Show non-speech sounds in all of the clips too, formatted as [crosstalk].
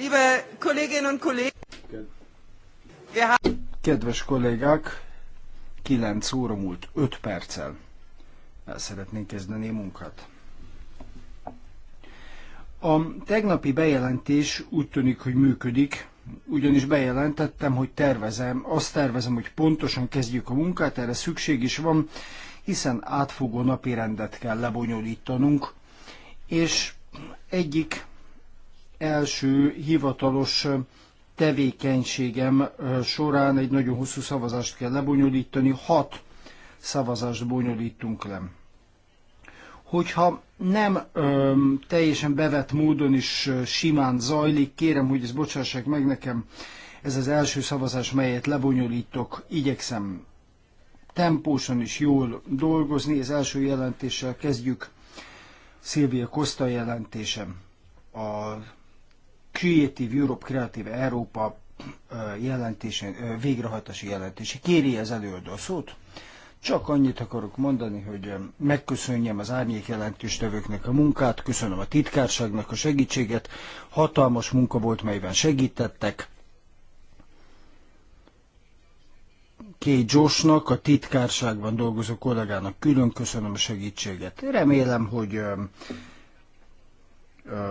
Liebe Kolleginnen und Kollegen, Kedves kollégák, 9 óra múlt 5 perccel. El szeretnénk kezdeni a munkát. A tegnapi bejelentés úgy tűnik, hogy működik, ugyanis bejelentettem, hogy tervezem, azt tervezem, hogy pontosan kezdjük a munkát, erre szükség is van, hiszen átfogó napi rendet kell lebonyolítanunk, és egyik első hivatalos tevékenységem során egy nagyon hosszú szavazást kell lebonyolítani, hat szavazást bonyolítunk le. Hogyha nem ö, teljesen bevett módon is simán zajlik, kérem, hogy ezt bocsássák meg nekem, ez az első szavazás, melyet lebonyolítok, igyekszem tempósan is jól dolgozni, az első jelentéssel kezdjük, Szilvia Koszta jelentésem, a Creative Europe, Creative Európa jelentése, végrehajtási jelentése. Kéri az előadó szót? Csak annyit akarok mondani, hogy megköszönjem az árnyék jelentéstevőknek a munkát, köszönöm a titkárságnak a segítséget, hatalmas munka volt, melyben segítettek. Kay Joshnak, a titkárságban dolgozó kollégának külön köszönöm a segítséget. Remélem, hogy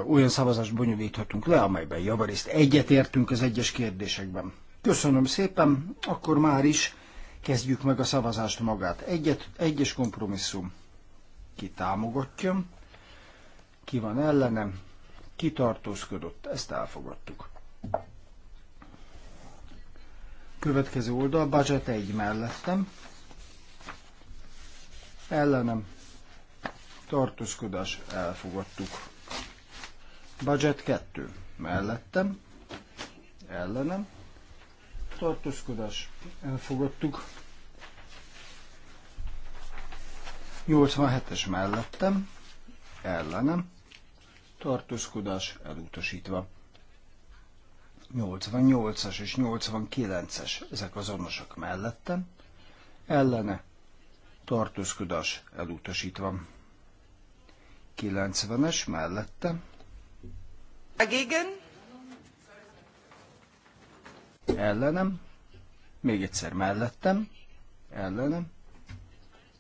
olyan szavazást bonyolíthatunk le, amelyben javarészt egyetértünk az egyes kérdésekben. Köszönöm szépen, akkor már is kezdjük meg a szavazást magát. Egyet, egyes kompromisszum. Ki támogatja, ki van ellenem, ki tartózkodott, ezt elfogadtuk. Következő oldal, budget egy mellettem, ellenem, tartózkodás, elfogadtuk. Budget 2. Mellettem. Ellenem. Tartózkodás. Elfogadtuk. 87-es mellettem. Ellenem. Tartózkodás elutasítva. 88-as és 89-es, ezek azonosak mellettem, ellene tartózkodás elutasítva. 90-es mellettem, Dagegen? Ellenem. Még egyszer mellettem. Ellenem.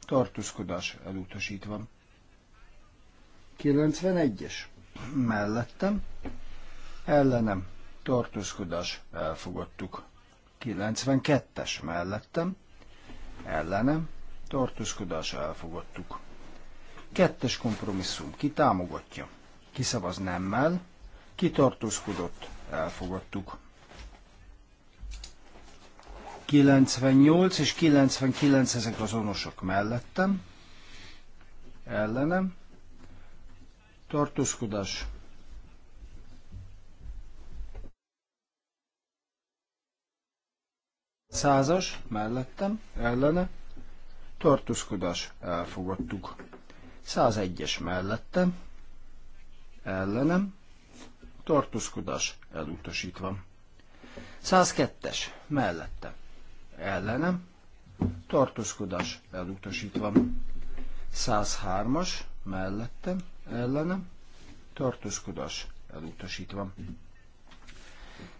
Tartózkodás elutasítva. 91-es. Mellettem. Ellenem. Tartózkodás elfogadtuk. 92-es mellettem. Ellenem. Tartózkodás elfogadtuk. Kettes kompromisszum. Ki támogatja? Kiszavaz nemmel, kitartózkodott, elfogadtuk. 98 és 99 ezek azonosak mellettem, ellenem, tartózkodás, Százas, mellettem, ellene, tartózkodás, elfogadtuk. 101-es mellettem, ellenem, tartózkodás elutasítva. 102-es mellette ellenem, tartózkodás elutasítva. 103-as mellette ellenem, tartózkodás elutasítva.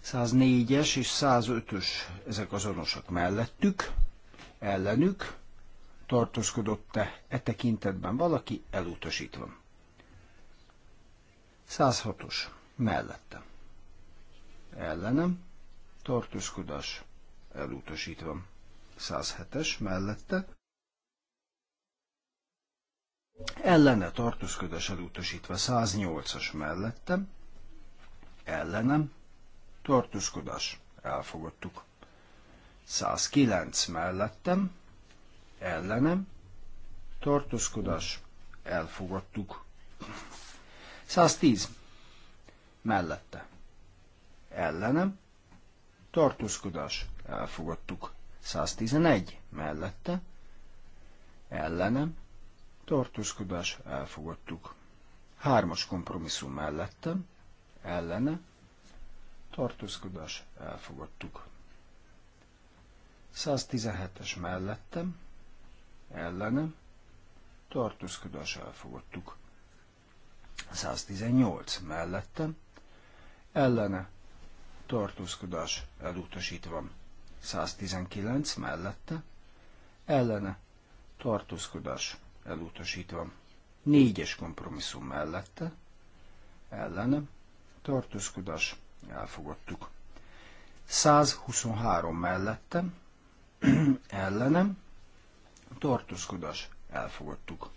104-es és 105-ös ezek azonosak mellettük, ellenük, tartózkodott-e e tekintetben valaki elutasítva. 106-os Mellettem. Ellenem, tartózkodás, elutasítva. 107-es, mellette. Ellene tartózkodás elutasítva 108-as mellettem. Ellenem tartózkodás elfogadtuk. 109 mellettem. Ellenem tartózkodás elfogadtuk. 110 mellette. Ellenem, tartózkodás, elfogadtuk. 111 mellette, ellenem, tartózkodás, elfogadtuk. Hármas kompromisszum mellette, ellene, tartózkodás, elfogadtuk. 117-es mellettem, ellenem, tartózkodás elfogadtuk. 118 mellettem, ellene tartózkodás elutasítva. 119 mellette ellene tartózkodás elutasítva. Négyes kompromisszum mellette ellene tartózkodás elfogadtuk. 123 mellette [clears throat] ellene tartózkodás elfogadtuk.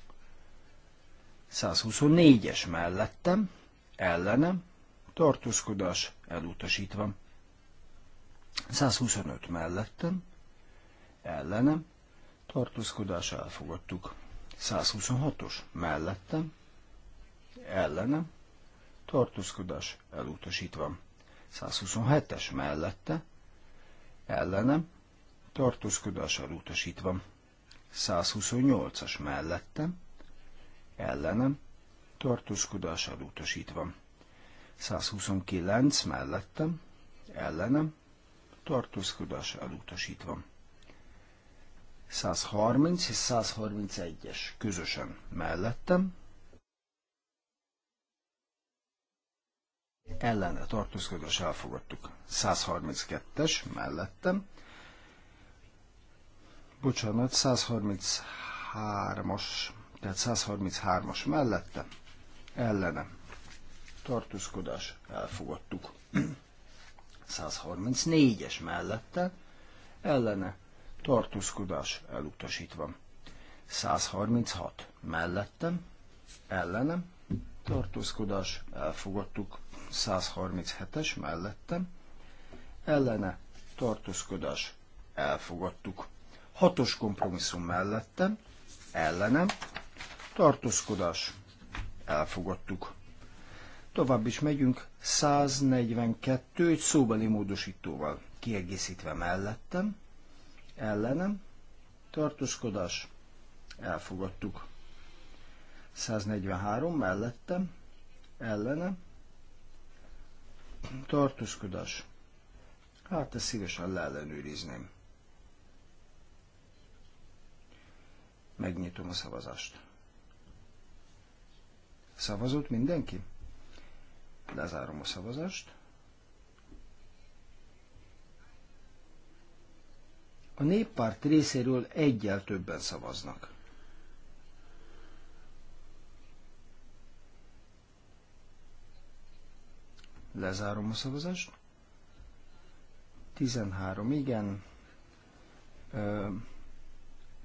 124-es mellettem ellenem tartózkodás elutasítva. 125 mellettem, ellenem, tartózkodás elfogadtuk. 126-os mellettem, ellenem, tartózkodás elutasítva. 127-es mellette, ellenem, tartózkodás elutasítva. 128-as mellettem, ellenem, tartózkodás elutasítva. 129 mellettem, ellenem, tartózkodás elutasítva. 130 és 131-es közösen mellettem, ellene tartózkodás elfogadtuk. 132-es mellettem, bocsánat, 133-as, tehát 133-as mellettem, ellenem tartózkodás, elfogadtuk. 134-es mellette, ellene, tartózkodás, elutasítva. 136 mellettem, ellenem, tartózkodás, elfogadtuk. 137-es mellettem, ellene, tartózkodás, elfogadtuk. Hatos kompromisszum mellettem, ellenem, tartózkodás, elfogadtuk. Tovább is megyünk 142 egy szóbeli módosítóval kiegészítve mellettem, ellenem, tartózkodás, elfogadtuk. 143 mellettem, ellenem, tartózkodás. Hát ezt szívesen leellenőrizném. Megnyitom a szavazást. Szavazott mindenki? Lezárom a szavazást. A néppárt részéről egyel többen szavaznak. Lezárom a szavazást. 13 igen,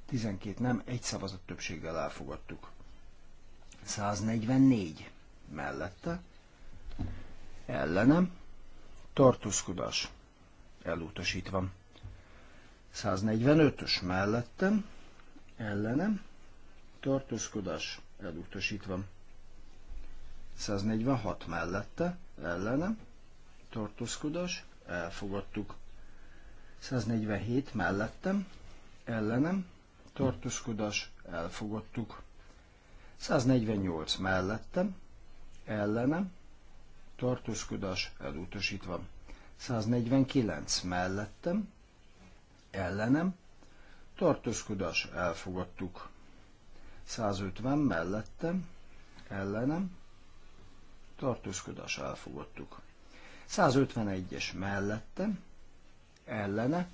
12 nem, egy szavazat többséggel elfogadtuk. 144 mellette, ellenem, tartózkodás elutasítva. 145-ös mellettem, ellenem, tartózkodás elutasítva. 146 mellette, ellenem, tartózkodás, elfogadtuk. 147 mellettem, ellenem, tartózkodás, elfogadtuk. 148 mellettem, ellenem, tartózkodás elutasítva. 149 mellettem, ellenem, tartózkodás elfogadtuk. 150 mellettem, ellenem, tartózkodás elfogadtuk. 151-es mellettem, ellene,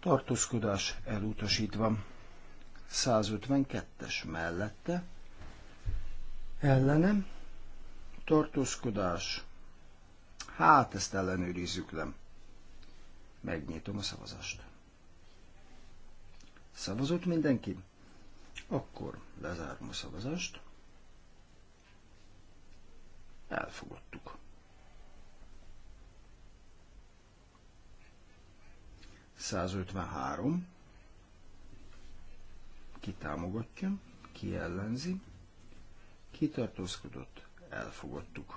tartózkodás elutasítva. 152-es mellette, ellenem, tartózkodás. Hát, ezt ellenőrizzük le. Megnyitom a szavazást. Szavazott mindenki? Akkor lezárom a szavazást. Elfogadtuk. Százötvenhárom. Ki támogatja, ki ellenzi, ki tartózkodott, elfogadtuk.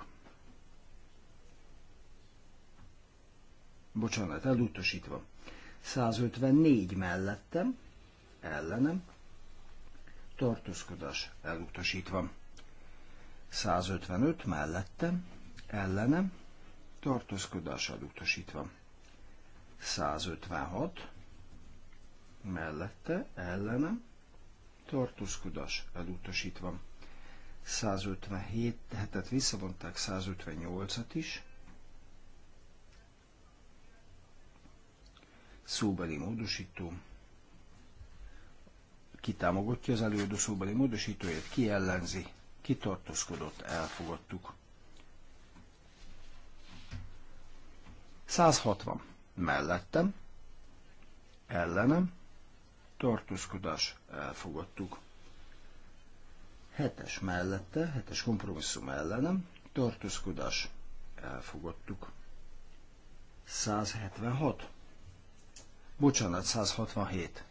Bocsánat, elutasítva. 154 mellettem, ellenem, tartózkodás elutasítva. 155 mellettem, ellenem, tartózkodás elutasítva. 156 mellette, ellenem, tartózkodás elutasítva. 157, hetet visszavonták 158-at is. Szóbeli módosító. Ki támogatja az előadó szóbeli módosítóját, ki ellenzi, ki tartózkodott, elfogadtuk. 160. Mellettem, ellenem, tartózkodás, elfogadtuk. Hetes mellette, hetes kompromisszum ellenem, tartózkodás elfogadtuk. 176. Bocsánat, 167.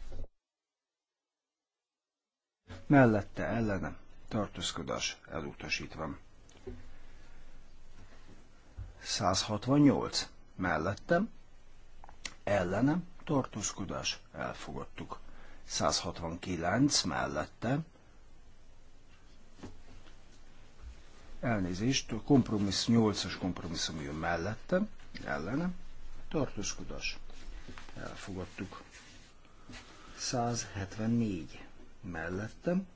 Mellette ellenem tartózkodás elutasítva. 168. Mellettem ellenem tartózkodás elfogadtuk. 169 mellette elnézést, a kompromissz 8-as kompromisszum jön mellettem, ellenem, tartózkodás. Elfogadtuk. 174 mellettem,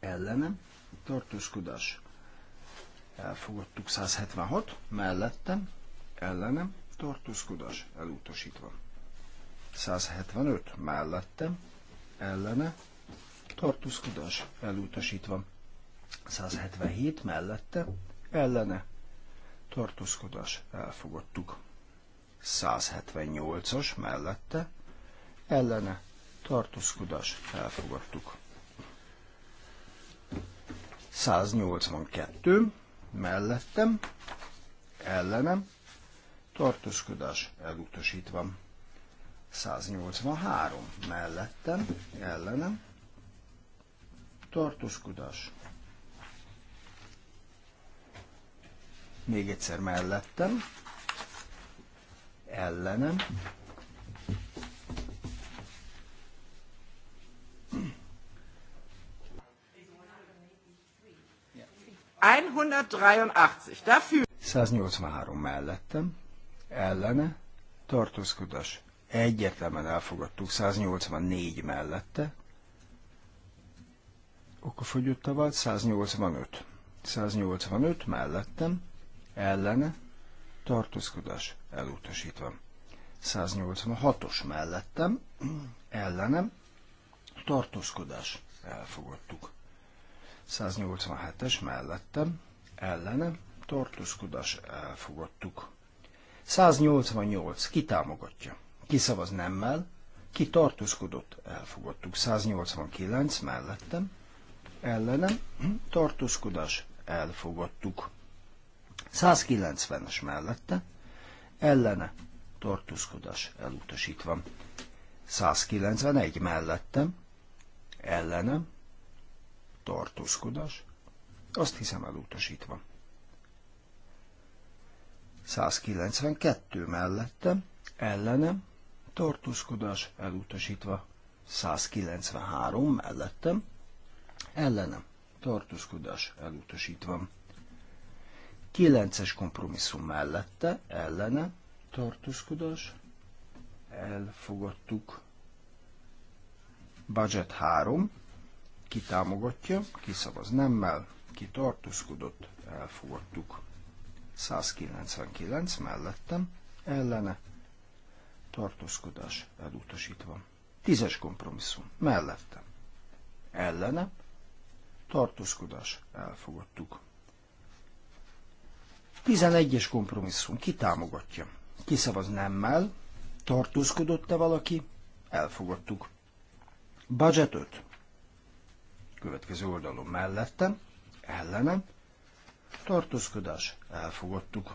ellenem, tartózkodás. Elfogadtuk 176, mellettem, ellenem, tartózkodás, elutasítva. 175, mellettem, ellene, tartózkodás, elutasítva. 177 mellette ellene tartózkodás elfogadtuk. 178-as mellette ellene tartózkodás elfogadtuk. 182 mellettem ellenem tartózkodás elutasítva. 183 mellettem ellenem tartózkodás Még egyszer mellettem. Ellenem. Dafür. 183 mellettem, ellene, tartózkodás. Egyértelműen elfogadtuk 184 mellette, okofogyott a vált 185. 185 mellettem, ellene tartózkodás elutasítva. 186-os mellettem ellenem tartózkodás elfogadtuk. 187-es mellettem ellenem tartózkodás elfogadtuk. 188 kitámogatja, kiszavaz nemmel, ki tartózkodott, elfogadtuk. 189 mellettem, ellenem, tartózkodás, elfogadtuk. 190-es mellette, ellene tartózkodás elutasítva. 191 mellettem, ellenem, tartózkodás, azt hiszem elutasítva. 192 mellettem, ellenem, tartózkodás elutasítva. 193 mellettem, ellenem, tartózkodás elutasítva. 9-es kompromisszum mellette, ellene, tartózkodás, elfogadtuk. Budget 3, ki támogatja, ki szavaz nemmel, ki tartózkodott, elfogadtuk. 199 mellettem, ellene, tartózkodás elutasítva. Tízes kompromisszum, mellettem, ellene, tartózkodás elfogadtuk. 11-es kompromisszum. Ki támogatja? Ki szavaz nemmel? Tartózkodott-e valaki? Elfogadtuk. Budget 5. Következő oldalon mellettem, ellenem. Tartózkodás. Elfogadtuk.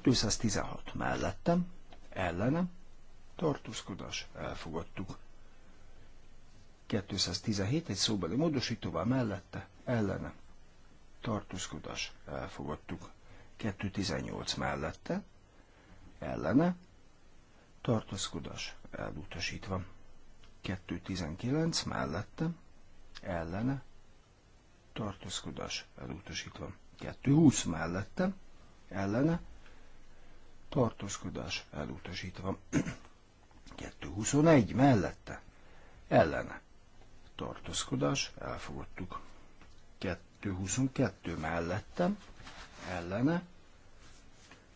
216 mellettem, ellenem. Tartózkodás. Elfogadtuk. 217 egy szóbeli módosítóval mellette, ellenem tartózkodás elfogadtuk. 218 mellette, ellene, tartózkodás elutasítva. 219 mellette, ellene, tartózkodás elutasítva. 220 mellette, ellene, tartózkodás elutasítva. 221 mellette, ellene, tartózkodás elfogadtuk. 22-22 mellettem, ellene,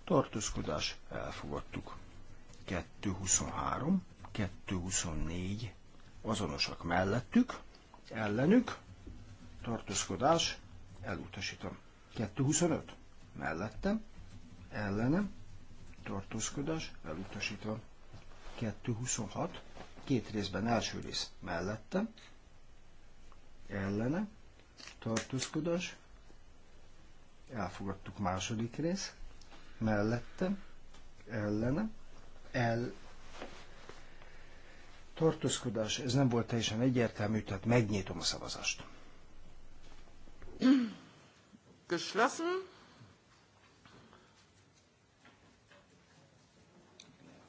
tartózkodás, elfogadtuk. 223, 224 azonosak mellettük, ellenük, tartózkodás, elutasítom. 225 mellettem, ellenem, tartózkodás, 2 226, két részben első rész mellettem, ellene, tartózkodás, elfogadtuk második rész, mellette, ellene, el, tartózkodás, ez nem volt teljesen egyértelmű, tehát megnyitom a szavazást. Geschlossen.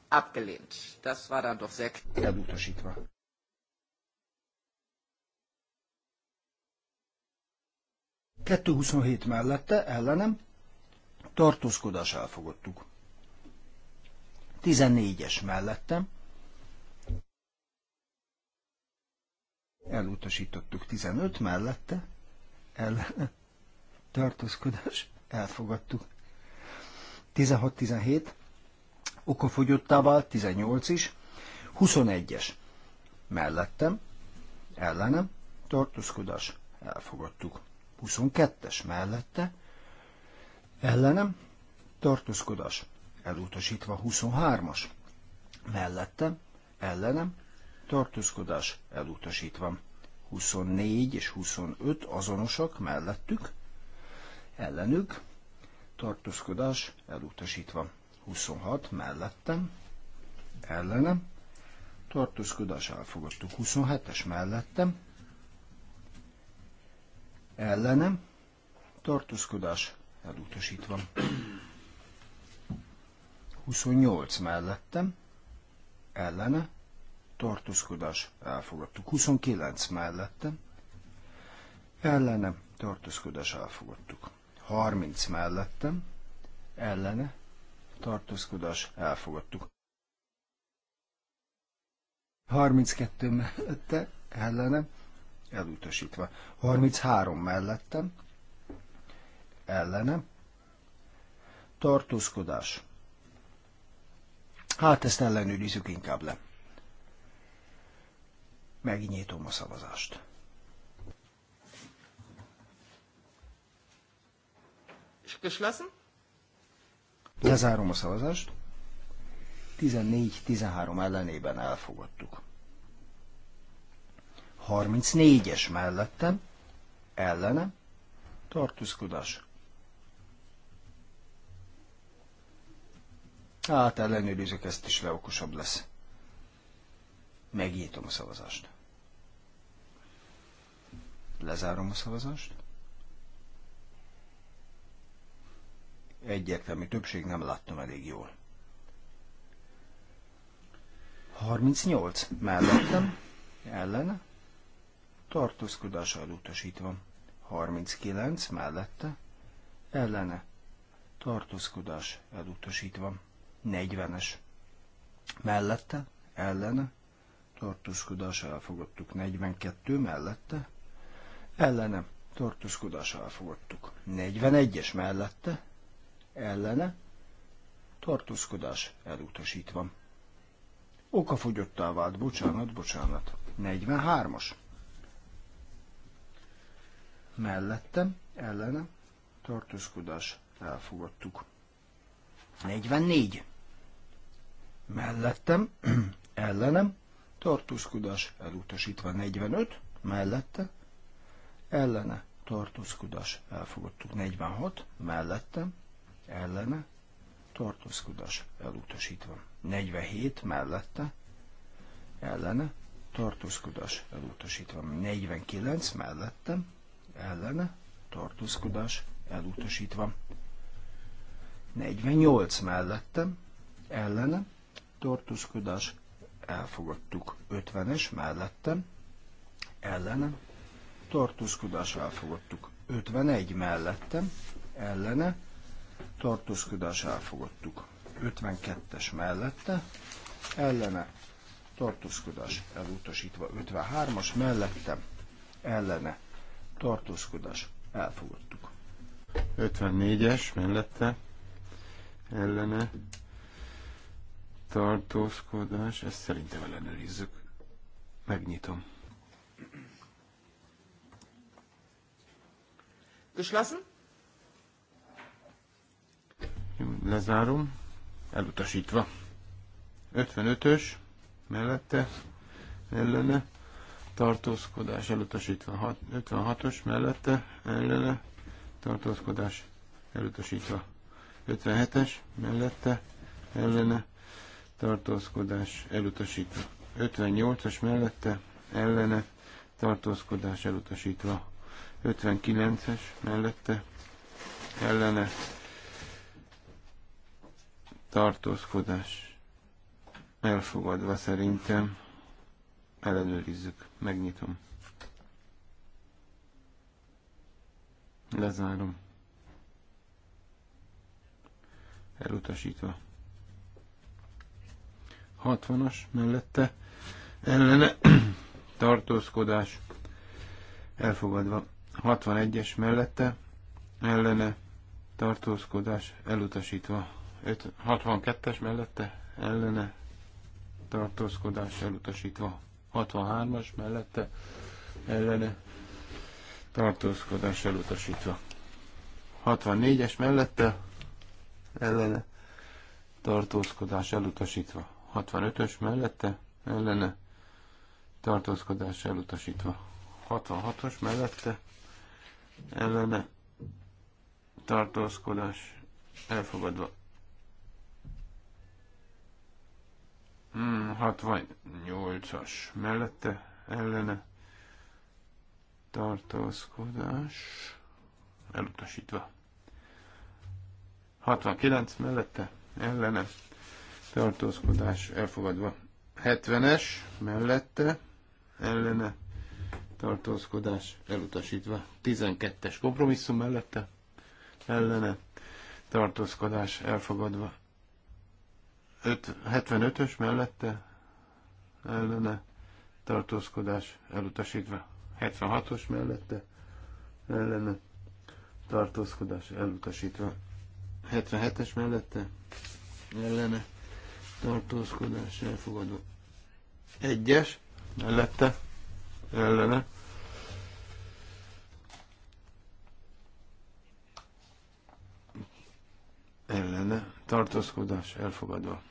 Abgelehnt. Das war dann doch sehr... Elutasítva. 227 mellette ellenem tartózkodás elfogadtuk. 14-es mellettem elutasítottuk 15 mellette ellenem tartózkodás elfogadtuk. 16-17 okafogyottá vált 18 is 21-es mellettem ellenem tartózkodás elfogadtuk. 22-es mellette, ellenem, tartózkodás, elutasítva 23-as, mellette, ellenem, tartózkodás, elutasítva 24 és 25 azonosak mellettük, ellenük, tartózkodás, elutasítva 26 mellettem, ellenem, tartózkodás elfogadtuk 27-es mellettem, ellenem, tartózkodás elutasítva. 28 mellettem, ellene, tartózkodás elfogadtuk. 29 mellettem, ellene, tartózkodás elfogadtuk. 30 mellettem, ellene, tartózkodás elfogadtuk. 32 mellette, ellene, elutasítva. 33 mellettem, ellenem, tartózkodás. Hát ezt ellenőrizzük inkább le. Megnyitom a szavazást. Geschlossen? Lezárom a szavazást. 14-13 ellenében elfogadtuk. 34-es mellettem, ellenem, tartózkodás. Hát ellenőrizök, ezt is leokosabb lesz. Megnyitom a szavazást. Lezárom a szavazást. Egyértelmű többség nem láttam elég jól. 38 mellettem, ellene, tartózkodása elutasítva. 39 mellette, ellene, tartózkodás elutasítva. 40-es mellette, ellene, tartózkodás elfogadtuk. 42 mellette, ellene, tartózkodás elfogadtuk. 41-es mellette, ellene, tartózkodás elutasítva. Okafogyottá vált, bocsánat, bocsánat. 43-as mellettem, ellenem, tartózkodás, elfogadtuk. 44. Mellettem, [clears throat] ellenem, tartózkodás, elutasítva 45, mellette, ellene, tartózkodás, elfogadtuk 46, mellettem, ellene, tartózkodás, elutasítva 47, mellette, ellene, tartózkodás, elutasítva 49, mellettem, ellen tartózkodás elutasítva. 48 mellettem, ellen tartózkodás elfogadtuk. 50-es mellettem, ellen tartózkodás elfogadtuk. 51 mellettem, ellene, tartózkodás elfogadtuk. 52-es mellette, ellene, tartózkodás elutasítva. 53-as mellettem, ellene, tartózkodás elfogadtuk. 54-es mellette ellene tartózkodás, ezt szerintem ellenőrizzük. Megnyitom. Geschlossen? Lezárom. Elutasítva. 55-ös mellette ellene tartózkodás elutasítva 56-os mellette ellene tartózkodás elutasítva 57-es mellette ellene tartózkodás elutasítva 58-as mellette ellene tartózkodás elutasítva 59-es mellette ellene tartózkodás elfogadva szerintem ellenőrizzük, megnyitom. Lezárom. Elutasítva. 60-as mellette ellene [clears throat] tartózkodás elfogadva. 61-es mellette ellene tartózkodás elutasítva. 62-es mellette ellene tartózkodás elutasítva. 63-as mellette ellene tartózkodás elutasítva. 64-es mellette ellene tartózkodás elutasítva. 65-ös mellette ellene tartózkodás elutasítva. 66-os mellette ellene tartózkodás elfogadva. 68-as hmm, mellette ellene tartózkodás elutasítva. 69 mellette ellene tartózkodás elfogadva. 70-es mellette ellene tartózkodás elutasítva. 12-es kompromisszum mellette ellene tartózkodás elfogadva. 75-ös mellette ellene tartózkodás elutasítva. 76-os mellette ellene tartózkodás elutasítva. 77-es mellette ellene tartózkodás elfogadó. 1-es mellette ellene ellene tartózkodás elfogadva.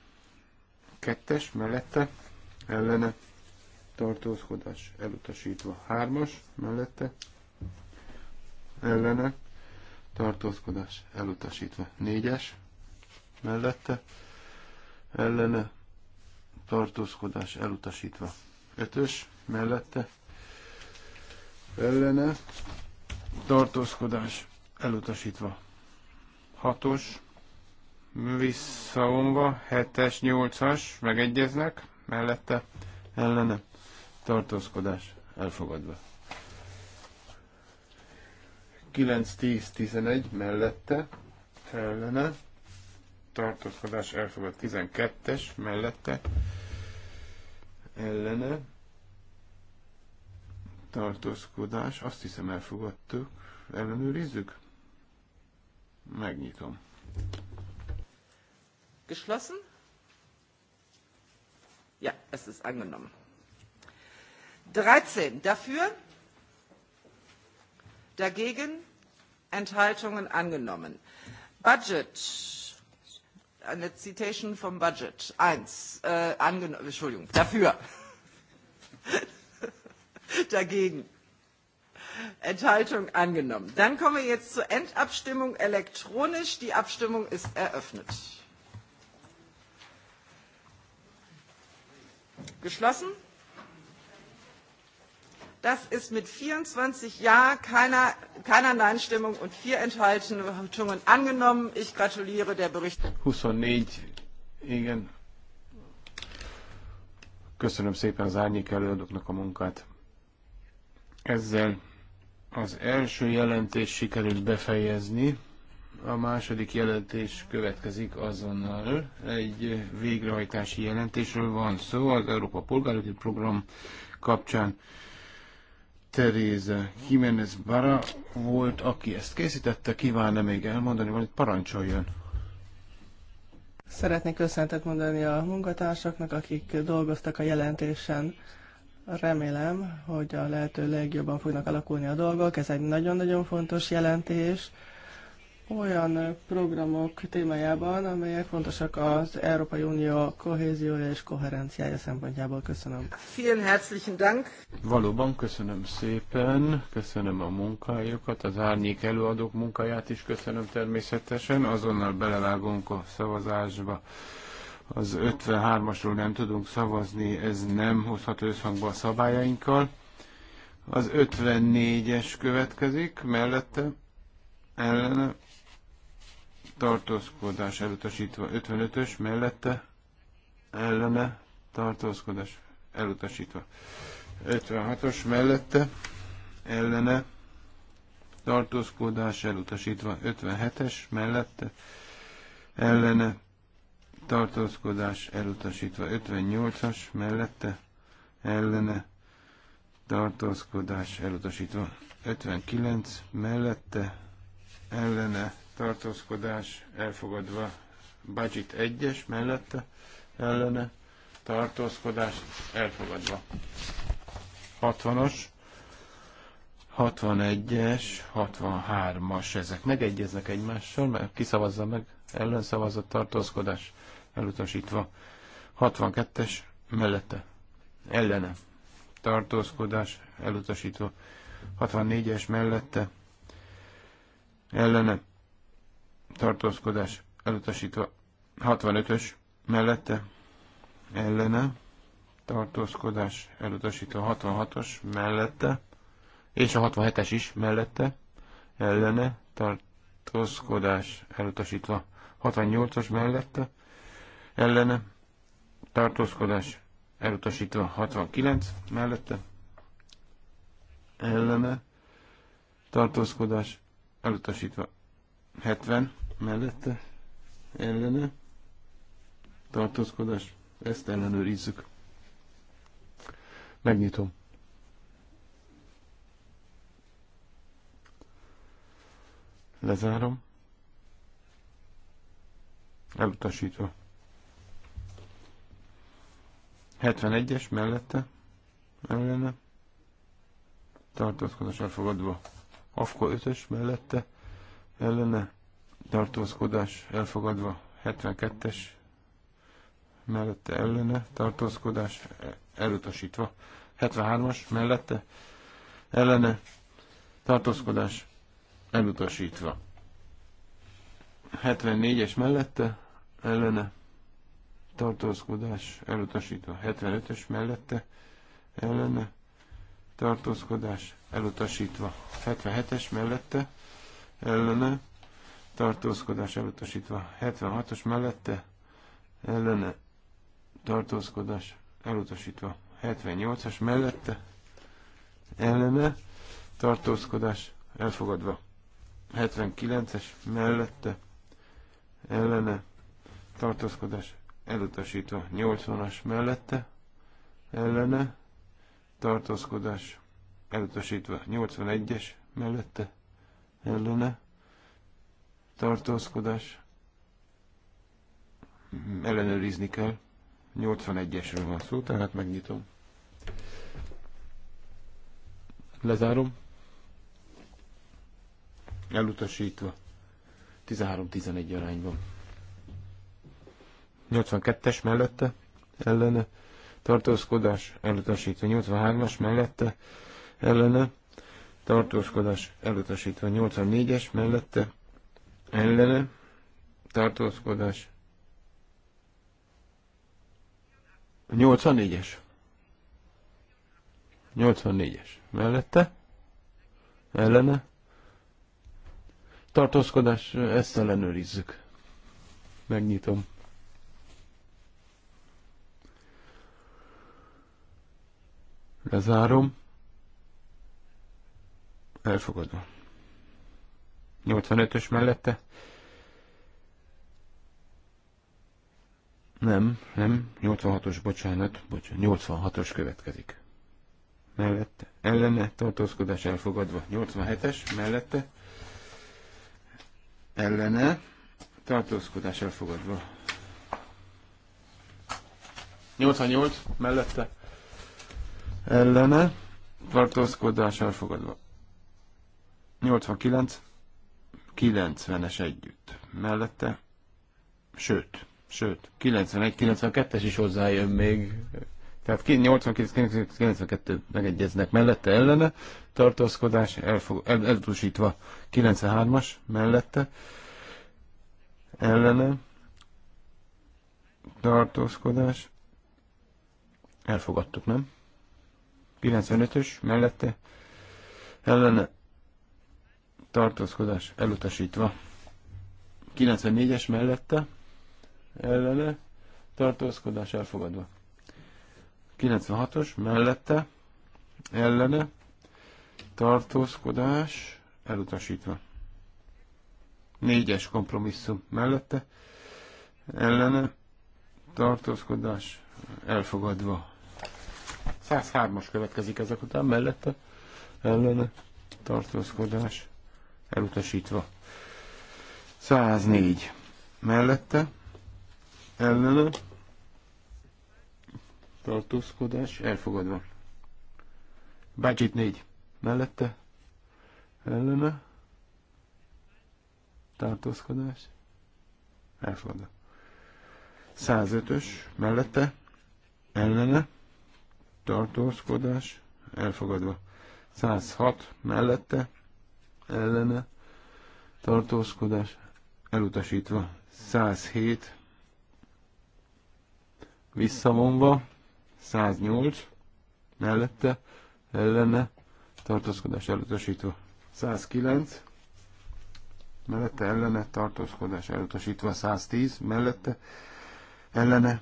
Kettes mellette ellene tartózkodás elutasítva. Hármas mellette ellene tartózkodás elutasítva. Négyes mellette ellene tartózkodás elutasítva. Ötös mellette ellene tartózkodás elutasítva. Hatos visszaomba, 7-es, 8-as megegyeznek, mellette ellene tartózkodás elfogadva. 9-10-11 mellette ellene tartózkodás elfogad 12-es mellette ellene tartózkodás azt hiszem elfogadtuk ellenőrizzük megnyitom Geschlossen? Ja, es ist angenommen. 13 dafür, dagegen Enthaltungen angenommen. Budget, eine Citation vom Budget, Eins. äh, angenommen, Entschuldigung, dafür, [laughs] dagegen Enthaltung angenommen. Dann kommen wir jetzt zur Endabstimmung elektronisch. Die Abstimmung ist eröffnet. geschlossen. Das ist mit 24 Ja, keiner, keiner Nein-Stimmung und vier Enthaltungen angenommen. Ich gratuliere der Bericht. 24, igen. Köszönöm szépen az árnyék előadóknak a munkát. Ezzel az első jelentést sikerült befejezni. A második jelentés következik azonnal. Egy végrehajtási jelentésről van szó az Európa Polgárügyi Program kapcsán. Teréza Jiménez Bara volt, aki ezt készítette, kívánna még elmondani, valamit parancsoljon. Szeretnék köszöntet mondani a munkatársaknak, akik dolgoztak a jelentésen. Remélem, hogy a lehető legjobban fognak alakulni a dolgok. Ez egy nagyon-nagyon fontos jelentés olyan programok témájában, amelyek fontosak az Európai Unió kohéziója és koherenciája szempontjából. Köszönöm. Vielen herzlichen Dank. Valóban köszönöm szépen, köszönöm a munkájukat, az árnyék előadók munkáját is köszönöm természetesen, azonnal belevágunk a szavazásba. Az 53-asról nem tudunk szavazni, ez nem hozható összhangba a szabályainkkal. Az 54-es következik, mellette ellene tartózkodás elutasítva 55-ös mellette ellene tartózkodás elutasítva 56-os mellette ellene tartózkodás elutasítva 57-es mellette ellene tartózkodás elutasítva 58-as mellette ellene tartózkodás elutasítva 59 mellette ellene tartózkodás elfogadva. Budget 1-es mellette ellene tartózkodás elfogadva. 60-as, 61-es, 63-as, ezek megegyeznek egymással, mert kiszavazza meg ellenszavazott tartózkodás elutasítva. 62-es mellette ellene tartózkodás elutasítva. 64-es mellette ellene tartózkodás elutasítva 65-ös mellette ellene tartózkodás elutasítva 66-os mellette és a 67-es is mellette ellene tartózkodás elutasítva 68 os mellette ellene tartózkodás elutasítva 69 mellette ellene tartózkodás elutasítva 70 mellette ellene tartózkodás. Ezt ellenőrizzük. Megnyitom. Lezárom. Elutasítva. 71-es mellette ellene tartózkodás elfogadva. Afko 5-ös mellette ellene tartózkodás elfogadva 72-es e- mellette ellene tartózkodás elutasítva 73-as mellette ellene tartózkodás elutasítva 74-es mellette ellene tartózkodás elutasítva 75-ös mellette ellene tartózkodás elutasítva 77-es mellette ellene tartózkodás elutasítva. 76-os mellette ellene tartózkodás elutasítva. 78-as mellette ellene tartózkodás elfogadva. 79-es mellette ellene tartózkodás elutasítva. 80-as mellette ellene tartózkodás elutasítva. 81-es mellette ellene tartózkodás, ellenőrizni kell. 81-esről van szó, tehát megnyitom. Lezárom. Elutasítva. 13-11 arányban. 82-es mellette ellene tartózkodás elutasítva. 83-as mellette ellene tartózkodás elutasítva. 84-es mellette ellene tartózkodás. 84-es. 84-es. Mellette? Ellene? Tartózkodás, ezt ellenőrizzük. Megnyitom. Lezárom. Elfogadom. 85-ös mellette. Nem, nem, 86-os, bocsánat, bocsánat, 86-os következik. Mellette, ellene, tartózkodás elfogadva, 87-es, mellette, ellene, tartózkodás elfogadva. 88, mellette, ellene, tartózkodás elfogadva. 89, 90-es együtt. Mellette, sőt, sőt, 91-92-es is hozzájön még, tehát 89-92 megegyeznek mellette, ellene, tartózkodás elfog, elutasítva 93-as mellette, ellene, tartózkodás, elfogadtuk, nem? 95-ös mellette, ellene, tartózkodás elutasítva. 94-es mellette ellene tartózkodás elfogadva. 96-os mellette ellene tartózkodás elutasítva. 4-es kompromisszum mellette ellene tartózkodás elfogadva. 103-as következik ezek után mellette ellene tartózkodás elutasítva. 104 mellette, ellene, tartózkodás, elfogadva. Budget 4 mellette, ellene, tartózkodás, elfogadva. 105-ös mellette, ellene, tartózkodás, elfogadva. 106 mellette, ellene tartózkodás elutasítva 107 visszavonva 108 mellette ellene tartózkodás elutasítva 109 mellette ellene tartózkodás elutasítva 110 mellette ellene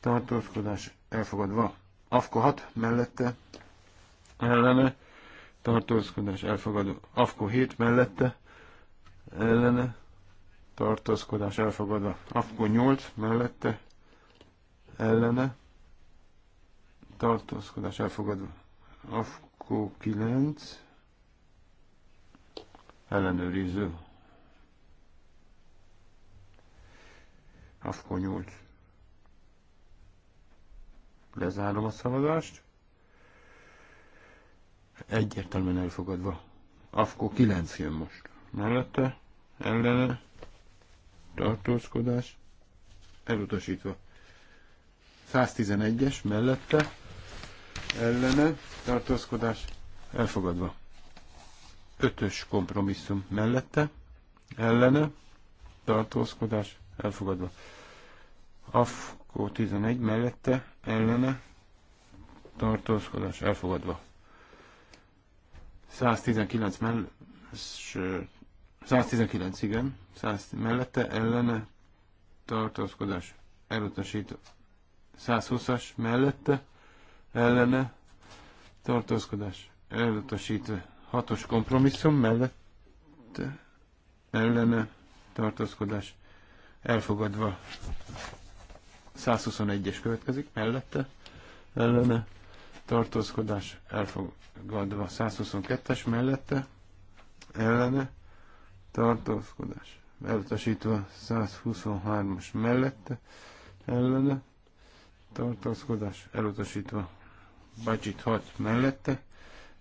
tartózkodás elfogadva AFKO mellette ellene tartózkodás elfogadó. Afko 7 mellette ellene tartózkodás elfogadva. Afko 8 mellette ellene tartózkodás elfogadva. Afko 9 ellenőriző. Afko 8. Lezárom a szavazást. Egyértelműen elfogadva. Afko 9 jön most. Mellette, ellene, tartózkodás, elutasítva. 111-es mellette, ellene, tartózkodás, elfogadva. 5-ös kompromisszum mellette, ellene, tartózkodás, elfogadva. Afko 11 mellette, ellene, tartózkodás, elfogadva. 119 mell 119, igen, 100 mellette ellene tartózkodás elutasító. 120-as mellette ellene tartózkodás elutasítva. 6-os kompromisszum mellette ellene tartózkodás elfogadva. 121-es következik mellette ellene tartózkodás elfogadva. 122-es mellette ellene tartózkodás elutasítva. 123-as mellette ellene tartózkodás elutasítva. Budget 6 mellette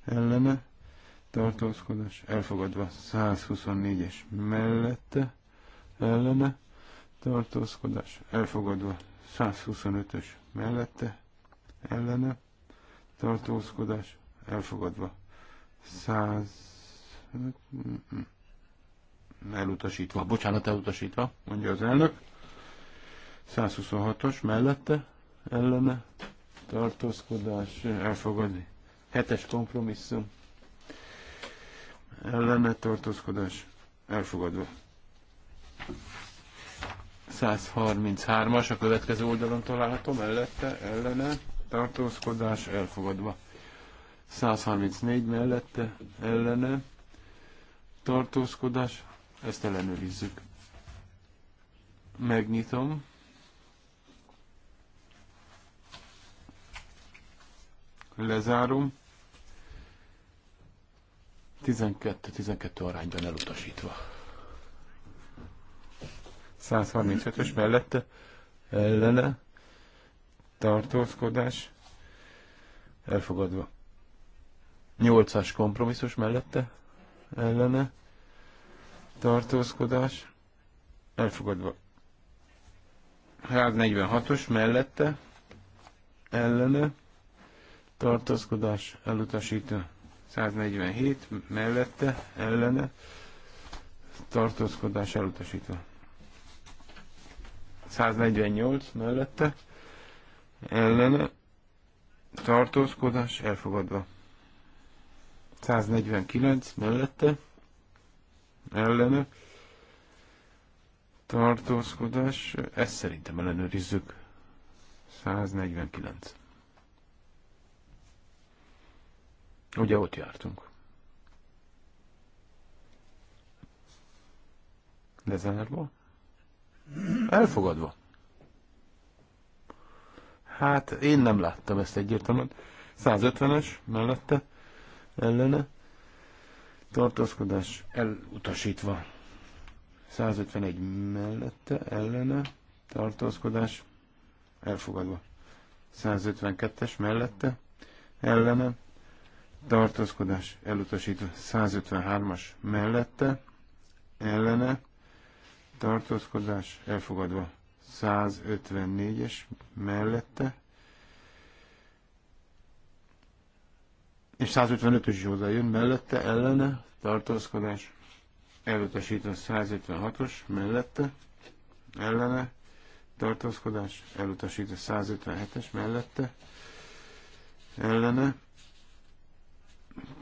ellene tartózkodás elfogadva. 124-es mellette ellene tartózkodás elfogadva. 125-ös mellette ellene tartózkodás elfogadva. 100 elutasítva, bocsánat, elutasítva, mondja az elnök. 126-os mellette, ellene, tartózkodás, elfogadni. Hetes kompromisszum, ellene, tartózkodás, elfogadva. 133-as a következő oldalon található, mellette, ellene, tartózkodás elfogadva. 134 mellette ellene tartózkodás, ezt ellenőrizzük. Megnyitom. Lezárom. 12-12 arányban elutasítva. 135-ös mellette ellene tartózkodás elfogadva. Nyolcas kompromisszus mellette ellene tartózkodás elfogadva. 346-os mellette ellene tartózkodás elutasítva. 147 mellette ellene tartózkodás elutasítva. 148 mellette ellene tartózkodás elfogadva. 149 mellette ellene tartózkodás, ezt szerintem ellenőrizzük. 149. Ugye ott jártunk. Lezárva. Elfogadva. Hát én nem láttam ezt egyértelműen. 150-es mellette ellene tartózkodás elutasítva. 151 mellette ellene tartózkodás elfogadva. 152-es mellette ellene tartózkodás elutasítva. 153-as mellette ellene tartózkodás elfogadva. 154-es mellette, és 155-ös is hozzájön mellette, ellene, tartózkodás, elutasítva 156-os mellette, ellene, tartózkodás, elutasítva 157-es mellette, ellene,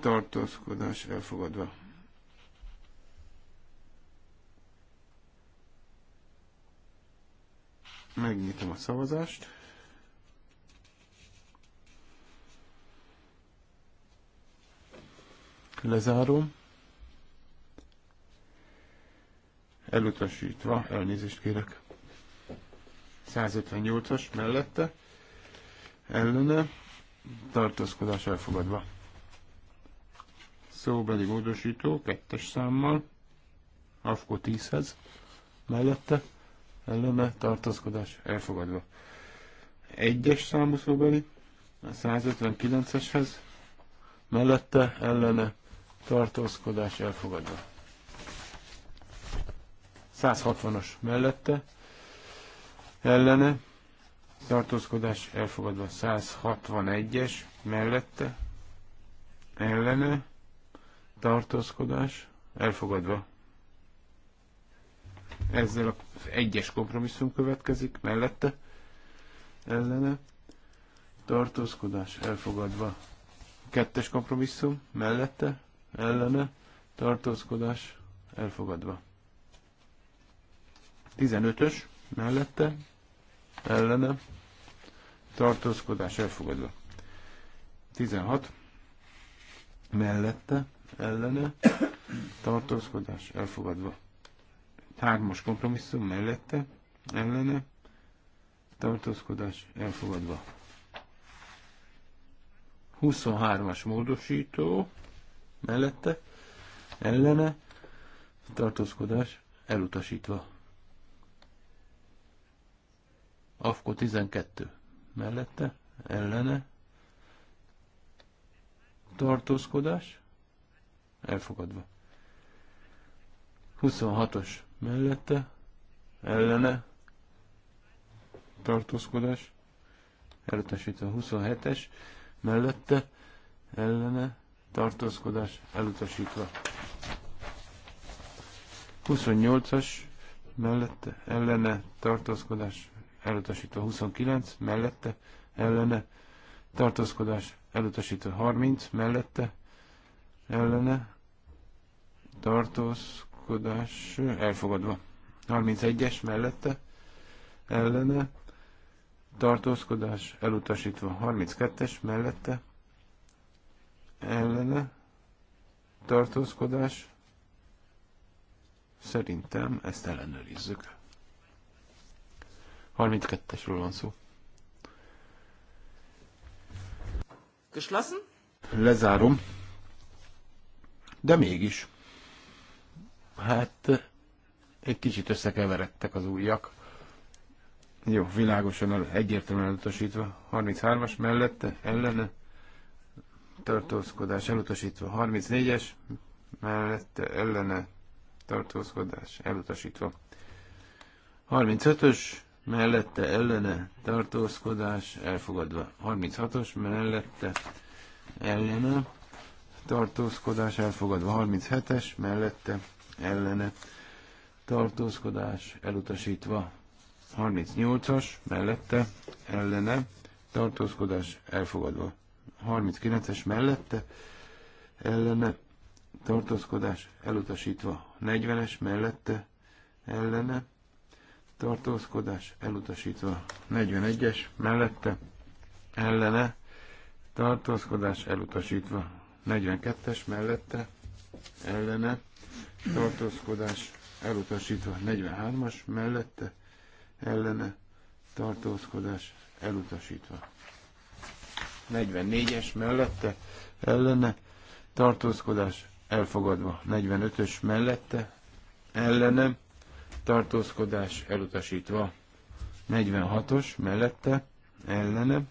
tartózkodás elfogadva Megnyitom a szavazást. Lezárom. Elutasítva, elnézést kérek. 158-as mellette, ellene, tartózkodás elfogadva. Szóbeli módosító, kettes számmal, AFKO 10-hez, mellette, ellene tartózkodás elfogadva. Egyes számú szóbeli a 159-eshez mellette ellene tartózkodás elfogadva. 160-as mellette ellene tartózkodás elfogadva. 161-es mellette ellene tartózkodás elfogadva. Ezzel a egyes kompromisszum következik mellette. Ellene. Tartózkodás elfogadva. Kettes kompromisszum mellette. Ellene. Tartózkodás elfogadva. 15-ös mellette. Ellene. Tartózkodás elfogadva. 16 mellette, ellene, tartózkodás elfogadva. Hármas kompromisszum mellette, ellene, tartózkodás elfogadva. 23-as módosító mellette, ellene, tartózkodás elutasítva. Afko 12 mellette, ellene, tartózkodás elfogadva. 26-os mellette, ellene, tartózkodás, elutasítva 27-es, mellette, ellene, tartózkodás, elutasítva. 28-as, mellette, ellene, tartózkodás, elutasítva 29, mellette, ellene, tartózkodás, elutasítva 30, mellette, ellene, tartózkodás, gondolkodás elfogadva. 31-es mellette ellene tartózkodás elutasítva. 32-es mellette ellene tartózkodás szerintem ezt ellenőrizzük. 32-esről van szó. Geschlossen? Lezárom. De mégis. Hát egy kicsit összekeveredtek az újak. Jó, világosan, egyértelműen elutasítva. 33-as mellette, ellene, tartózkodás elutasítva. 34-es mellette, ellene, tartózkodás elutasítva. 35-ös mellette, ellene, tartózkodás elfogadva. 36-os mellette, ellene, tartózkodás elfogadva. 37-es mellette, ellene tartózkodás elutasítva. 38-as mellette ellene tartózkodás elfogadva. 39-es mellette ellene tartózkodás elutasítva. 40-es mellette ellene tartózkodás elutasítva. 41-es mellette ellene tartózkodás elutasítva. 42-es mellette ellene tartózkodás elutasítva 43-as mellette ellene tartózkodás elutasítva 44-es mellette ellene tartózkodás elfogadva 45-ös mellette ellene tartózkodás elutasítva 46-os mellette ellene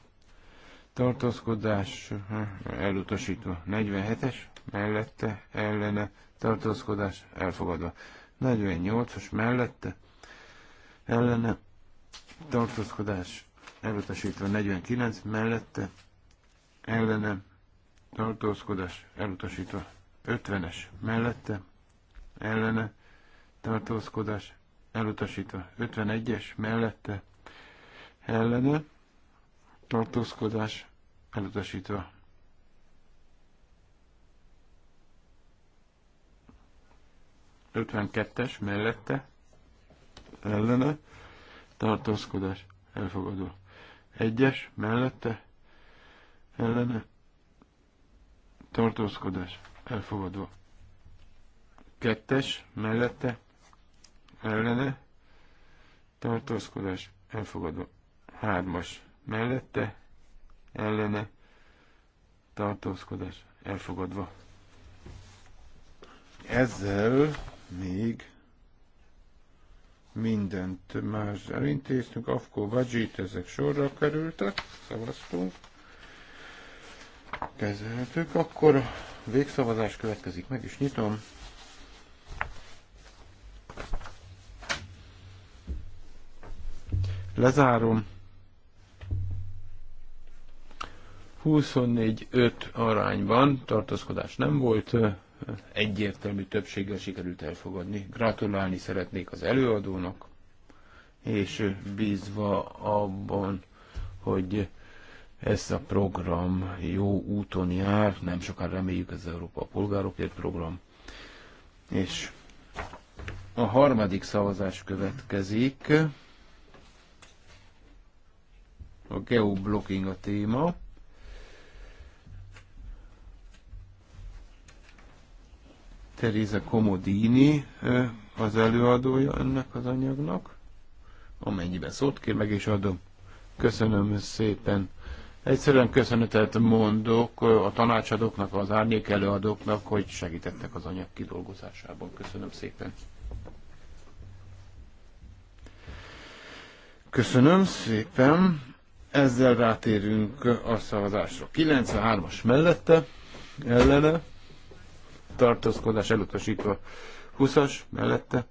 tartózkodás elutasítva 47-es mellette ellene tartózkodás elfogadva. 48 os mellette ellene tartózkodás elutasítva. 49 mellette ellene tartózkodás elutasítva. 50-es mellette ellene tartózkodás elutasítva. 51-es mellette ellene tartózkodás elutasítva. 52-es mellette ellene tartózkodás elfogadó Egyes mellette ellene tartózkodás elfogadó Kettes mellette ellene tartózkodás elfogadó Hármas mellette ellene tartózkodás elfogadva. Ezzel még mindent más elintéztünk, Afko Vajit, ezek sorra kerültek, szavaztunk, kezelhetők, akkor a végszavazás következik, meg is nyitom. Lezárom. 24-5 arányban tartózkodás nem volt, egyértelmű többséggel sikerült elfogadni. Gratulálni szeretnék az előadónak, és bízva abban, hogy ez a program jó úton jár, nem sokan reméljük ez Európa Polgárokért program. És a harmadik szavazás következik. A geoblocking a téma. Teresa Komodini az előadója ennek az anyagnak. Amennyiben szót kér, meg is adom. Köszönöm szépen. Egyszerűen köszönetet mondok a tanácsadóknak, az árnyék előadóknak, hogy segítettek az anyag kidolgozásában. Köszönöm szépen. Köszönöm szépen. Ezzel rátérünk a szavazásra. 93-as mellette, ellene tartózkodás elutasítva. 20-as mellette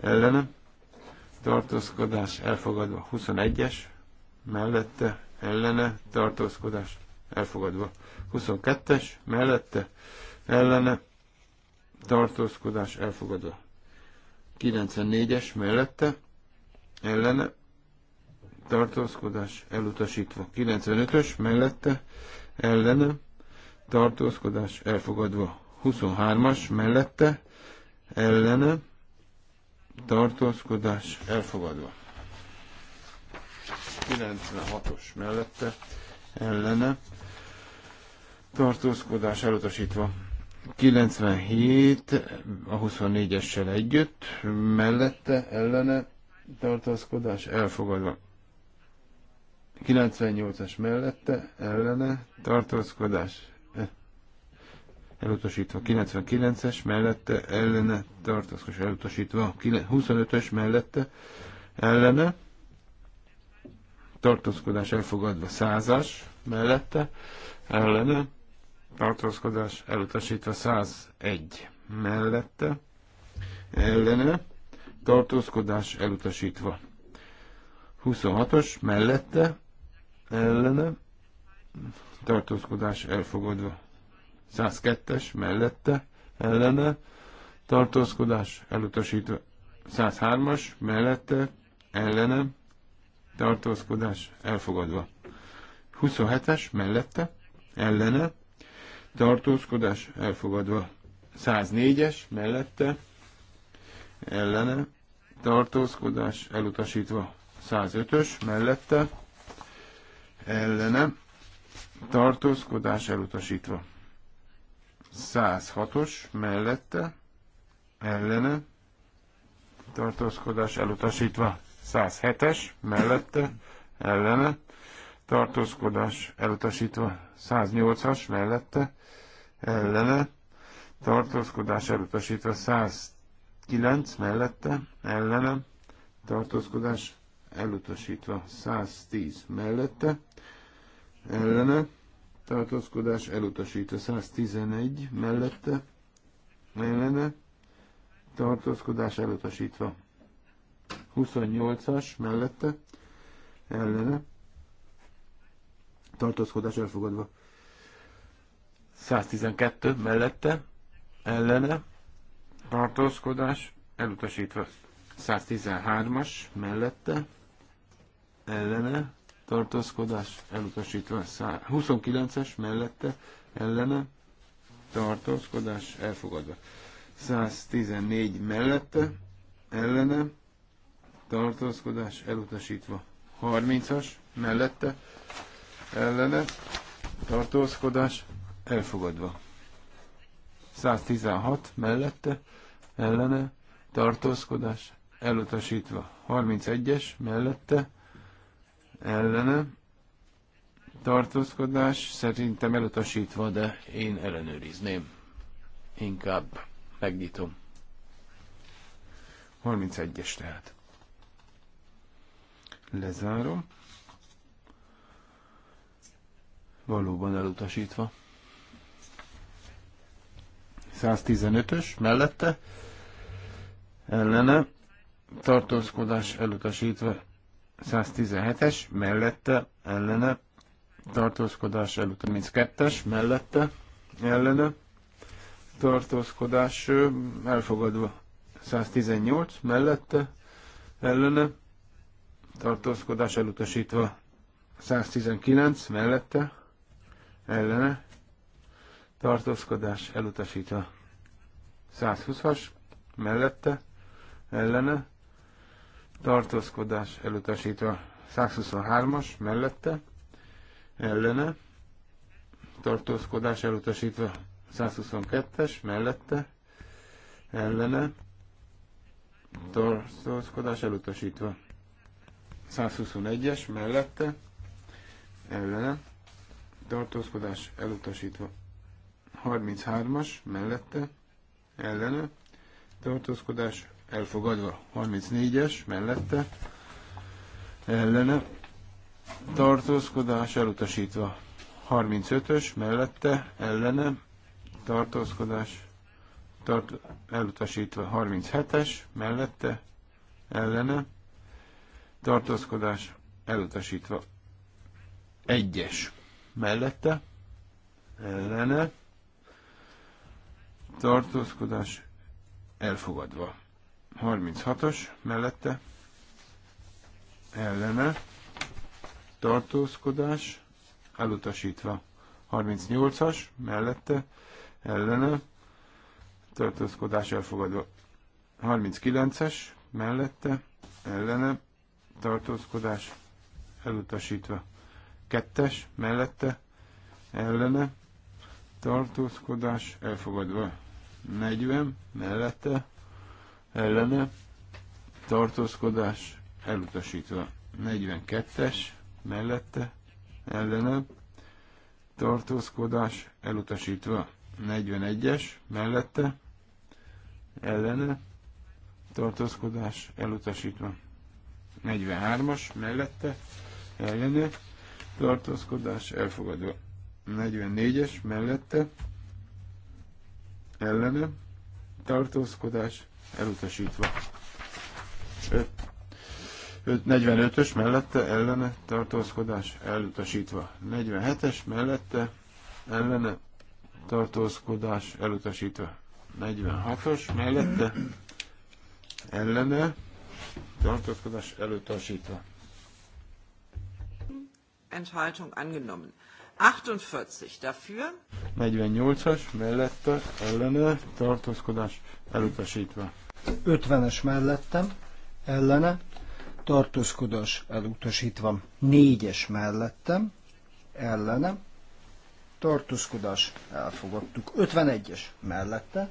ellene tartózkodás elfogadva. 21-es mellette ellene tartózkodás elfogadva. 22-es mellette ellene tartózkodás elfogadva. 94-es mellette ellene tartózkodás elutasítva. 95-ös mellette ellene tartózkodás elfogadva. 23-as mellette ellene tartózkodás elfogadva. 96-os mellette ellene tartózkodás elutasítva. 97 a 24-essel együtt mellette ellene tartózkodás elfogadva. 98-as mellette ellene tartózkodás elutasítva 99-es, mellette ellene tartaszkos elutasítva 25-ös, mellette ellene tartózkodás elfogadva 100-as, mellette ellene tartózkodás elutasítva 101 mellette ellene tartózkodás elutasítva 26-os mellette ellene tartózkodás elfogadva 102-es mellette ellene tartózkodás elutasítva. 103-as mellette ellene tartózkodás elfogadva. 27-es mellette ellene tartózkodás elfogadva. 104-es mellette ellene tartózkodás elutasítva. 105-ös mellette ellene tartózkodás elutasítva. 106-os mellette ellene tartózkodás elutasítva. 107-es mellette ellene tartózkodás elutasítva. 108-as mellette ellene tartózkodás elutasítva. 109 mellette ellene tartózkodás elutasítva. 110 mellette ellene tartózkodás elutasítva. 111 mellette ellene tartózkodás elutasítva. 28-as mellette ellene tartózkodás elfogadva. 112 mellette ellene tartózkodás elutasítva. 113-as mellette ellene tartózkodás elutasítva. 29-es mellette ellene tartózkodás elfogadva. 114 mellette ellene tartózkodás elutasítva. 30-as mellette ellene tartózkodás elfogadva. 116 mellette ellene tartózkodás elutasítva. 31-es mellette ellene tartózkodás szerintem elutasítva, de én ellenőrizném. Inkább megnyitom. 31-es tehát. Lezárom. Valóban elutasítva. 115-ös mellette ellene tartózkodás elutasítva 117-es mellette ellene tartózkodás előtt 32-es mellette ellene tartózkodás elfogadva 118 mellette ellene tartózkodás elutasítva 119 mellette ellene tartózkodás elutasítva 120-as mellette ellene tartózkodás elutasítva 123-as mellette, ellene, tartózkodás elutasítva 122-es mellette, ellene, tartózkodás elutasítva 121-es mellette, ellene, tartózkodás elutasítva 33-as mellette, ellene, tartózkodás elfogadva. 34-es mellette ellene tartózkodás elutasítva. 35-ös mellette ellene tartózkodás tart, elutasítva. 37-es mellette ellene tartózkodás elutasítva. 1-es mellette ellene tartózkodás elfogadva. 36-os mellette ellene tartózkodás elutasítva. 38-as mellette ellene tartózkodás elfogadva. 39-es mellette ellene tartózkodás elutasítva. 2-es mellette ellene tartózkodás elfogadva. 40 mellette ellene tartózkodás elutasítva. 42-es mellette ellene tartózkodás elutasítva. 41-es mellette ellene tartózkodás elutasítva. 43-as mellette ellene tartózkodás elfogadva. 44-es mellette ellene tartózkodás elutasítva. 45-ös mellette ellene tartózkodás elutasítva. 47-es mellette ellene tartózkodás elutasítva. 46-os mellette ellene tartózkodás elutasítva. Enthaltung angenommen. 48 dafür. 48-as mellette ellene tartózkodás elutasítva. 50-es mellettem, ellene, tartózkodás elutasítva. 4-es mellettem, ellene, tartózkodás elfogadtuk. 51-es mellette,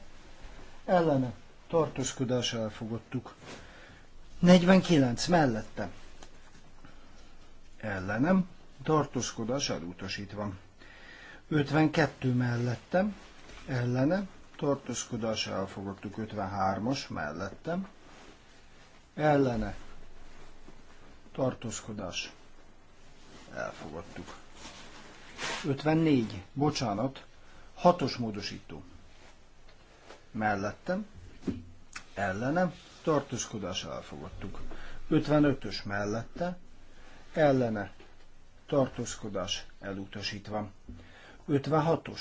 ellene, tartózkodás elfogadtuk. 49 mellette, ellenem, tartózkodás elutasítva. 52 mellettem, ellene, tartózkodás elfogadtuk 53-as mellettem, ellene tartózkodás elfogadtuk. 54, bocsánat, hatos módosító mellettem, Ellene tartózkodás elfogadtuk. 55-ös mellette, ellene, tartózkodás elutasítva. 56-os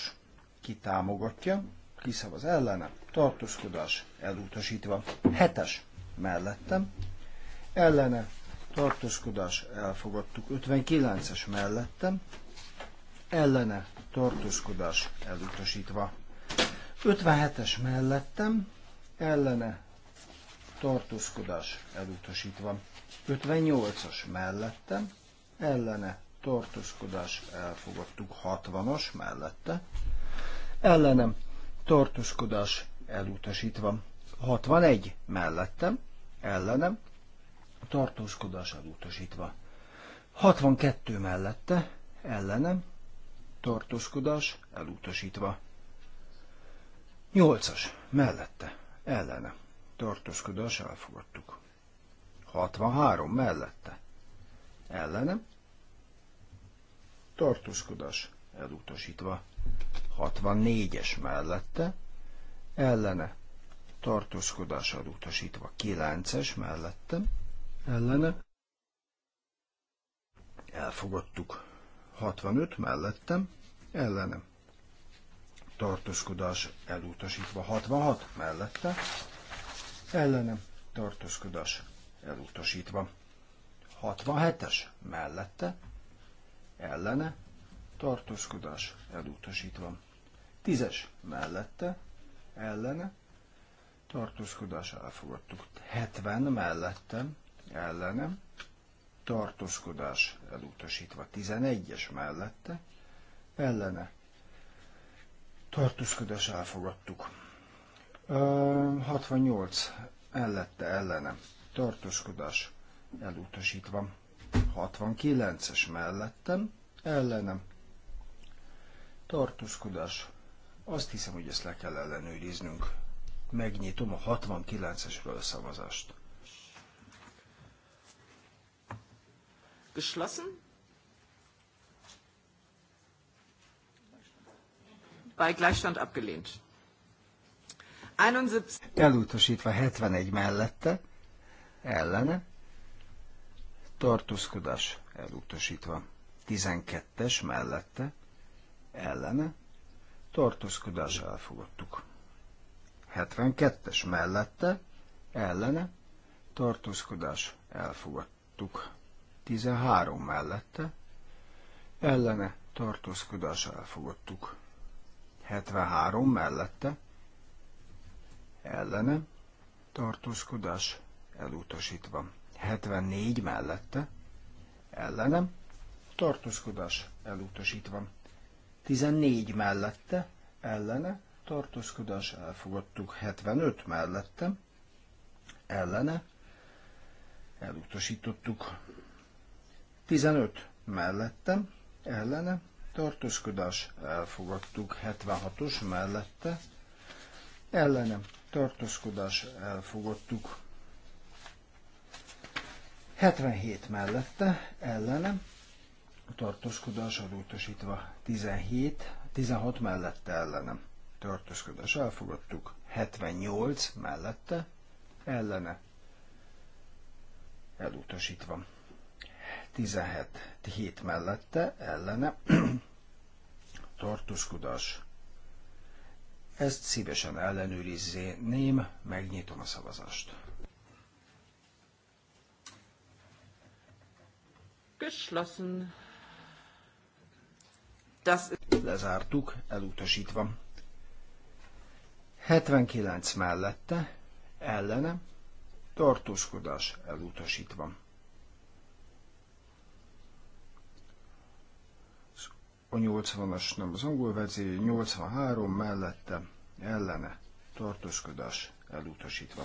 kitámogatja, kiszavaz ellene, tartózkodás elutasítva. Hetes mellettem, ellene, tartózkodás elfogadtuk. 59-es mellettem, ellene, tartózkodás elutasítva. 57-es mellettem, ellene, tartózkodás elutasítva. 58-as mellettem, ellene, tartózkodás elfogadtuk. 60-as mellette, ellenem tartózkodás elutasítva. 61 mellettem, ellenem, tartózkodás elutasítva. 62 mellette, ellenem, tartózkodás elutasítva. 8-as, mellette, ellenem, tartózkodás elfogadtuk. 63 mellette, ellenem, tartózkodás elutasítva. 64-es mellette, ellene tartózkodással utasítva 9-es mellette, ellene elfogadtuk 65 mellettem, ellene tartózkodás elutasítva 66 mellette, ellene tartózkodás elutasítva 67-es mellette, ellene tartózkodás elutasítva. Tízes mellette, ellene, tartózkodás elfogadtuk. 70 mellette, ellene, tartózkodás elutasítva. 11-es mellette, ellene, tartózkodás elfogadtuk. 68 mellette, ellene, tartózkodás elutasítva. 69-es mellettem, ellenem, Tartózkodás. Azt hiszem, hogy ezt le kell ellenőriznünk. Megnyitom a 69 es felszavazást. Geschlossen? Bei Gleichstand abgelehnt. 71. Elutasítva 71 mellette, ellene, tartózkodás elutasítva. 12-es mellette, ellene, tartózkodás elfogadtuk. 72-es mellette, ellene, tartózkodás elfogadtuk. 13 mellette, ellene, tartózkodás elfogadtuk. 73 mellette, ellene, tartózkodás elutasítva. 74 mellette, ellenem, tartózkodás elutasítva. 14 mellette, ellene, tartózkodás elfogadtuk 75 mellette, ellene, elutasítottuk 15 mellette, ellene, tartózkodás elfogadtuk 76-os mellette, ellene, tartózkodás elfogadtuk 77 mellette, ellenem, tartózkodás elutasítva 17, 16 mellette ellenem tartózkodás elfogadtuk, 78 mellette ellene elutasítva. 17 7 mellette ellene [clears throat] tartózkodás. Ezt szívesen ellenőrizném, megnyitom a szavazást. Geschlossen. Das... Lezártuk, elutasítva. 79 mellette, ellene, tartózkodás elutasítva. A 80-as nem az angol verzió, 83 mellette, ellene, tartózkodás elutasítva.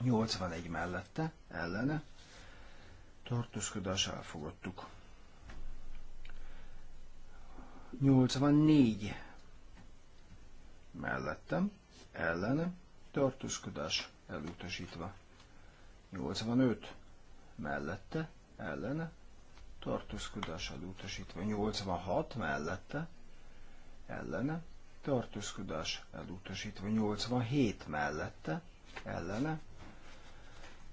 81 mellette, ellene, tartózkodás elfogadtuk. 84 mellettem, ellene, tartózkodás elutasítva. 85 mellette, ellene, tartózkodás elutasítva. 86 mellette, ellene, tartózkodás elutasítva. 87 mellette, ellene,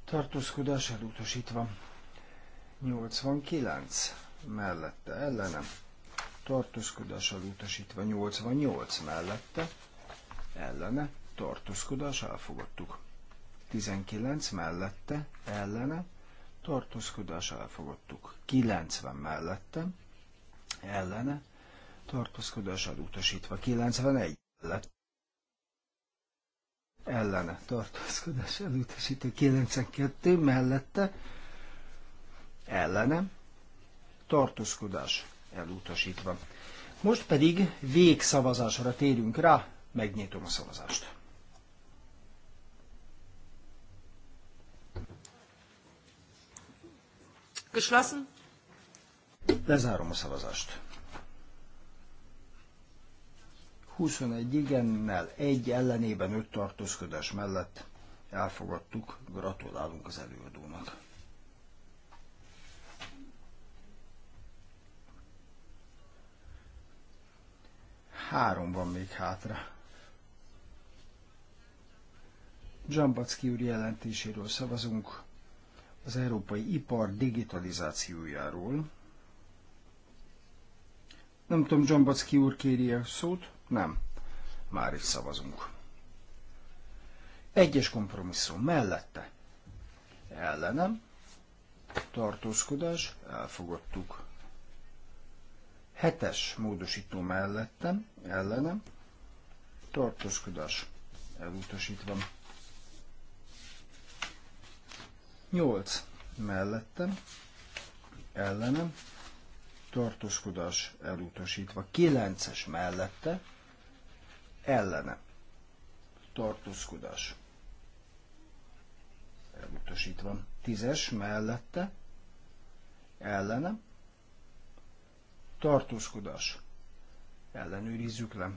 tartózkodás elutasítva. 89 mellette, ellene, tartózkodással utasítva 88 mellette, ellene, tartózkodás elfogadtuk. 19 mellette, ellene, tartózkodás elfogadtuk. 90 mellette, ellene, tartózkodással utasítva 91 mellette. ellene, tartózkodás utasítva 92 mellette, ellene, tartózkodás elutasítva. Most pedig végszavazásra térünk rá, megnyitom a szavazást. Geschlossen. Lezárom a szavazást. 21 igennel, egy ellenében öt tartózkodás mellett elfogadtuk, gratulálunk az előadónak. Három van még hátra. Dzsambacki úr jelentéséről szavazunk az európai ipar digitalizációjáról. Nem tudom, Dzsambacki úr kéri a szót? Nem. Már is szavazunk. Egyes kompromisszum mellette. Ellenem. Tartózkodás. Elfogadtuk. Hetes módosító mellettem, ellenem, tartózkodás elutasítva. 8 mellettem, ellenem, tartózkodás elutasítva. 9-es mellette, ellenem, tartózkodás elutasítva. 10-es mellette, ellenem, tartózkodás. Ellenőrizzük le.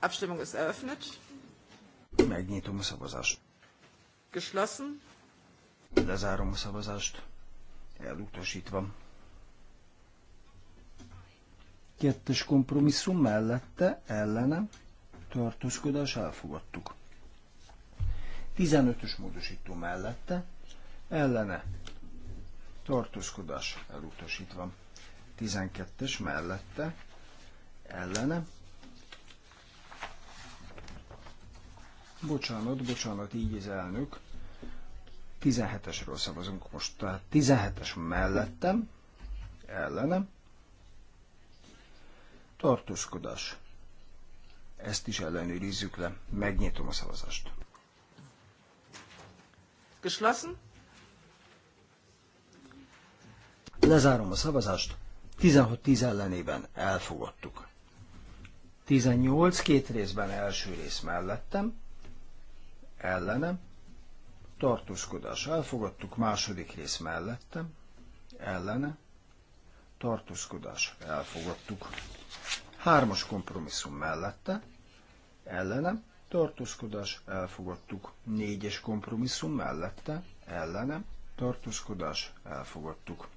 Abstimmung ist eröffnet. Megnyitom a szavazást. Geschlossen. Lezárom a szavazást. Elutasítva. Kettes kompromisszum mellette, ellene, tartózkodás elfogadtuk. 15-ös módosító mellette, ellene tartózkodás elutasítva. 12-es mellette ellene. Bocsánat, bocsánat, így az elnök. 17-esről szavazunk most, tehát 17-es mellettem, ellenem, tartózkodás. Ezt is ellenőrizzük le. Megnyitom a szavazást. Geschlossen? Lezárom a szavazást. 16-10 ellenében elfogadtuk. 18 két részben első rész mellettem, ellenem, tartózkodás elfogadtuk, második rész mellettem, ellene, tartózkodás elfogadtuk. Hármas kompromisszum mellette, ellenem, tartózkodás elfogadtuk. Négyes kompromisszum mellette, ellenem, tartózkodás elfogadtuk.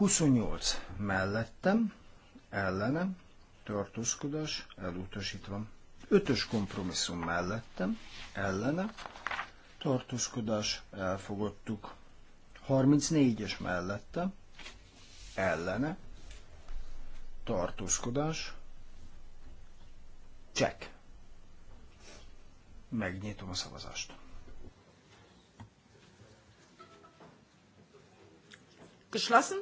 28 mellettem, ellenem, tartózkodás, elutasítva. 5-ös kompromisszum mellettem, ellenem, tartózkodás, elfogadtuk. 34-es mellettem, ellene, tartózkodás, Check. Megnyitom a szavazást. Geschlossen?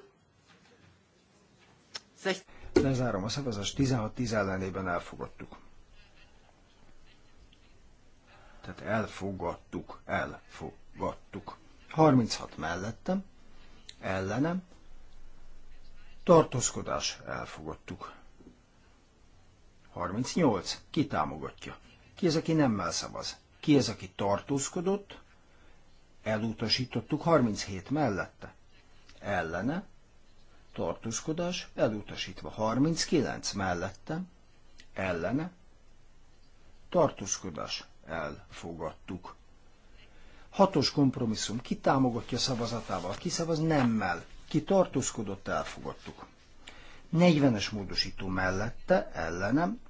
Lezárom a szavazás 16-10 ellenében elfogadtuk. Tehát elfogadtuk, elfogadtuk. 36 mellettem, ellenem, tartózkodás, elfogadtuk. 38. Ki támogatja? Ki az, aki nem szavaz? Ki az, aki tartózkodott? Elutasítottuk 37 mellette. Ellene tartózkodás elutasítva. 39 mellette, ellene, tartózkodás elfogadtuk. Hatos kompromisszum. Ki támogatja szavazatával? Ki szavaz nemmel? Ki tartózkodott? Elfogadtuk. 40-es módosító mellette, ellenem,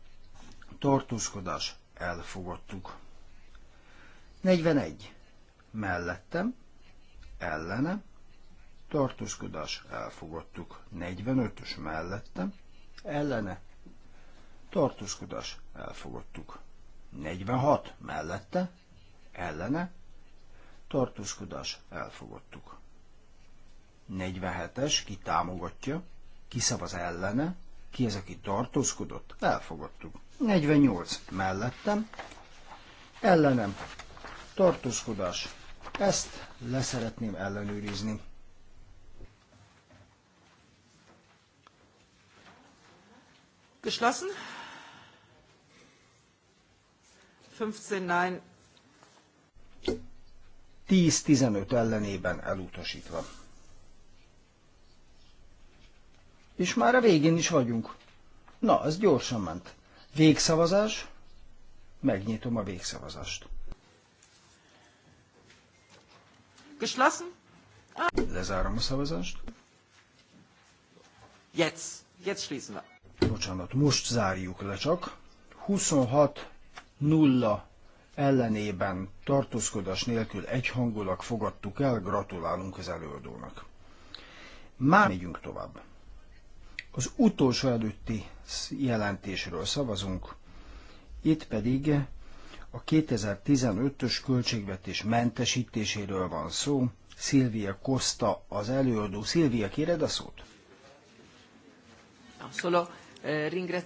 tartózkodás elfogadtuk. 41 mellettem, ellenem, tartózkodás elfogadtuk. 45-ös mellette, ellene, tartózkodás elfogadtuk. 46 mellette, ellene, tartózkodás elfogadtuk. 47-es, ki támogatja, ki szavaz ellene, ki az, aki tartózkodott, elfogadtuk. 48 mellettem, ellenem, tartózkodás, ezt leszeretném ellenőrizni. Geschlossen? 15 Nein. 10-15 ellenében elutasítva. És már a végén is vagyunk. Na, az gyorsan ment. Végszavazás. Megnyitom a végszavazást. Geschlossen? Lezárom a szavazást. Jetzt. Jetzt schließen wir bocsánat, most zárjuk le csak, 26-0 ellenében tartózkodás nélkül egyhangulag fogadtuk el, gratulálunk az előadónak. Már megyünk tovább. Az utolsó előtti jelentésről szavazunk, itt pedig a 2015-ös költségvetés mentesítéséről van szó. Szilvia Costa az előadó. Szilvia, kéred a szót? Solo szóval Eh,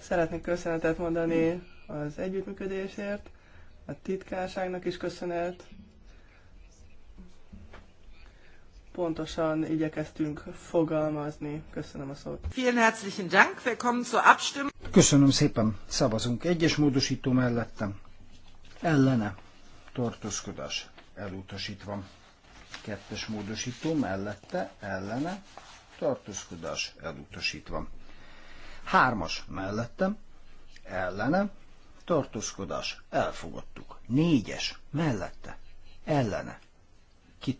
Szeretnék köszönetet mondani az együttműködésért, a titkárságnak is köszönet. Pontosan igyekeztünk fogalmazni. Köszönöm a szót. Vielen herzlichen Dank. Willkommen zur Abstimmung. Köszönöm szépen. Szavazunk. Egyes módosító mellettem. Ellene. Tartózkodás. Elutasítva. Kettes módosító mellette. Ellene tartózkodás elutasítva. Hármas mellettem, ellene, tartózkodás elfogadtuk. Négyes mellette, ellene. Ki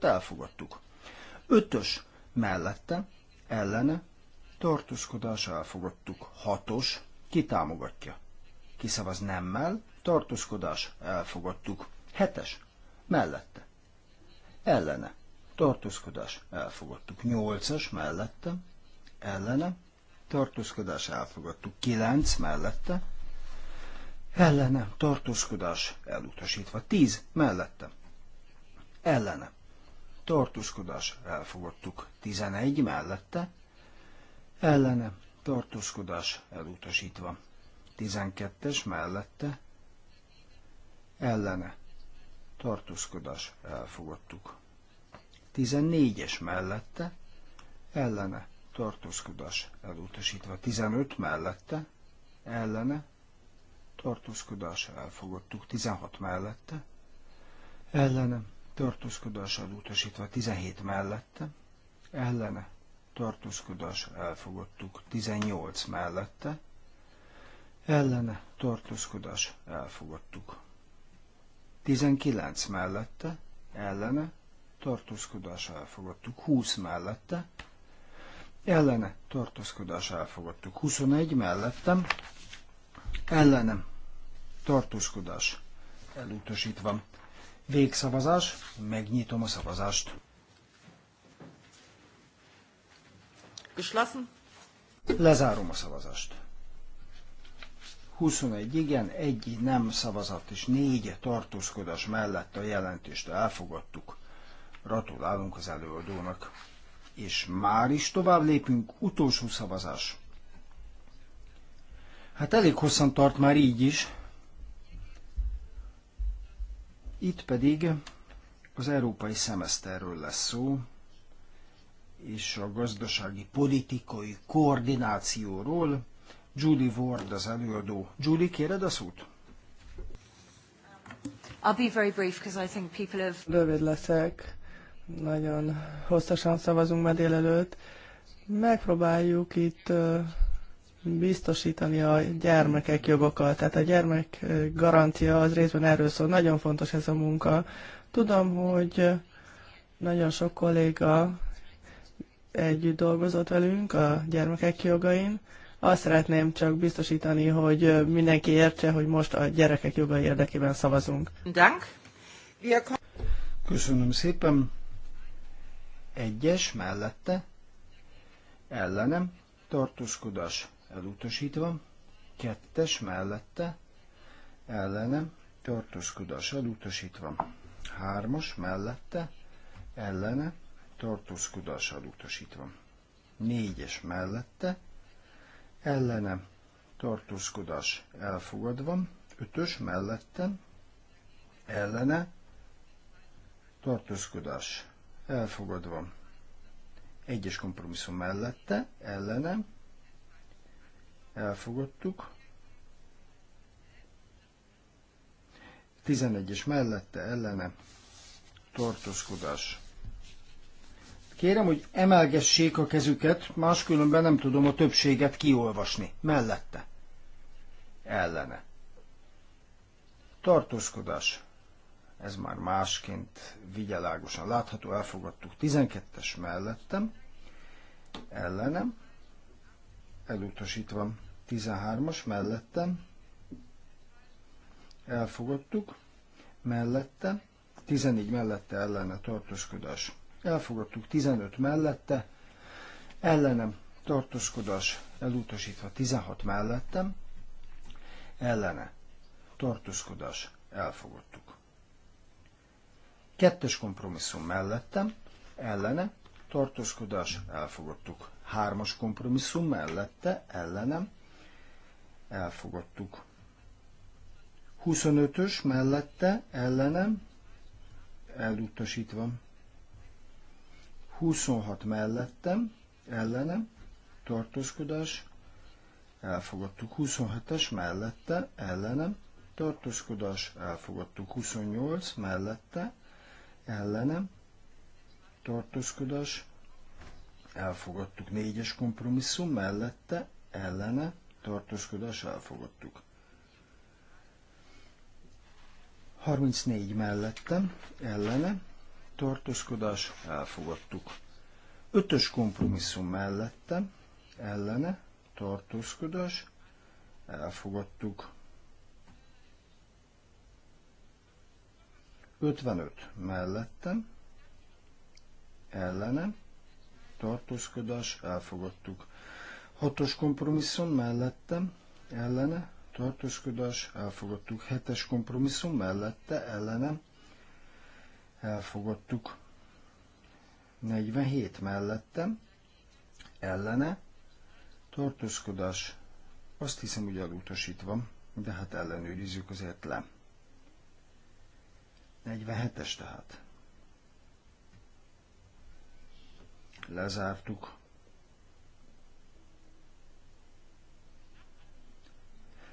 elfogadtuk. Ötös mellette, ellene, tartózkodás elfogadtuk. Hatos, kitámogatja. Kiszavaz nemmel, tartózkodás elfogadtuk. Hetes mellette, ellene tartózkodás elfogadtuk. 8-as mellette, ellene, tartózkodás elfogadtuk. 9 mellette, ellene, tartózkodás elutasítva. 10 mellette, ellene, tartózkodás elfogadtuk. 11 mellette, ellene, tartózkodás elutasítva. 12-es mellette, ellene, tartózkodás elfogadtuk. 14-es mellette, ellene tartózkodás elutasítva. 15 mellette, ellene tartózkodás elfogadtuk. 16 mellette, ellene tartózkodás elutasítva. 17 mellette, ellene tartózkodás elfogadtuk. 18 mellette, ellene tartózkodás elfogadtuk. 19 mellette, ellene tartózkodás elfogadtuk 20 mellette, ellene tartózkodás elfogadtuk 21 mellettem, ellenem tartózkodás elutasítva. Végszavazás, megnyitom a szavazást. Geschlossen. Lezárom a szavazást. 21 igen, egy nem szavazat és négy tartózkodás mellett a jelentést elfogadtuk. Gratulálunk az előadónak. És már is tovább lépünk, utolsó szavazás. Hát elég hosszan tart már így is. Itt pedig az európai szemeszterről lesz szó, és a gazdasági politikai koordinációról. Julie Ward az előadó. Julie, kéred a szót? I'll be very brief because I think people have... Rövid leszek nagyon hosszasan szavazunk ma délelőtt. Megpróbáljuk itt biztosítani a gyermekek jogokat. Tehát a gyermek garancia az részben erről szól. Nagyon fontos ez a munka. Tudom, hogy nagyon sok kolléga együtt dolgozott velünk a gyermekek jogain. Azt szeretném csak biztosítani, hogy mindenki értse, hogy most a gyerekek jogai érdekében szavazunk. Köszönöm szépen egyes mellette, ellenem, tartózkodás elutasítva, kettes mellette, ellenem, tartózkodás elutasítva, hármas mellette, ellene, tartózkodás elutasítva, négyes mellette, ellene, tartózkodás elfogadva, ötös mellette, ellene, tartózkodás elfogadva. Egyes kompromisszum mellette, ellene, elfogadtuk. 11-es mellette, ellene, tartózkodás. Kérem, hogy emelgessék a kezüket, máskülönben nem tudom a többséget kiolvasni. Mellette. Ellene. Tartózkodás ez már másként vigyelágosan látható, elfogadtuk 12-es mellettem, ellenem, elutasítva 13-as mellettem, elfogadtuk, mellette, 14 mellette ellene tartózkodás, elfogadtuk 15 mellette, ellenem tartózkodás, elutasítva 16 mellettem, ellene tartózkodás, elfogadtuk. Kettős kompromisszum mellettem, ellene, tartózkodás, elfogadtuk. Hármas kompromisszum mellette, ellenem, elfogadtuk. 25-ös mellette, ellenem, elutasítva. 26 mellettem, ellenem, tartózkodás, elfogadtuk. 27-es mellette, ellenem, tartózkodás, elfogadtuk. 28 mellette, ellenem, tartózkodás, elfogadtuk. Négyes kompromisszum mellette, ellene, tartózkodás, elfogadtuk. 34 mellettem, ellene, tartózkodás, elfogadtuk. Ötös kompromisszum mellettem, ellene, tartózkodás, elfogadtuk. 55 mellettem, ellenem, tartózkodás, elfogadtuk. 6-os kompromisszum mellettem, ellene, tartózkodás, elfogadtuk. 7-es kompromisszum mellette, ellenem, elfogadtuk. 47 mellettem, ellene, tartózkodás, azt hiszem, hogy elutasítva, de hát ellenőrizzük azért le. 47-es tehát. Lezártuk.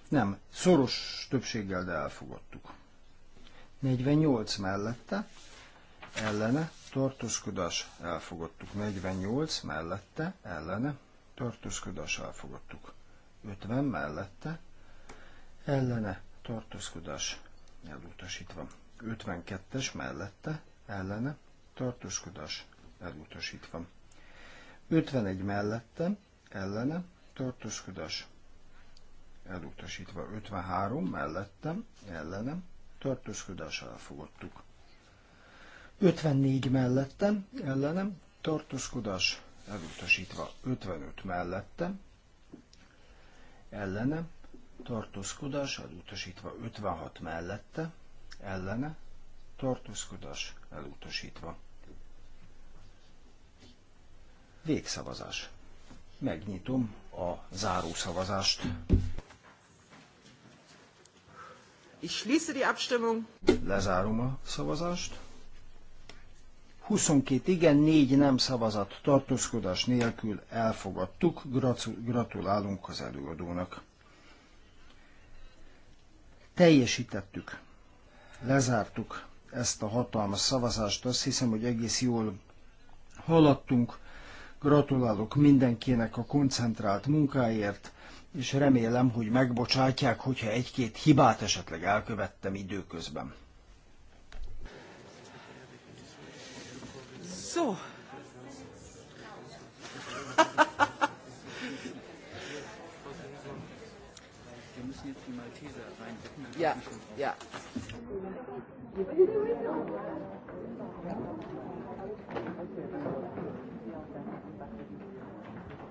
Nem, szoros többséggel, de elfogadtuk. 48 mellette, ellene, tartózkodás, elfogadtuk. 48 mellette, ellene, tartózkodás, elfogadtuk. 50 mellette, ellene, tartózkodás, elutasítva. 52-es mellette, ellene, tartózkodás elutasítva. 51 mellette, ellene, tartózkodás elutasítva. 53 mellette, ellene, tartózkodás elfogadtuk. 54 mellette, ellene, tartózkodás elutasítva. 55 mellette, ellene, tartózkodás elutasítva. 56 mellette, ellene, tartózkodás elutasítva. Végszavazás. Megnyitom a zárószavazást. Ich schließe die Abstimmung. Lezárom a szavazást. 22 igen, 4 nem szavazat tartózkodás nélkül elfogadtuk. Gratulálunk az előadónak. Teljesítettük lezártuk ezt a hatalmas szavazást, azt hiszem, hogy egész jól haladtunk. Gratulálok mindenkinek a koncentrált munkáért, és remélem, hogy megbocsátják, hogyha egy-két hibát esetleg elkövettem időközben. So. [laughs] Ja, ja.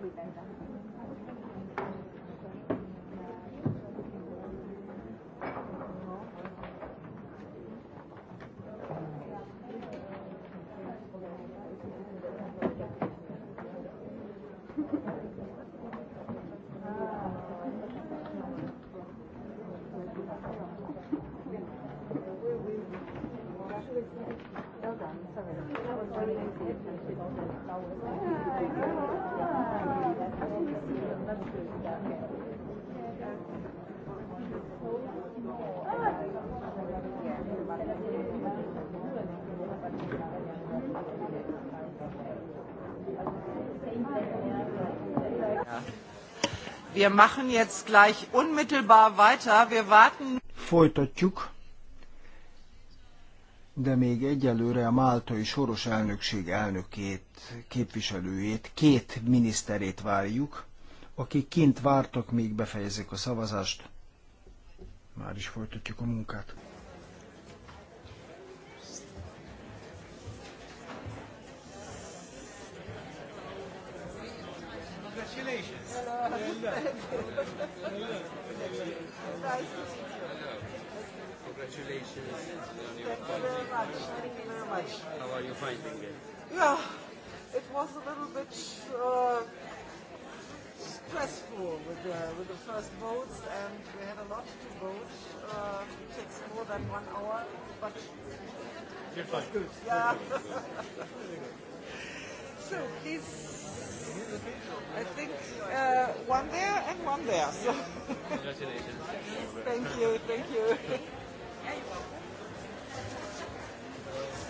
Thank you. Wir machen jetzt gleich unmittelbar weiter. Wir warten. Folytatjuk de még egyelőre a máltai soros elnökség elnökét, képviselőjét, két miniszterét várjuk, akik kint vártak, még befejezik a szavazást. Már is folytatjuk a munkát. Congratulations. Hello. Hello. Hello. Congratulations very much. Thank you very much. How are you finding it? Yeah, it was a little bit uh, stressful with the, with the first votes, and we had a lot to vote. Uh, it takes more than one hour, but You're fine. it was good. Yeah. [laughs] so please. I think uh, one there and one there. So. [laughs] Congratulations. thank you, thank you.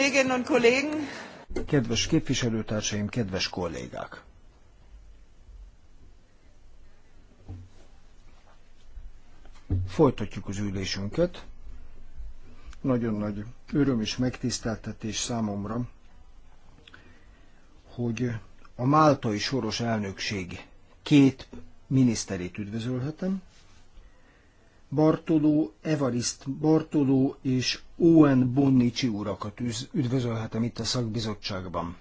Kolleginnen und Kollegen! Kedves képviselőtársaim, kedves kollégák! Folytatjuk az ülésünket. Nagyon nagy öröm és megtiszteltetés számomra, hogy a máltai soros elnökség két miniszterét üdvözölhetem, Bartoló Evarist Bartoló és Owen Bonnici urakat üdvözölhetem itt a szakbizottságban.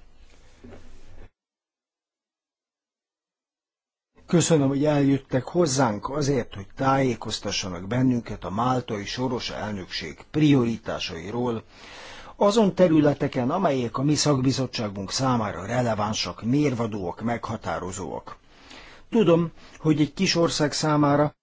Köszönöm, hogy eljöttek hozzánk azért, hogy tájékoztassanak bennünket a máltai soros elnökség prioritásairól, azon területeken, amelyek a mi szakbizottságunk számára relevánsak, mérvadóak, meghatározóak. Tudom, hogy egy kis ország számára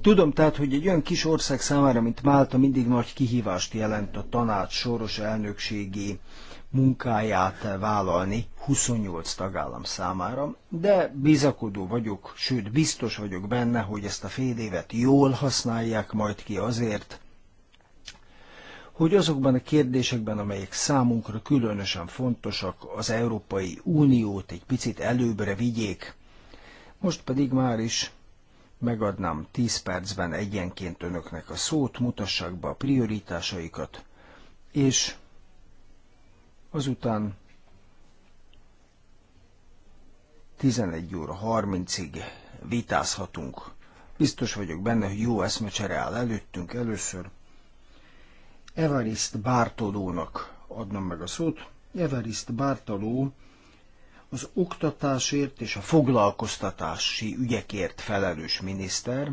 Tudom tehát, hogy egy olyan kis ország számára, mint Málta, mindig nagy kihívást jelent a tanács soros elnökségi munkáját vállalni 28 tagállam számára, de bizakodó vagyok, sőt biztos vagyok benne, hogy ezt a fél évet jól használják majd ki azért, hogy azokban a kérdésekben, amelyek számunkra különösen fontosak, az Európai Uniót egy picit előbbre vigyék. Most pedig már is megadnám 10 percben egyenként önöknek a szót, mutassák be a prioritásaikat, és azután 11 óra 30-ig vitázhatunk. Biztos vagyok benne, hogy jó eszmecsere áll előttünk először. Evarist Bártolónak adnom meg a szót. Evarist Bártoló az oktatásért és a foglalkoztatási ügyekért felelős miniszter.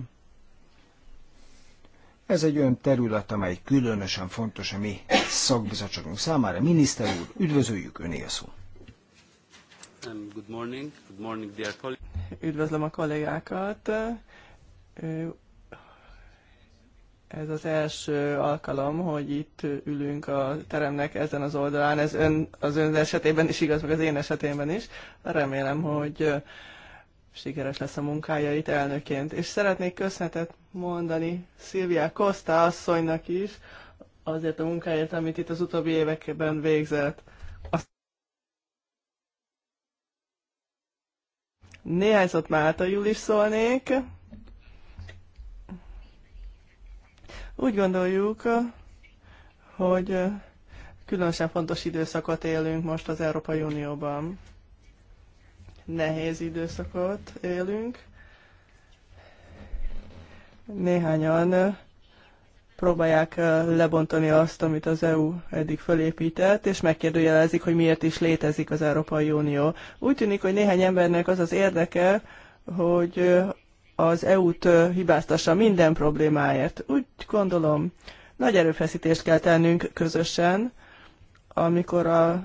Ez egy olyan terület, amely különösen fontos a mi szakbizottságunk számára. Miniszter úr, üdvözöljük Öné a szó. Um, good morning. Good morning, dear Üdvözlöm a kollégákat. Ez az első alkalom, hogy itt ülünk a teremnek ezen az oldalán. Ez ön, az ön esetében is igaz, meg az én esetében is. Remélem, hogy sikeres lesz a munkája itt elnöként. És szeretnék köszönetet mondani Szilvia Costa asszonynak is, azért a munkáért, amit itt az utóbbi években végzett. Azt Néhány szót Máltaiul is szólnék. Úgy gondoljuk, hogy különösen fontos időszakot élünk most az Európai Unióban. Nehéz időszakot élünk. Néhányan próbálják lebontani azt, amit az EU eddig fölépített, és megkérdőjelezik, hogy miért is létezik az Európai Unió. Úgy tűnik, hogy néhány embernek az az érdeke, hogy az EU-t hibáztassa minden problémáért. Úgy gondolom, nagy erőfeszítést kell tennünk közösen, amikor a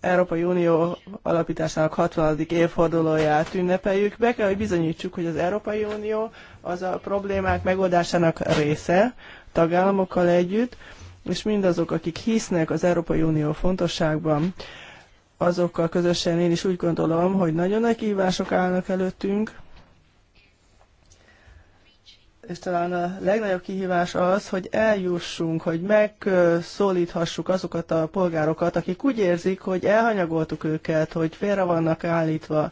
Európai Unió alapításának 60. évfordulóját ünnepeljük, be kell, hogy bizonyítsuk, hogy az Európai Unió az a problémák megoldásának része, tagállamokkal együtt, és mindazok, akik hisznek az Európai Unió fontosságban, azokkal közösen én is úgy gondolom, hogy nagyon nagy kihívások állnak előttünk, és talán a legnagyobb kihívás az, hogy eljussunk, hogy megszólíthassuk azokat a polgárokat, akik úgy érzik, hogy elhanyagoltuk őket, hogy félre vannak állítva.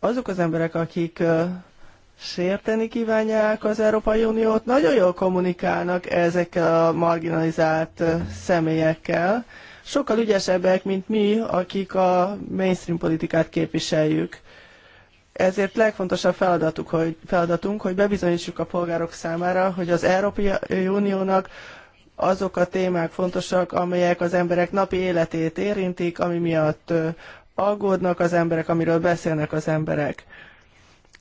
Azok az emberek, akik sérteni kívánják az Európai Uniót, nagyon jól kommunikálnak ezekkel a marginalizált személyekkel, sokkal ügyesebbek, mint mi, akik a mainstream politikát képviseljük. Ezért legfontosabb hogy, feladatunk, hogy bebizonyítsuk a polgárok számára, hogy az Európai Uniónak azok a témák fontosak, amelyek az emberek napi életét érintik, ami miatt aggódnak az emberek, amiről beszélnek az emberek.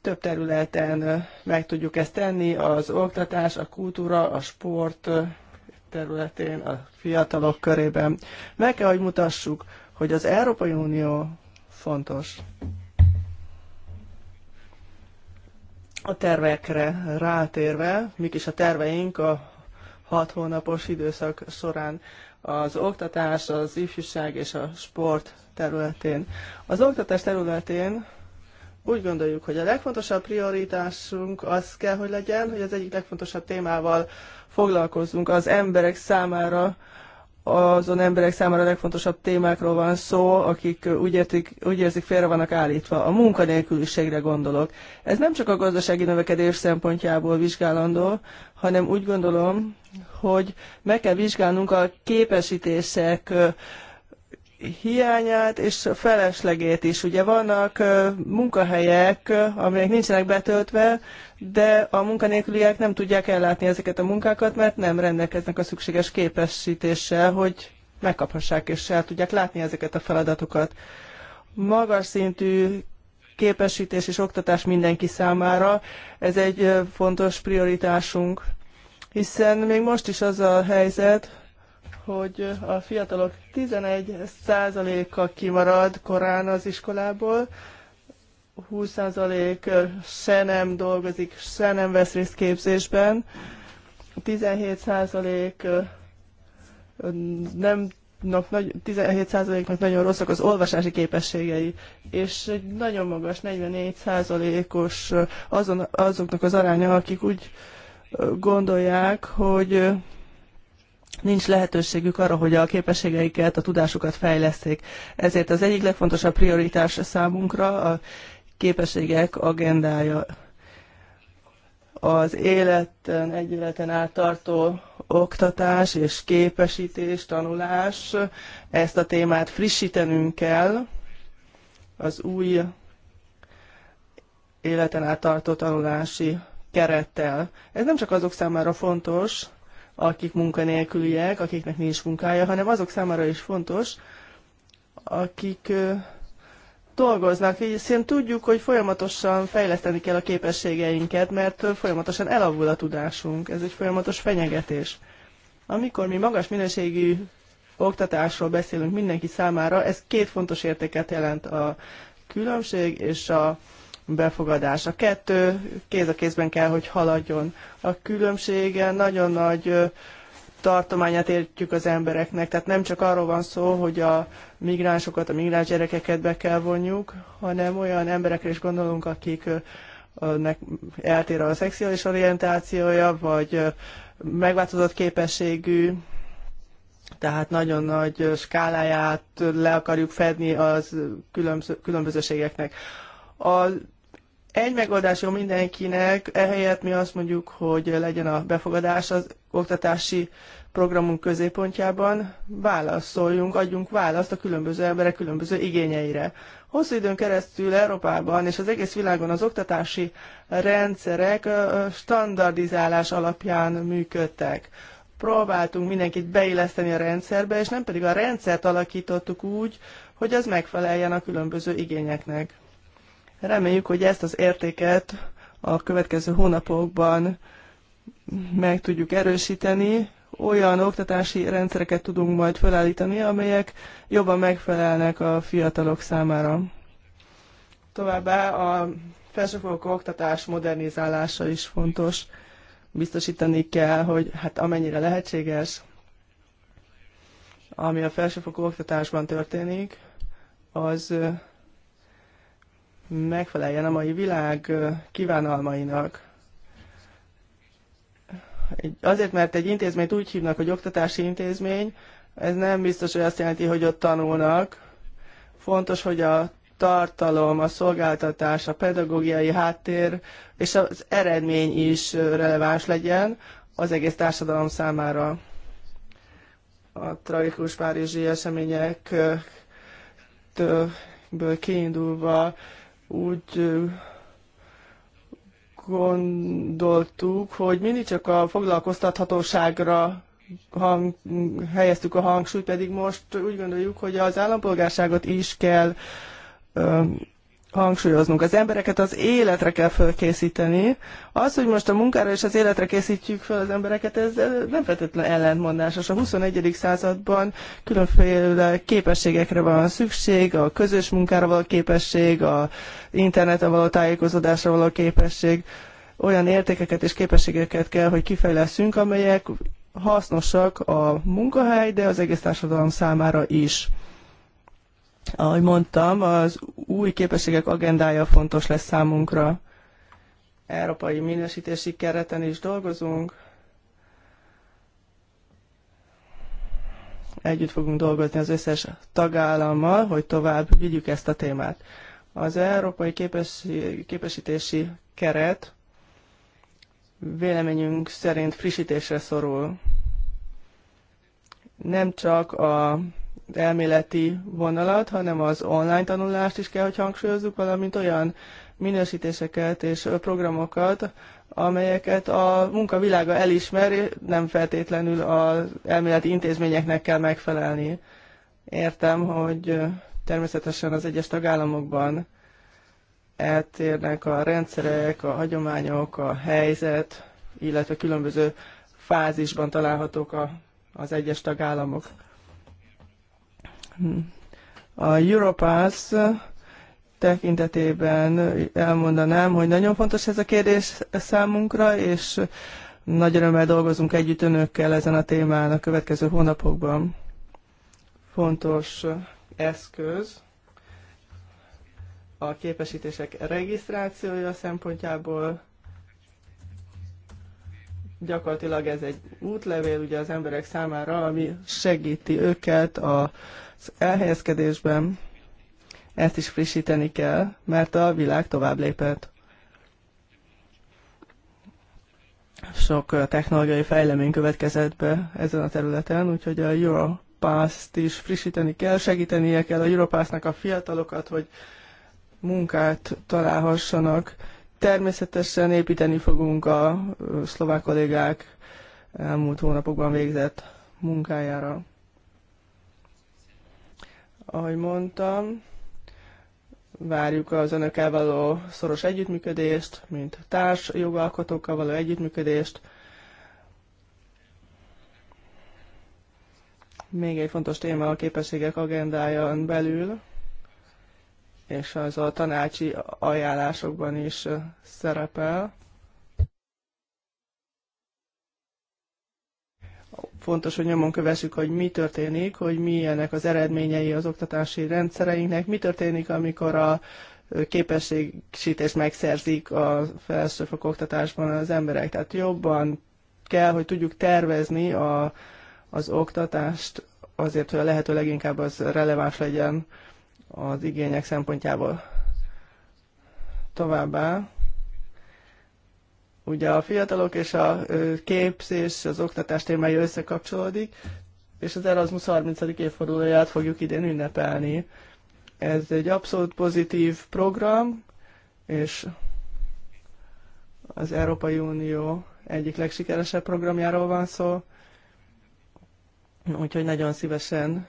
Több területen meg tudjuk ezt tenni, az oktatás, a kultúra, a sport területén, a fiatalok körében. Meg kell, hogy mutassuk, hogy az Európai Unió fontos. A tervekre rátérve, mik is a terveink a hat hónapos időszak során az oktatás, az ifjúság és a sport területén. Az oktatás területén úgy gondoljuk, hogy a legfontosabb prioritásunk az kell, hogy legyen, hogy az egyik legfontosabb témával foglalkozzunk az emberek számára azon emberek számára a legfontosabb témákról van szó, akik úgy, értik, úgy érzik félre vannak állítva. A munkanélküliségre gondolok. Ez nem csak a gazdasági növekedés szempontjából vizsgálandó, hanem úgy gondolom, hogy meg kell vizsgálnunk a képesítések hiányát és feleslegét is. Ugye vannak munkahelyek, amelyek nincsenek betöltve, de a munkanélküliek nem tudják ellátni ezeket a munkákat, mert nem rendelkeznek a szükséges képesítéssel, hogy megkaphassák és el tudják látni ezeket a feladatokat. Magas szintű képesítés és oktatás mindenki számára, ez egy fontos prioritásunk, hiszen még most is az a helyzet, hogy a fiatalok 11%-a kimarad korán az iskolából, 20% se nem dolgozik, se nem vesz részt képzésben, 17% nem 17%-nak nagyon rosszak az olvasási képességei, és egy nagyon magas, 44%-os azon, azoknak az aránya, akik úgy gondolják, hogy nincs lehetőségük arra, hogy a képességeiket, a tudásukat fejleszték. Ezért az egyik legfontosabb prioritás számunkra a képességek agendája. Az életen, egy életen át tartó oktatás és képesítés, tanulás, ezt a témát frissítenünk kell az új életen át tartó tanulási kerettel. Ez nem csak azok számára fontos, akik munkanélküliek, akiknek nincs munkája, hanem azok számára is fontos, akik dolgoznak, hiszen tudjuk, hogy folyamatosan fejleszteni kell a képességeinket, mert folyamatosan elavul a tudásunk. Ez egy folyamatos fenyegetés. Amikor mi magas minőségű oktatásról beszélünk mindenki számára, ez két fontos értéket jelent a különbség és a befogadása. Kettő kéz a kézben kell, hogy haladjon. A különbsége nagyon nagy tartományát értjük az embereknek. Tehát nem csak arról van szó, hogy a migránsokat, a migráns gyerekeket be kell vonjuk, hanem olyan emberekre is gondolunk, akik eltér a szexuális orientációja, vagy megváltozott képességű, tehát nagyon nagy skáláját le akarjuk fedni az különbözőségeknek. A egy megoldás jó mindenkinek, ehelyett mi azt mondjuk, hogy legyen a befogadás az oktatási programunk középpontjában, válaszoljunk, adjunk választ a különböző emberek különböző igényeire. Hosszú időn keresztül Európában és az egész világon az oktatási rendszerek standardizálás alapján működtek. Próbáltunk mindenkit beilleszteni a rendszerbe, és nem pedig a rendszert alakítottuk úgy, hogy az megfeleljen a különböző igényeknek. Reméljük, hogy ezt az értéket a következő hónapokban meg tudjuk erősíteni, olyan oktatási rendszereket tudunk majd felállítani, amelyek jobban megfelelnek a fiatalok számára. Továbbá a felsőfokú oktatás modernizálása is fontos. Biztosítani kell, hogy hát amennyire lehetséges, ami a felsőfokú oktatásban történik, az megfeleljen a mai világ kívánalmainak. Azért, mert egy intézményt úgy hívnak, hogy oktatási intézmény, ez nem biztos, hogy azt jelenti, hogy ott tanulnak. Fontos, hogy a tartalom, a szolgáltatás, a pedagógiai háttér és az eredmény is releváns legyen az egész társadalom számára. A tragikus párizsi eseményekből kiindulva úgy gondoltuk, hogy mindig csak a foglalkoztathatóságra hang, helyeztük a hangsúlyt, pedig most úgy gondoljuk, hogy az állampolgárságot is kell hangsúlyoznunk. Az embereket az életre kell fölkészíteni. Az, hogy most a munkára és az életre készítjük fel az embereket, ez nem feltétlenül ellentmondásos. A 21. században különféle képességekre van szükség, a közös munkára való képesség, a interneten való tájékozódásra való képesség. Olyan értékeket és képességeket kell, hogy kifejleszünk, amelyek hasznosak a munkahely, de az egész társadalom számára is. Ahogy mondtam, az új képességek agendája fontos lesz számunkra. Európai minősítési kereten is dolgozunk. Együtt fogunk dolgozni az összes tagállammal, hogy tovább vigyük ezt a témát. Az Európai Képesítési Keret véleményünk szerint frissítésre szorul. Nem csak a elméleti vonalat, hanem az online tanulást is kell, hogy hangsúlyozzuk, valamint olyan minősítéseket és programokat, amelyeket a munkavilága elismer, nem feltétlenül az elméleti intézményeknek kell megfelelni. Értem, hogy természetesen az egyes tagállamokban eltérnek a rendszerek, a hagyományok, a helyzet, illetve különböző fázisban találhatók a, az egyes tagállamok. A Europass tekintetében elmondanám, hogy nagyon fontos ez a kérdés számunkra, és nagy örömmel dolgozunk együtt önökkel ezen a témán a következő hónapokban. Fontos eszköz a képesítések regisztrációja szempontjából. Gyakorlatilag ez egy útlevél ugye az emberek számára, ami segíti őket a elhelyezkedésben. Ezt is frissíteni kell, mert a világ tovább lépett. Sok uh, technológiai fejlemény következett be ezen a területen, úgyhogy a Europass-t is frissíteni kell, segítenie kell a Europass-nak a fiatalokat, hogy munkát találhassanak. Természetesen építeni fogunk a uh, szlovák kollégák elmúlt hónapokban végzett munkájára. Ahogy mondtam, várjuk az önökkel való szoros együttműködést, mint társ jogalkotókkal való együttműködést. Még egy fontos téma a képességek agendáján belül, és az a tanácsi ajánlásokban is szerepel. Fontos, hogy nyomon kövessük, hogy mi történik, hogy milyenek az eredményei az oktatási rendszereinknek, mi történik, amikor a képességsítést megszerzik a felsőfok oktatásban az emberek. Tehát jobban kell, hogy tudjuk tervezni a, az oktatást azért, hogy a lehető leginkább az releváns legyen az igények szempontjából. Továbbá Ugye a fiatalok és a képzés, az oktatás témája összekapcsolódik, és az Erasmus 30. évfordulóját fogjuk idén ünnepelni. Ez egy abszolút pozitív program, és az Európai Unió egyik legsikeresebb programjáról van szó, úgyhogy nagyon szívesen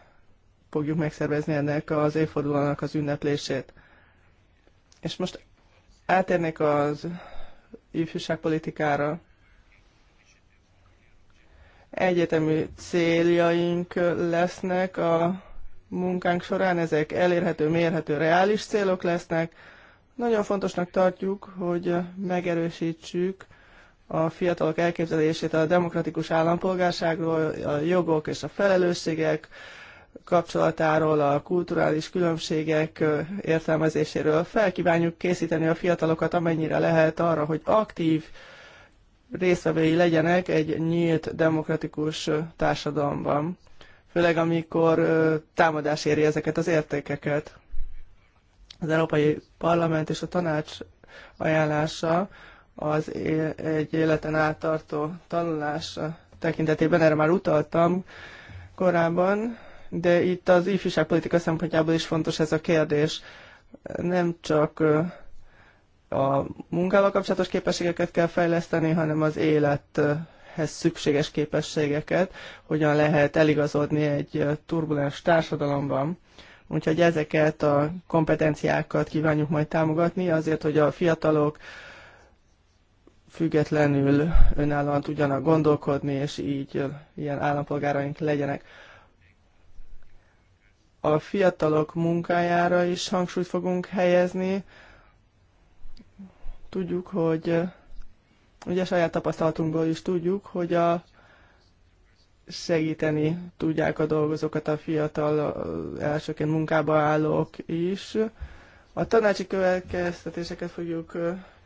fogjuk megszervezni ennek az évfordulónak az ünneplését. És most átérnék az ifjúságpolitikára. Egyetemű céljaink lesznek a munkánk során, ezek elérhető, mérhető, reális célok lesznek. Nagyon fontosnak tartjuk, hogy megerősítsük a fiatalok elképzelését a demokratikus állampolgárságról, a jogok és a felelősségek, kapcsolatáról, a kulturális különbségek értelmezéséről. Felkívánjuk készíteni a fiatalokat amennyire lehet arra, hogy aktív részvevői legyenek egy nyílt, demokratikus társadalomban. Főleg amikor támadás éri ezeket az értékeket. Az Európai Parlament és a Tanács ajánlása az egy életen át tartó tanulás tekintetében, erre már utaltam korábban, de itt az ifjúságpolitika szempontjából is fontos ez a kérdés. Nem csak a munkával kapcsolatos képességeket kell fejleszteni, hanem az élethez szükséges képességeket, hogyan lehet eligazodni egy turbulens társadalomban. Úgyhogy ezeket a kompetenciákat kívánjuk majd támogatni azért, hogy a fiatalok függetlenül önállóan tudjanak gondolkodni, és így ilyen állampolgáraink legyenek a fiatalok munkájára is hangsúlyt fogunk helyezni. Tudjuk, hogy ugye saját tapasztalatunkból is tudjuk, hogy a segíteni tudják a dolgozókat a fiatal elsőként munkába állók is. A tanácsi következtetéseket fogjuk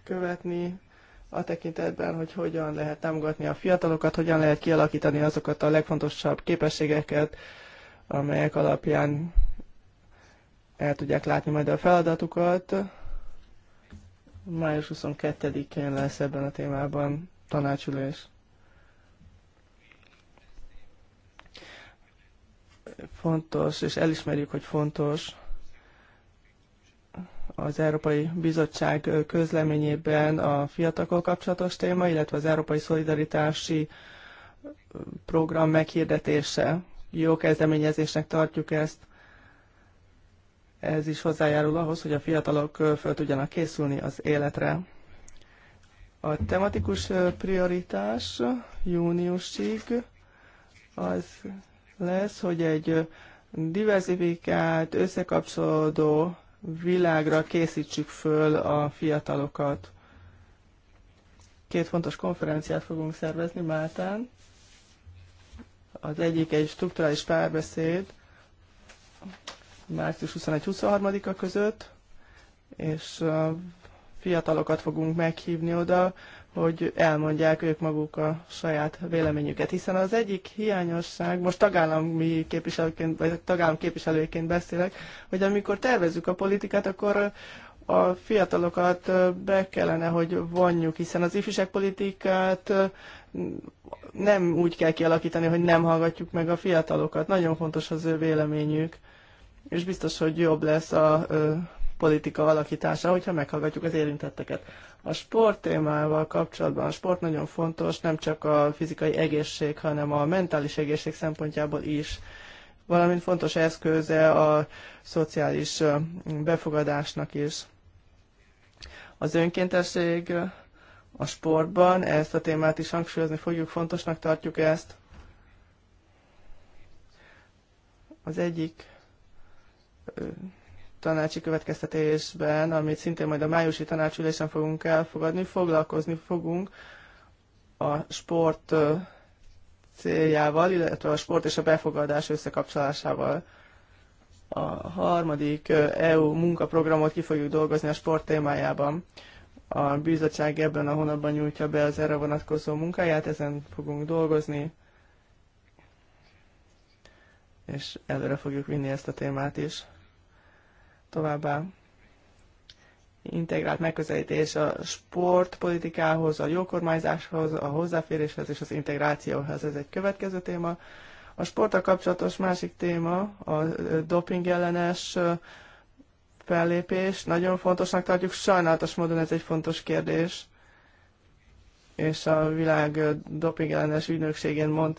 követni a tekintetben, hogy hogyan lehet támogatni a fiatalokat, hogyan lehet kialakítani azokat a legfontosabb képességeket, amelyek alapján el tudják látni majd a feladatukat. Május 22-én lesz ebben a témában tanácsülés. Fontos, és elismerjük, hogy fontos az Európai Bizottság közleményében a fiatalokkal kapcsolatos téma, illetve az Európai Szolidaritási Program meghirdetése jó kezdeményezésnek tartjuk ezt. Ez is hozzájárul ahhoz, hogy a fiatalok föl tudjanak készülni az életre. A tematikus prioritás júniusig az lesz, hogy egy diversifikált, összekapcsolódó világra készítsük föl a fiatalokat. Két fontos konferenciát fogunk szervezni Máltán. Az egyik egy strukturális párbeszéd március 21-23-a között, és fiatalokat fogunk meghívni oda, hogy elmondják ők maguk a saját véleményüket. Hiszen az egyik hiányosság, most tagállami képviselőként, vagy tagállam képviselőként beszélek, hogy amikor tervezzük a politikát, akkor a fiatalokat be kellene, hogy vonjuk, hiszen az ifjúságpolitikát nem úgy kell kialakítani, hogy nem hallgatjuk meg a fiatalokat. Nagyon fontos az ő véleményük, és biztos, hogy jobb lesz a ö, politika alakítása, hogyha meghallgatjuk az érintetteket. A sport témával kapcsolatban a sport nagyon fontos, nem csak a fizikai egészség, hanem a mentális egészség szempontjából is, valamint fontos eszköze a szociális befogadásnak is. Az önkéntesség a sportban. Ezt a témát is hangsúlyozni fogjuk, fontosnak tartjuk ezt. Az egyik tanácsi következtetésben, amit szintén majd a májusi tanácsülésen fogunk elfogadni, foglalkozni fogunk a sport céljával, illetve a sport és a befogadás összekapcsolásával. A harmadik EU munkaprogramot ki fogjuk dolgozni a sport témájában. A bizottság ebben a hónapban nyújtja be az erre vonatkozó munkáját, ezen fogunk dolgozni, és előre fogjuk vinni ezt a témát is. Továbbá integrált megközelítés a sportpolitikához, a jókormányzáshoz, a hozzáféréshez és az integrációhoz. Ez egy következő téma. A sporttal kapcsolatos másik téma a doping ellenes fellépés, nagyon fontosnak tartjuk, sajnálatos módon ez egy fontos kérdés. És a világ dopingellenes ügynökségén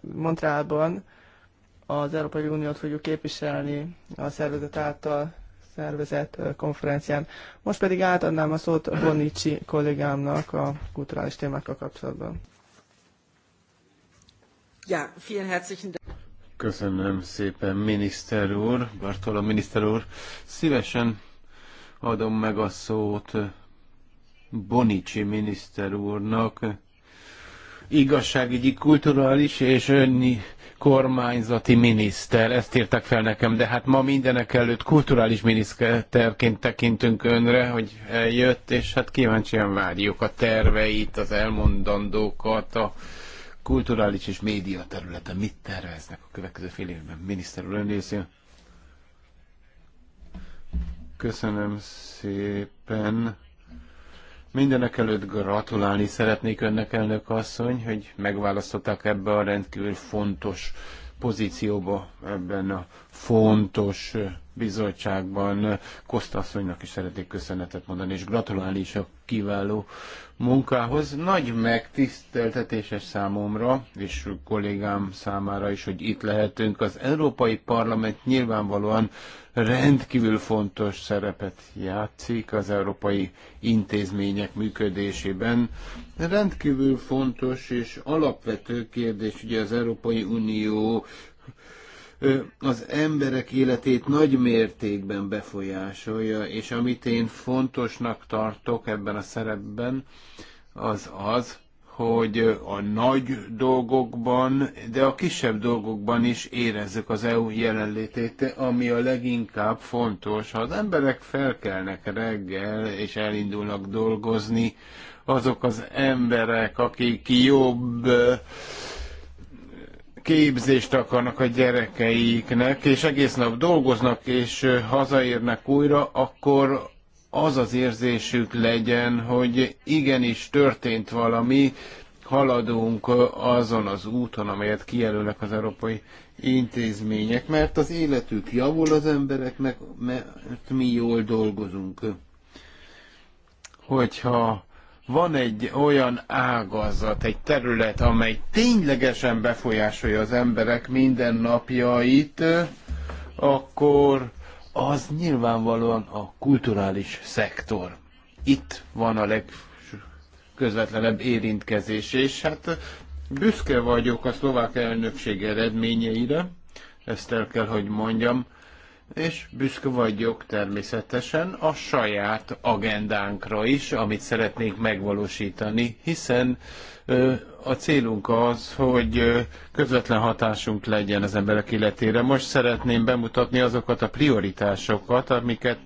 Montrealban az Európai Uniót fogjuk képviselni a szervezet által szervezett konferencián. Most pedig átadnám a szót Bonici kollégámnak a kulturális témákkal kapcsolatban. Ja, vielen herzlichen Dank. Köszönöm szépen, miniszter úr, Bartola miniszter úr. Szívesen adom meg a szót Bonicsi miniszter úrnak, igazságügyi, kulturális és önni kormányzati miniszter. Ezt írtak fel nekem, de hát ma mindenek előtt kulturális miniszterként tekintünk önre, hogy eljött, és hát kíváncsian várjuk a terveit, az elmondandókat, a kulturális és média területen mit terveznek a következő fél évben? Miniszter úr, Köszönöm szépen. Mindenek előtt gratulálni szeretnék önnek, elnök asszony, hogy megválasztották ebbe a rendkívül fontos pozícióba ebben a fontos bizottságban. Kosztasszonynak is szeretnék köszönetet mondani, és gratulálni is a kiváló munkához. Nagy megtiszteltetéses számomra, és kollégám számára is, hogy itt lehetünk. Az Európai Parlament nyilvánvalóan rendkívül fontos szerepet játszik az európai intézmények működésében. Rendkívül fontos és alapvető kérdés, ugye az Európai Unió az emberek életét nagy mértékben befolyásolja, és amit én fontosnak tartok ebben a szerepben, az az, hogy a nagy dolgokban, de a kisebb dolgokban is érezzük az EU jelenlétét, ami a leginkább fontos. Ha az emberek felkelnek reggel és elindulnak dolgozni, azok az emberek, akik jobb képzést akarnak a gyerekeiknek, és egész nap dolgoznak, és hazaérnek újra, akkor az az érzésük legyen, hogy igenis történt valami, haladunk azon az úton, amelyet kijelölnek az európai intézmények, mert az életük javul az embereknek, mert mi jól dolgozunk. Hogyha van egy olyan ágazat, egy terület, amely ténylegesen befolyásolja az emberek mindennapjait, akkor az nyilvánvalóan a kulturális szektor. Itt van a legközvetlenebb érintkezés, és hát büszke vagyok a szlovák elnökség eredményeire, ezt el kell, hogy mondjam, és büszke vagyok természetesen a saját agendánkra is, amit szeretnénk megvalósítani, hiszen ö, a célunk az, hogy közvetlen hatásunk legyen az emberek életére. Most szeretném bemutatni azokat a prioritásokat, amiket,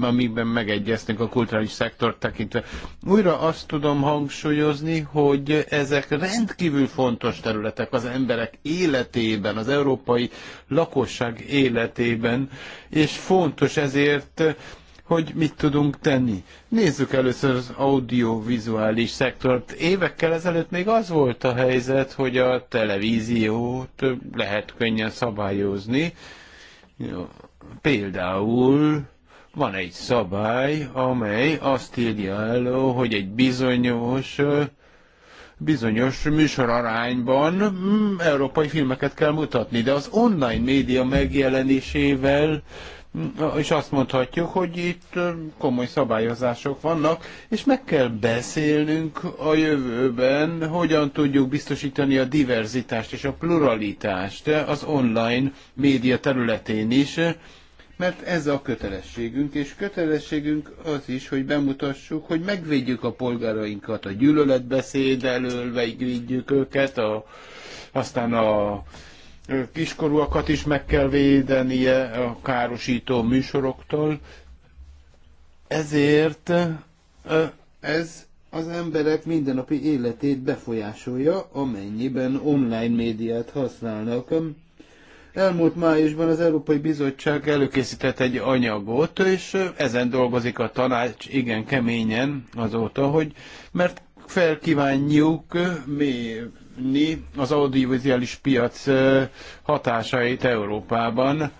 amikben megegyeztünk a kulturális szektor tekintve. Újra azt tudom hangsúlyozni, hogy ezek rendkívül fontos területek az emberek életében, az európai lakosság életében, és fontos ezért hogy mit tudunk tenni. Nézzük először az audiovizuális szektort. Évekkel ezelőtt még az volt a helyzet, hogy a televíziót lehet könnyen szabályozni. Például van egy szabály, amely azt írja elő, hogy egy bizonyos bizonyos műsorarányban mm, európai filmeket kell mutatni, de az online média megjelenésével és azt mondhatjuk, hogy itt komoly szabályozások vannak, és meg kell beszélnünk a jövőben, hogyan tudjuk biztosítani a diverzitást és a pluralitást az online média területén is, mert ez a kötelességünk, és kötelességünk az is, hogy bemutassuk, hogy megvédjük a polgárainkat a gyűlöletbeszéd elől, megvédjük őket, a, aztán a kiskorúakat is meg kell védenie a károsító műsoroktól. Ezért ez az emberek mindennapi életét befolyásolja, amennyiben online médiát használnak. Elmúlt májusban az Európai Bizottság előkészített egy anyagot, és ezen dolgozik a tanács igen keményen azóta, hogy mert felkívánjuk mi lépni az audiovizuális piac hatásait Európában.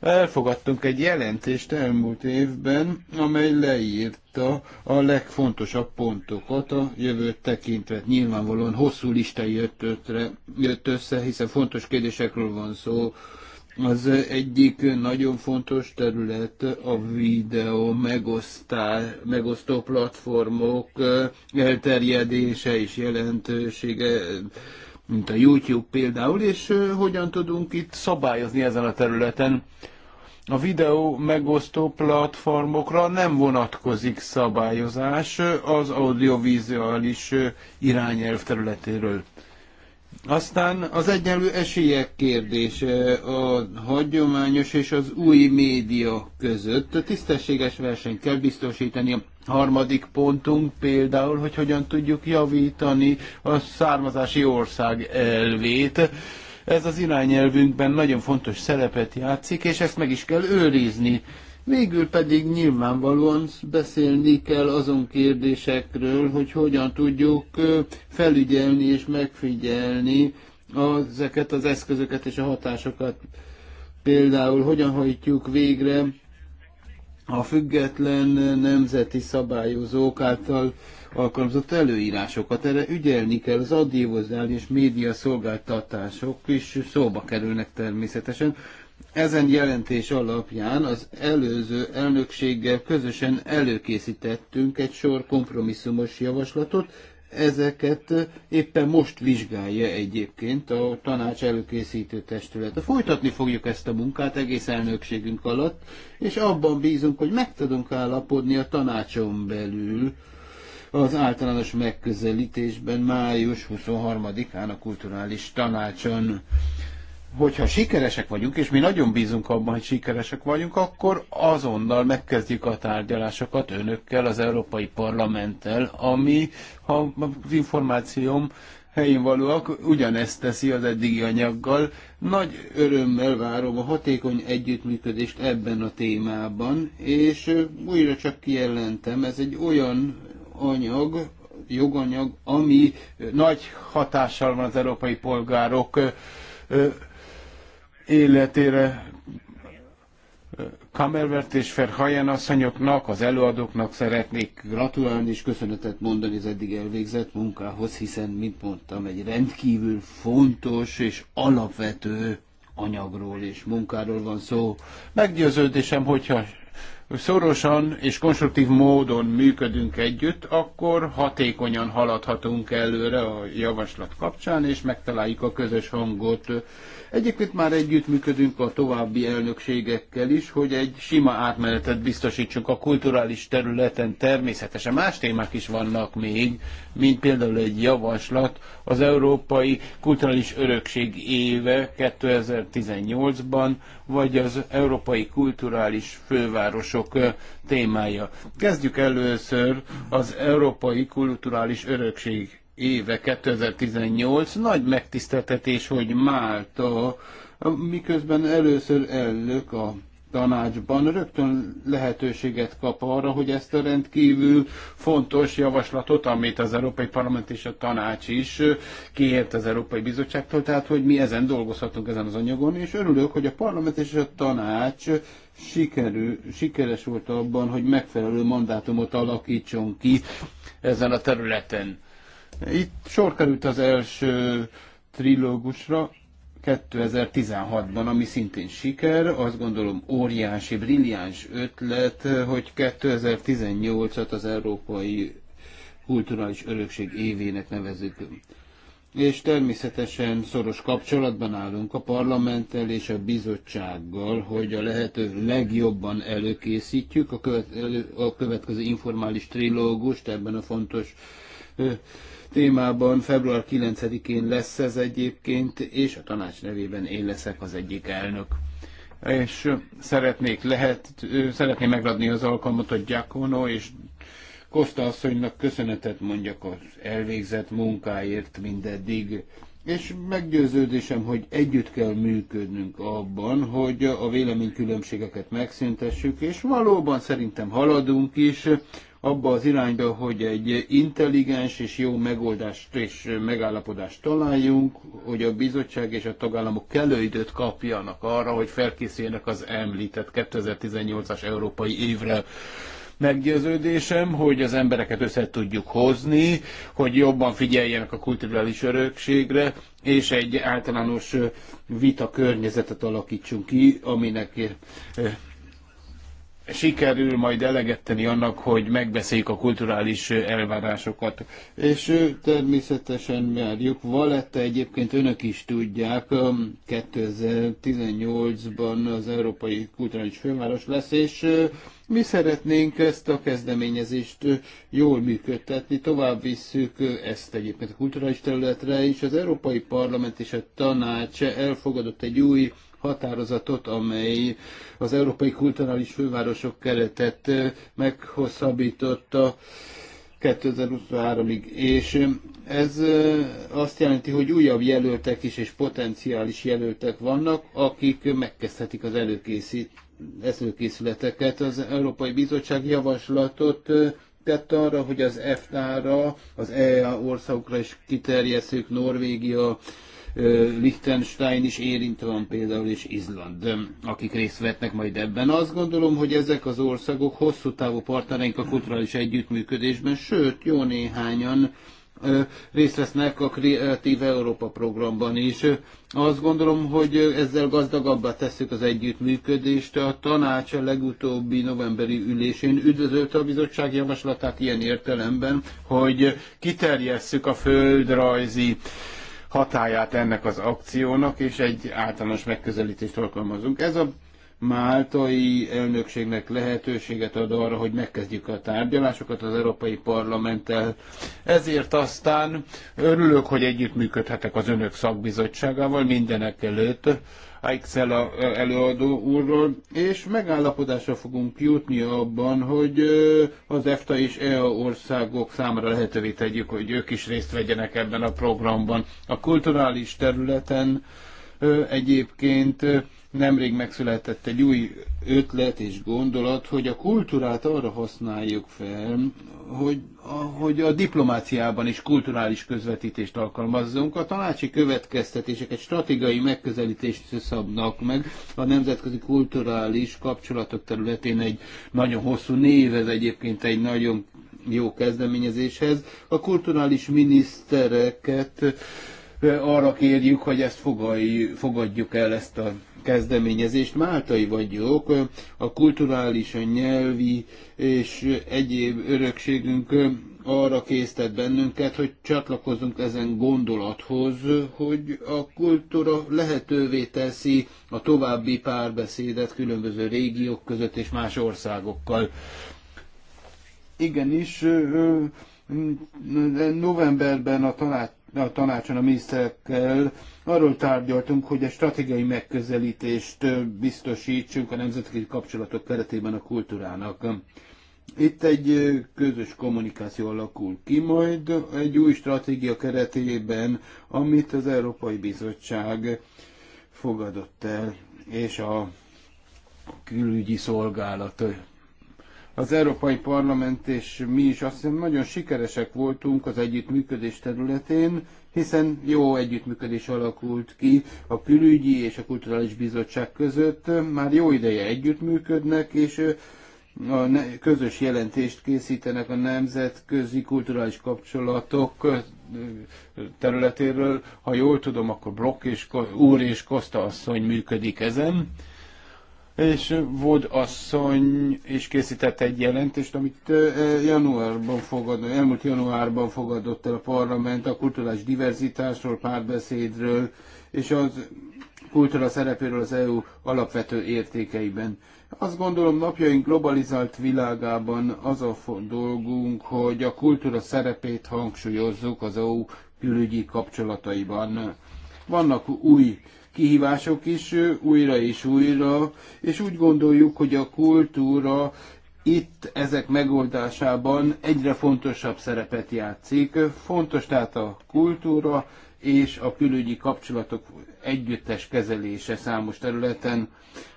Elfogadtunk egy jelentést elmúlt évben, amely leírta a legfontosabb pontokat a jövőt tekintve. Nyilvánvalóan hosszú lista jött, ötre, jött össze, hiszen fontos kérdésekről van szó, az egyik nagyon fontos terület a videó megosztá, megosztó platformok elterjedése és jelentősége, mint a YouTube például, és hogyan tudunk itt szabályozni ezen a területen. A videó megosztó platformokra nem vonatkozik szabályozás az audiovizuális irányelv területéről. Aztán az egyenlő esélyek kérdése a hagyományos és az új média között. A tisztességes verseny kell biztosítani. A harmadik pontunk például, hogy hogyan tudjuk javítani a származási ország elvét. Ez az irányelvünkben nagyon fontos szerepet játszik, és ezt meg is kell őrizni Végül pedig nyilvánvalóan beszélni kell azon kérdésekről, hogy hogyan tudjuk felügyelni és megfigyelni ezeket az eszközöket és a hatásokat. Például hogyan hajtjuk végre a független nemzeti szabályozók által alkalmazott előírásokat. Erre ügyelni kell, az addiózál és média szolgáltatások is szóba kerülnek természetesen. Ezen jelentés alapján az előző elnökséggel közösen előkészítettünk egy sor kompromisszumos javaslatot, ezeket éppen most vizsgálja egyébként a tanács előkészítő testülete. Folytatni fogjuk ezt a munkát egész elnökségünk alatt, és abban bízunk, hogy meg tudunk állapodni a tanácson belül az általános megközelítésben május 23-án a kulturális tanácson hogyha sikeresek vagyunk, és mi nagyon bízunk abban, hogy sikeresek vagyunk, akkor azonnal megkezdjük a tárgyalásokat önökkel, az Európai Parlamenttel, ami, ha az információm helyén valóak, ugyanezt teszi az eddigi anyaggal. Nagy örömmel várom a hatékony együttműködést ebben a témában, és újra csak kijelentem, ez egy olyan anyag, joganyag, ami nagy hatással van az európai polgárok életére Kamervert és Ferhajen asszonyoknak, az előadóknak szeretnék gratulálni és köszönetet mondani az eddig elvégzett munkához, hiszen, mint mondtam, egy rendkívül fontos és alapvető anyagról és munkáról van szó. Meggyőződésem, hogyha szorosan és konstruktív módon működünk együtt, akkor hatékonyan haladhatunk előre a javaslat kapcsán, és megtaláljuk a közös hangot. Egyébként már együttműködünk a további elnökségekkel is, hogy egy sima átmenetet biztosítsunk a kulturális területen. Természetesen más témák is vannak még, mint például egy javaslat az Európai Kulturális Örökség éve 2018-ban, vagy az Európai Kulturális Főváros sok témája. Kezdjük először az Európai Kulturális Örökség éve 2018. Nagy megtiszteltetés, hogy Málta, miközben először elnök a tanácsban rögtön lehetőséget kap arra, hogy ezt a rendkívül fontos javaslatot, amit az Európai Parlament és a Tanács is kiért az Európai Bizottságtól, tehát hogy mi ezen dolgozhatunk ezen az anyagon, és örülök, hogy a Parlament és a Tanács sikerű, sikeres volt abban, hogy megfelelő mandátumot alakítson ki ezen a területen. Itt sor került az első trilógusra, 2016-ban, ami szintén siker, azt gondolom óriási, brilliáns ötlet, hogy 2018-at az Európai Kulturális Örökség évének nevezzük. És természetesen szoros kapcsolatban állunk a parlamenttel és a bizottsággal, hogy a lehető legjobban előkészítjük a, követ, a következő informális trilógust ebben a fontos témában. Február 9-én lesz ez egyébként, és a tanács nevében én leszek az egyik elnök. És szeretnék lehet, szeretném megadni az alkalmat, hogy Giacono és Kosta asszonynak köszönetet mondjak az elvégzett munkáért mindeddig. És meggyőződésem, hogy együtt kell működnünk abban, hogy a véleménykülönbségeket megszüntessük, és valóban szerintem haladunk is abba az irányba, hogy egy intelligens és jó megoldást és megállapodást találjunk, hogy a bizottság és a tagállamok kellő időt kapjanak arra, hogy felkészüljenek az említett 2018-as európai évre meggyőződésem, hogy az embereket össze tudjuk hozni, hogy jobban figyeljenek a kulturális örökségre, és egy általános vita környezetet alakítsunk ki, aminek eh, sikerül majd eleget tenni annak, hogy megbeszéljük a kulturális elvárásokat. És természetesen várjuk. Valette egyébként önök is tudják, 2018-ban az Európai Kulturális Főváros lesz, és mi szeretnénk ezt a kezdeményezést jól működtetni, tovább visszük ezt egyébként a kulturális területre, és az Európai Parlament és a Tanács elfogadott egy új határozatot, amely az Európai Kulturális Fővárosok keretet eh, meghosszabbította 2023-ig, és eh, ez eh, azt jelenti, hogy újabb jelöltek is és potenciális jelöltek vannak, akik megkezdhetik az előkészít, előkészületeket. Az Európai Bizottság javaslatot tett arra, hogy az EFTA-ra, az EA országokra is kiterjesszük, Norvégia, Liechtenstein is érintve van például, és Izland, akik részt vetnek majd ebben. Azt gondolom, hogy ezek az országok hosszú távú partnereink a kulturális együttműködésben, sőt, jó néhányan részt vesznek a Kreatív Európa programban is. Azt gondolom, hogy ezzel gazdagabbá tesszük az együttműködést. A tanács a legutóbbi novemberi ülésén üdvözölte a bizottság javaslatát ilyen értelemben, hogy kiterjesszük a földrajzi hatáját ennek az akciónak, és egy általános megközelítést alkalmazunk. Ez a máltai elnökségnek lehetőséget ad arra, hogy megkezdjük a tárgyalásokat az Európai Parlamenttel. Ezért aztán örülök, hogy együttműködhetek az önök szakbizottságával mindenek előtt, Aixel előadó úrról, és megállapodásra fogunk jutni abban, hogy az EFTA és EA országok számára lehetővé tegyük, hogy ők is részt vegyenek ebben a programban. A kulturális területen egyébként Nemrég megszületett egy új ötlet és gondolat, hogy a kultúrát arra használjuk fel, hogy a, hogy a diplomáciában is kulturális közvetítést alkalmazzunk. A tanácsi következtetéseket stratégiai megközelítést szabnak meg. A nemzetközi kulturális kapcsolatok területén egy nagyon hosszú név, ez egyébként egy nagyon jó kezdeményezéshez. A kulturális minisztereket arra kérjük, hogy ezt fogadjuk el, ezt a kezdeményezést. Máltai vagyok, a kulturális, a nyelvi és egyéb örökségünk arra késztet bennünket, hogy csatlakozunk ezen gondolathoz, hogy a kultúra lehetővé teszi a további párbeszédet különböző régiók között és más országokkal. Igenis, novemberben a tanács a tanácson a miniszterekkel arról tárgyaltunk, hogy a stratégiai megközelítést biztosítsunk a nemzetközi kapcsolatok keretében a kultúrának. Itt egy közös kommunikáció alakul ki majd egy új stratégia keretében, amit az Európai Bizottság fogadott el, és a külügyi szolgálat az Európai Parlament és mi is azt hiszem nagyon sikeresek voltunk az együttműködés területén, hiszen jó együttműködés alakult ki a külügyi és a kulturális bizottság között. Már jó ideje együttműködnek, és a közös jelentést készítenek a nemzetközi kulturális kapcsolatok területéről. Ha jól tudom, akkor Brock és úr és Kosta asszony működik ezen és Vod asszony is készített egy jelentést, amit januárban fogadott, elmúlt januárban fogadott el a parlament a kulturális diverzitásról, párbeszédről, és az kultúra szerepéről az EU alapvető értékeiben. Azt gondolom napjaink globalizált világában az a dolgunk, hogy a kultúra szerepét hangsúlyozzuk az EU külügyi kapcsolataiban. Vannak új kihívások is újra és újra, és úgy gondoljuk, hogy a kultúra itt ezek megoldásában egyre fontosabb szerepet játszik. Fontos tehát a kultúra és a külügyi kapcsolatok együttes kezelése számos területen,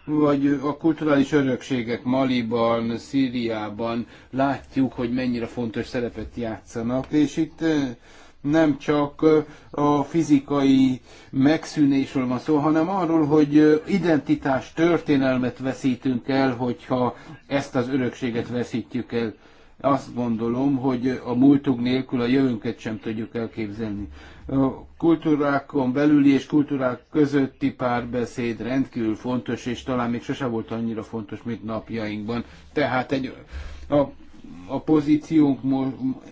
vagy a kulturális örökségek Maliban, Szíriában látjuk, hogy mennyire fontos szerepet játszanak, és itt nem csak a fizikai megszűnésről van szó, hanem arról, hogy identitás, történelmet veszítünk el, hogyha ezt az örökséget veszítjük el. Azt gondolom, hogy a múltunk nélkül a jövőnket sem tudjuk elképzelni. A kultúrákon belüli és kultúrák közötti párbeszéd rendkívül fontos, és talán még sose volt annyira fontos, mint napjainkban. Tehát egy, a a pozíciónk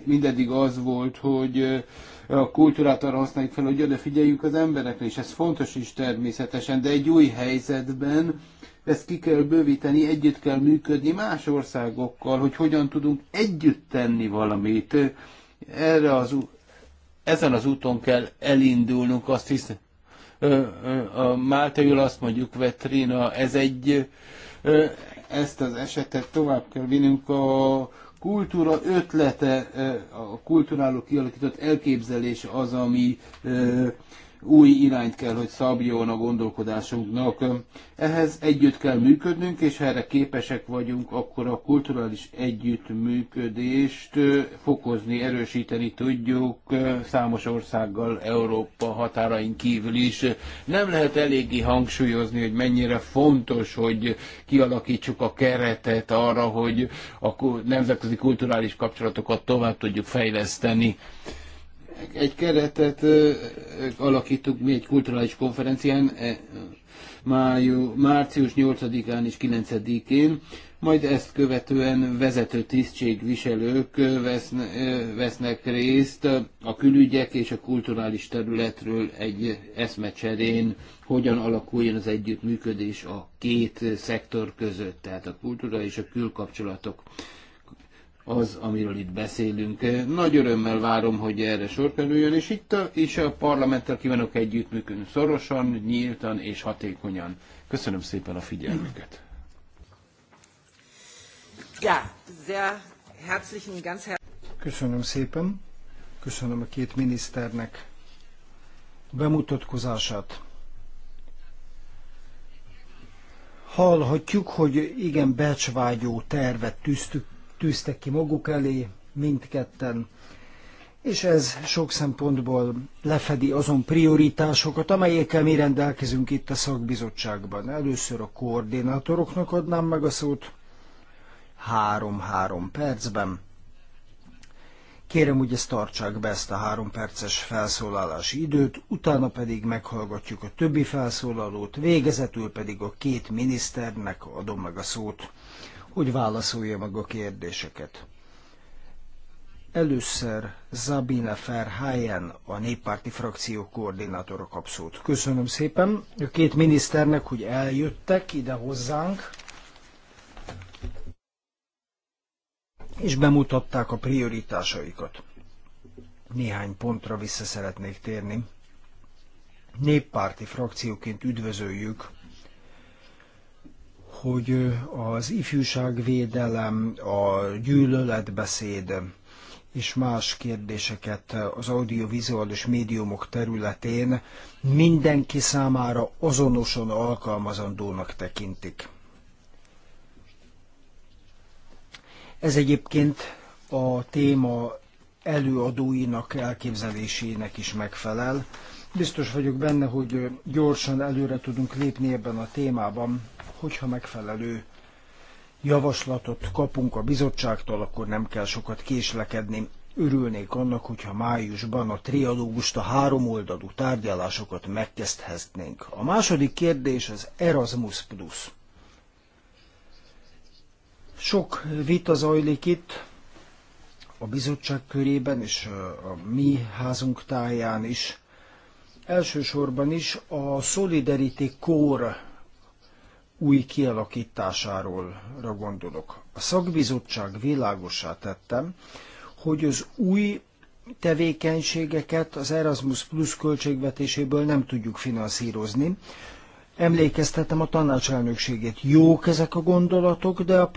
mindeddig az volt, hogy a kultúrát arra használjuk fel, hogy odafigyeljünk az emberekre, és ez fontos is természetesen, de egy új helyzetben ezt ki kell bővíteni, együtt kell működni más országokkal, hogy hogyan tudunk együtt tenni valamit. Erre az, ezen az úton kell elindulnunk, azt hiszem. A Máltaül azt mondjuk, Vetrina, ez egy, ezt az esetet tovább kell vinnünk a kultúra ötlete, eh, a kulturáló kialakított elképzelése az, ami eh, új irányt kell, hogy szabjon a gondolkodásunknak. Ehhez együtt kell működnünk, és ha erre képesek vagyunk, akkor a kulturális együttműködést fokozni, erősíteni tudjuk számos országgal Európa határain kívül is. Nem lehet eléggé hangsúlyozni, hogy mennyire fontos, hogy kialakítsuk a keretet arra, hogy a nemzetközi kulturális kapcsolatokat tovább tudjuk fejleszteni egy keretet alakítunk mi egy kulturális konferencián e, májú, március 8-án és 9-én, majd ezt követően vezető tisztségviselők vesznek, vesznek részt a külügyek és a kulturális területről egy eszmecserén, hogyan alakuljon az együttműködés a két szektor között, tehát a kultúra és a külkapcsolatok az, amiről itt beszélünk. Nagy örömmel várom, hogy erre sor kerüljön, és itt a is a parlamenttel kívánok együttműködni szorosan, nyíltan és hatékonyan. Köszönöm szépen a figyelmüket. Ja, sehr herzlichen, Köszönöm szépen. Köszönöm a két miniszternek bemutatkozását. Hallhatjuk, hogy igen becsvágyó tervet tűztük tűztek ki maguk elé mindketten, és ez sok szempontból lefedi azon prioritásokat, amelyekkel mi rendelkezünk itt a szakbizottságban. Először a koordinátoroknak adnám meg a szót, három-három percben. Kérem, hogy ezt tartsák be ezt a három perces felszólalási időt, utána pedig meghallgatjuk a többi felszólalót, végezetül pedig a két miniszternek adom meg a szót, hogy válaszolja meg a kérdéseket. Először Zabina Ferhájen, a néppárti frakció koordinátora kap szót. Köszönöm szépen a két miniszternek, hogy eljöttek ide hozzánk, és bemutatták a prioritásaikat. Néhány pontra vissza szeretnék térni. Néppárti frakcióként üdvözöljük hogy az ifjúságvédelem, a gyűlöletbeszéd és más kérdéseket az audiovizuális médiumok területén mindenki számára azonosan alkalmazandónak tekintik. Ez egyébként a téma előadóinak elképzelésének is megfelel. Biztos vagyok benne, hogy gyorsan előre tudunk lépni ebben a témában, hogyha megfelelő javaslatot kapunk a bizottságtól, akkor nem kell sokat késlekedni. Örülnék annak, hogyha májusban a triadógust, a háromoldalú tárgyalásokat megkezdhetnénk. A második kérdés az Erasmus Plus. Sok vita zajlik itt, a bizottság körében és a mi házunk táján is. Elsősorban is a Solidarity Core új kialakításáról gondolok. A szakbizottság világosá tettem, hogy az új tevékenységeket az Erasmus Plus költségvetéséből nem tudjuk finanszírozni. Emlékeztetem a tanácselnökségét. Jók ezek a gondolatok, de a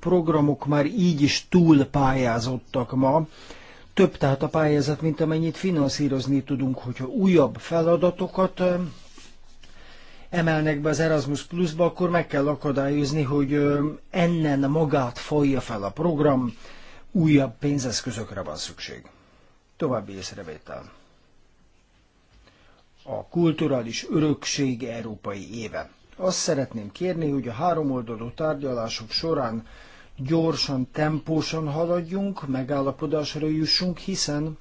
programok már így is túl pályázottak ma. Több tehát a pályázat, mint amennyit finanszírozni tudunk, hogyha újabb feladatokat emelnek be az Erasmus Plus-ba, akkor meg kell akadályozni, hogy ennen magát folyja fel a program, újabb pénzeszközökre van szükség. További észrevétel. A kulturális örökség európai éve. Azt szeretném kérni, hogy a háromoldalú tárgyalások során gyorsan, tempósan haladjunk, megállapodásra jussunk, hiszen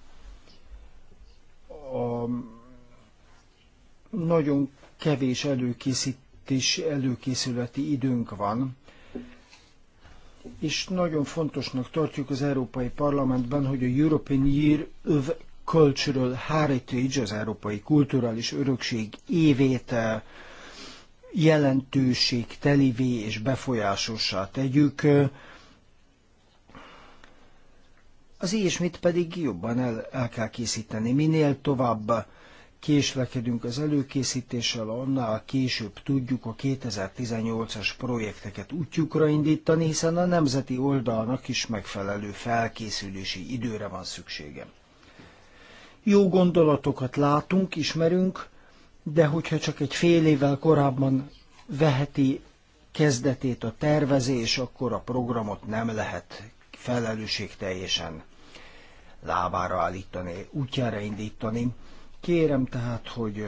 a nagyon kevés előkészítés, előkészületi időnk van, és nagyon fontosnak tartjuk az Európai Parlamentben, hogy a European Year of Cultural Heritage, az Európai Kulturális Örökség évét eh, jelentőség telivé és befolyásossá tegyük. Az ilyesmit pedig jobban el, el kell készíteni. Minél tovább késlekedünk az előkészítéssel, annál később tudjuk a 2018-as projekteket útjukra indítani, hiszen a nemzeti oldalnak is megfelelő felkészülési időre van szüksége. Jó gondolatokat látunk, ismerünk, de hogyha csak egy fél évvel korábban veheti kezdetét a tervezés, akkor a programot nem lehet felelősségteljesen lábára állítani, útjára indítani Kérem tehát, hogy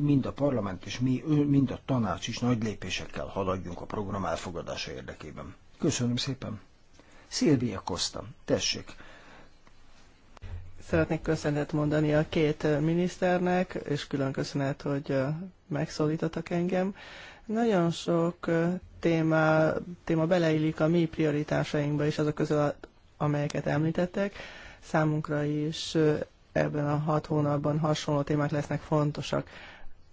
mind a parlament és mi, mind a tanács is nagy lépésekkel haladjunk a program elfogadása érdekében. Köszönöm szépen. Szilvia Kosta, tessék. Szeretnék köszönetet mondani a két miniszternek, és külön köszönet, hogy megszólítottak engem. Nagyon sok téma, téma beleillik a mi prioritásainkba és azok közül, amelyeket említettek. Számunkra is ebben a hat hónapban hasonló témák lesznek fontosak.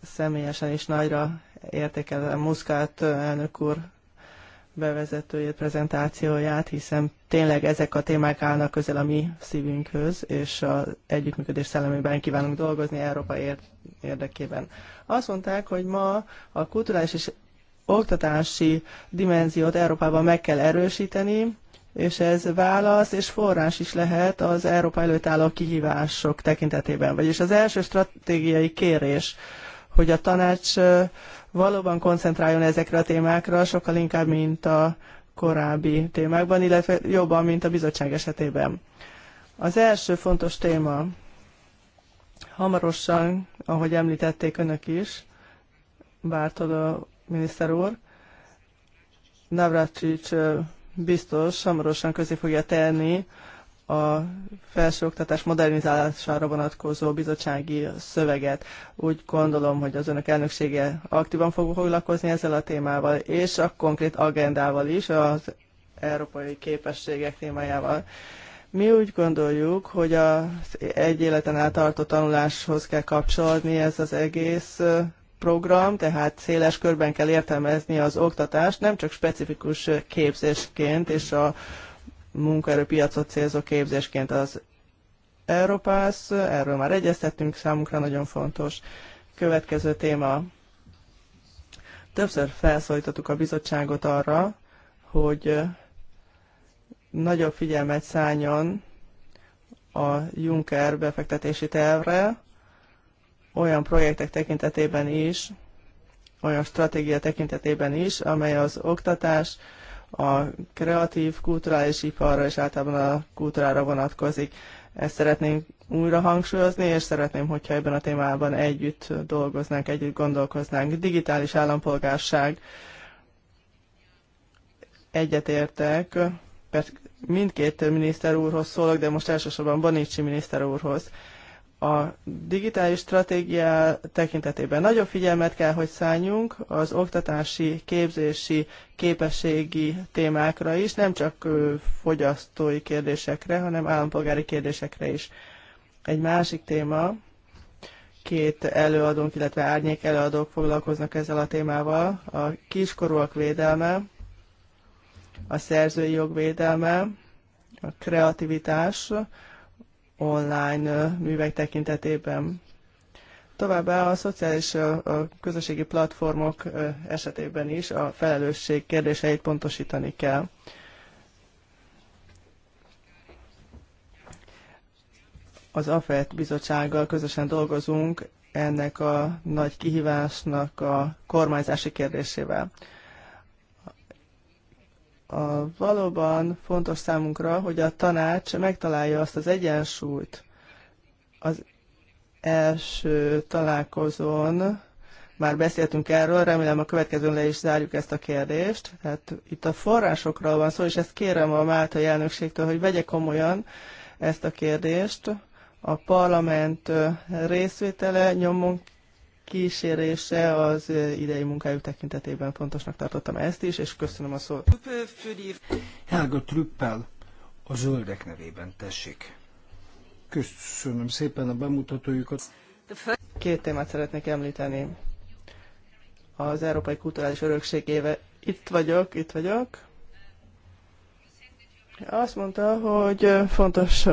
Személyesen is nagyra értékelem Muszkát elnök úr bevezetőjét, prezentációját, hiszen tényleg ezek a témák állnak közel a mi szívünkhöz, és az együttműködés szellemében kívánunk dolgozni Európa érdekében. Azt mondták, hogy ma a kulturális és oktatási dimenziót Európában meg kell erősíteni, és ez válasz és forrás is lehet az Európa előtt álló kihívások tekintetében. Vagyis az első stratégiai kérés, hogy a tanács valóban koncentráljon ezekre a témákra, sokkal inkább, mint a korábbi témákban, illetve jobban, mint a bizottság esetében. Az első fontos téma, hamarosan, ahogy említették önök is, Bártod a miniszter úr, Navracsics biztos hamarosan közé fogja tenni a felsőoktatás modernizálására vonatkozó bizottsági szöveget. Úgy gondolom, hogy az önök elnöksége aktívan fog foglalkozni ezzel a témával, és a konkrét agendával is, az európai képességek témájával. Mi úgy gondoljuk, hogy az egy életen át tartó tanuláshoz kell kapcsolni ez az egész program, tehát széles körben kell értelmezni az oktatást, nem csak specifikus képzésként és a munkaerőpiacot célzó képzésként az Európász, erről már egyeztettünk, számunkra nagyon fontos. Következő téma. Többször felszólítottuk a bizottságot arra, hogy nagyobb figyelmet szálljon a Juncker befektetési tervre, olyan projektek tekintetében is, olyan stratégia tekintetében is, amely az oktatás, a kreatív, kulturális iparra és általában a kultúrára vonatkozik. Ezt szeretnénk újra hangsúlyozni, és szeretném, hogyha ebben a témában együtt dolgoznánk, együtt gondolkoznánk. Digitális állampolgárság egyetértek, mindkét miniszter úrhoz szólok, de most elsősorban Bonicsi miniszter úrhoz a digitális stratégia tekintetében nagyobb figyelmet kell, hogy szálljunk az oktatási, képzési, képességi témákra is, nem csak fogyasztói kérdésekre, hanem állampolgári kérdésekre is. Egy másik téma, két előadónk, illetve árnyék előadók foglalkoznak ezzel a témával, a kiskorúak védelme, a szerzői jogvédelme, a kreativitás, online művek tekintetében. Továbbá a szociális a közösségi platformok esetében is a felelősség kérdéseit pontosítani kell. Az AFET bizottsággal közösen dolgozunk ennek a nagy kihívásnak a kormányzási kérdésével a, valóban fontos számunkra, hogy a tanács megtalálja azt az egyensúlyt az első találkozón, már beszéltünk erről, remélem a következőn le is zárjuk ezt a kérdést. Tehát itt a forrásokról van szó, és ezt kérem a Máltai elnökségtől, hogy vegye komolyan ezt a kérdést. A parlament részvétele nyomon kísérése az idei munkájuk tekintetében fontosnak tartottam ezt is, és köszönöm a szót. Helga Trüppel a zöldek nevében tessék. Köszönöm szépen a bemutatójukat. Két témát szeretnék említeni. Az Európai Kulturális Örökség éve. Itt vagyok, itt vagyok. Azt mondta, hogy fontos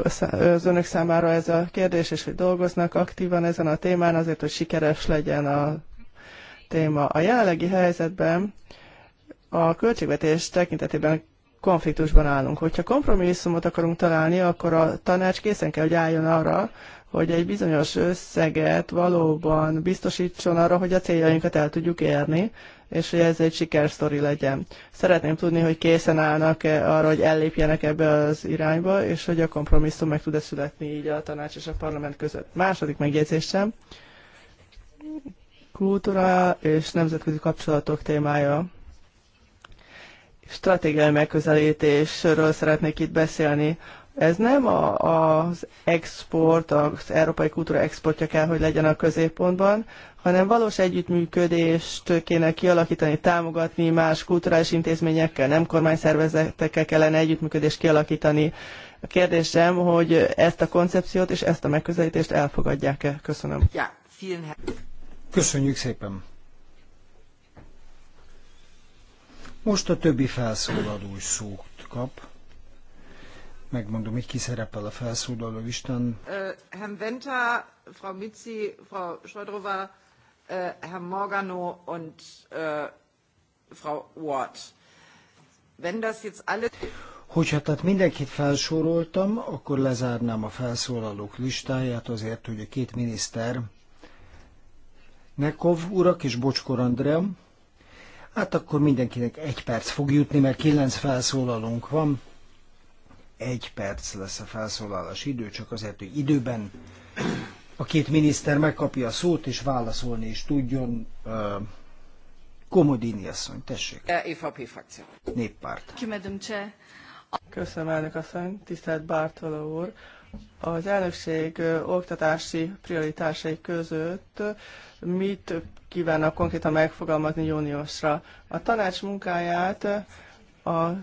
az önök számára ez a kérdés, és hogy dolgoznak aktívan ezen a témán azért, hogy sikeres legyen a téma. A jelenlegi helyzetben a költségvetés tekintetében konfliktusban állunk. Hogyha kompromisszumot akarunk találni, akkor a tanács készen kell, hogy álljon arra, hogy egy bizonyos összeget valóban biztosítson arra, hogy a céljainkat el tudjuk érni, és hogy ez egy sikersztori legyen. Szeretném tudni, hogy készen állnak-e arra, hogy ellépjenek ebbe az irányba, és hogy a kompromisszum meg tud-e születni így a tanács és a parlament között. Második megjegyzésem, kultúra és nemzetközi kapcsolatok témája. Stratégiai megközelítésről szeretnék itt beszélni. Ez nem a, az export, az európai kultúra exportja kell, hogy legyen a középpontban, hanem valós együttműködést kéne kialakítani, támogatni más kulturális intézményekkel, nem kormányszervezetekkel kellene együttműködést kialakítani. A kérdésem, hogy ezt a koncepciót és ezt a megközelítést elfogadják-e? Köszönöm. Köszönjük szépen. Most a többi felszólaló is szót kap megmondom, hogy ki szerepel a felszólaló listán. Uh, Herr Venta, Frau Mitzi, Frau Schodrova, uh, Herr Morgano und uh, Frau Ward. Wenn das jetzt alle... Hogyha tehát mindenkit felsoroltam, akkor lezárnám a felszólalók listáját azért, hogy a két miniszter, Nekov urak és Bocskor Andrea, hát akkor mindenkinek egy perc fog jutni, mert kilenc felszólalónk van egy perc lesz a felszólalás idő, csak azért, hogy időben a két miniszter megkapja a szót, és válaszolni is tudjon. Komodini asszony, tessék. frakció. Néppárt. Köszönöm, elnök asszony, tisztelt Bártoló úr. Az elnökség oktatási prioritásai között mit kívánnak konkrétan megfogalmazni júniusra? A tanács munkáját a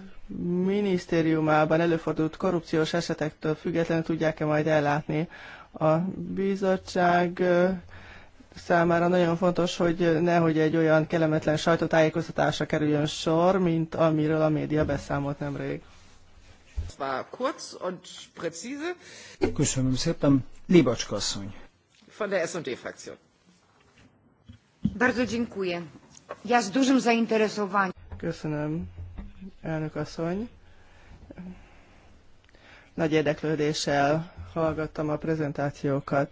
minisztériumában előfordult korrupciós esetektől függetlenül tudják-e majd ellátni. A bizottság számára nagyon fontos, hogy nehogy egy olyan kellemetlen sajtótájékoztatásra kerüljön sor, mint amiről a média beszámolt nemrég. Köszönöm szépen. Libacska asszony. Von der S&D frakció. Bardzo dziękuję. Ja z dużym zainteresowaniem. Köszönöm elnök asszony. Nagy érdeklődéssel hallgattam a prezentációkat.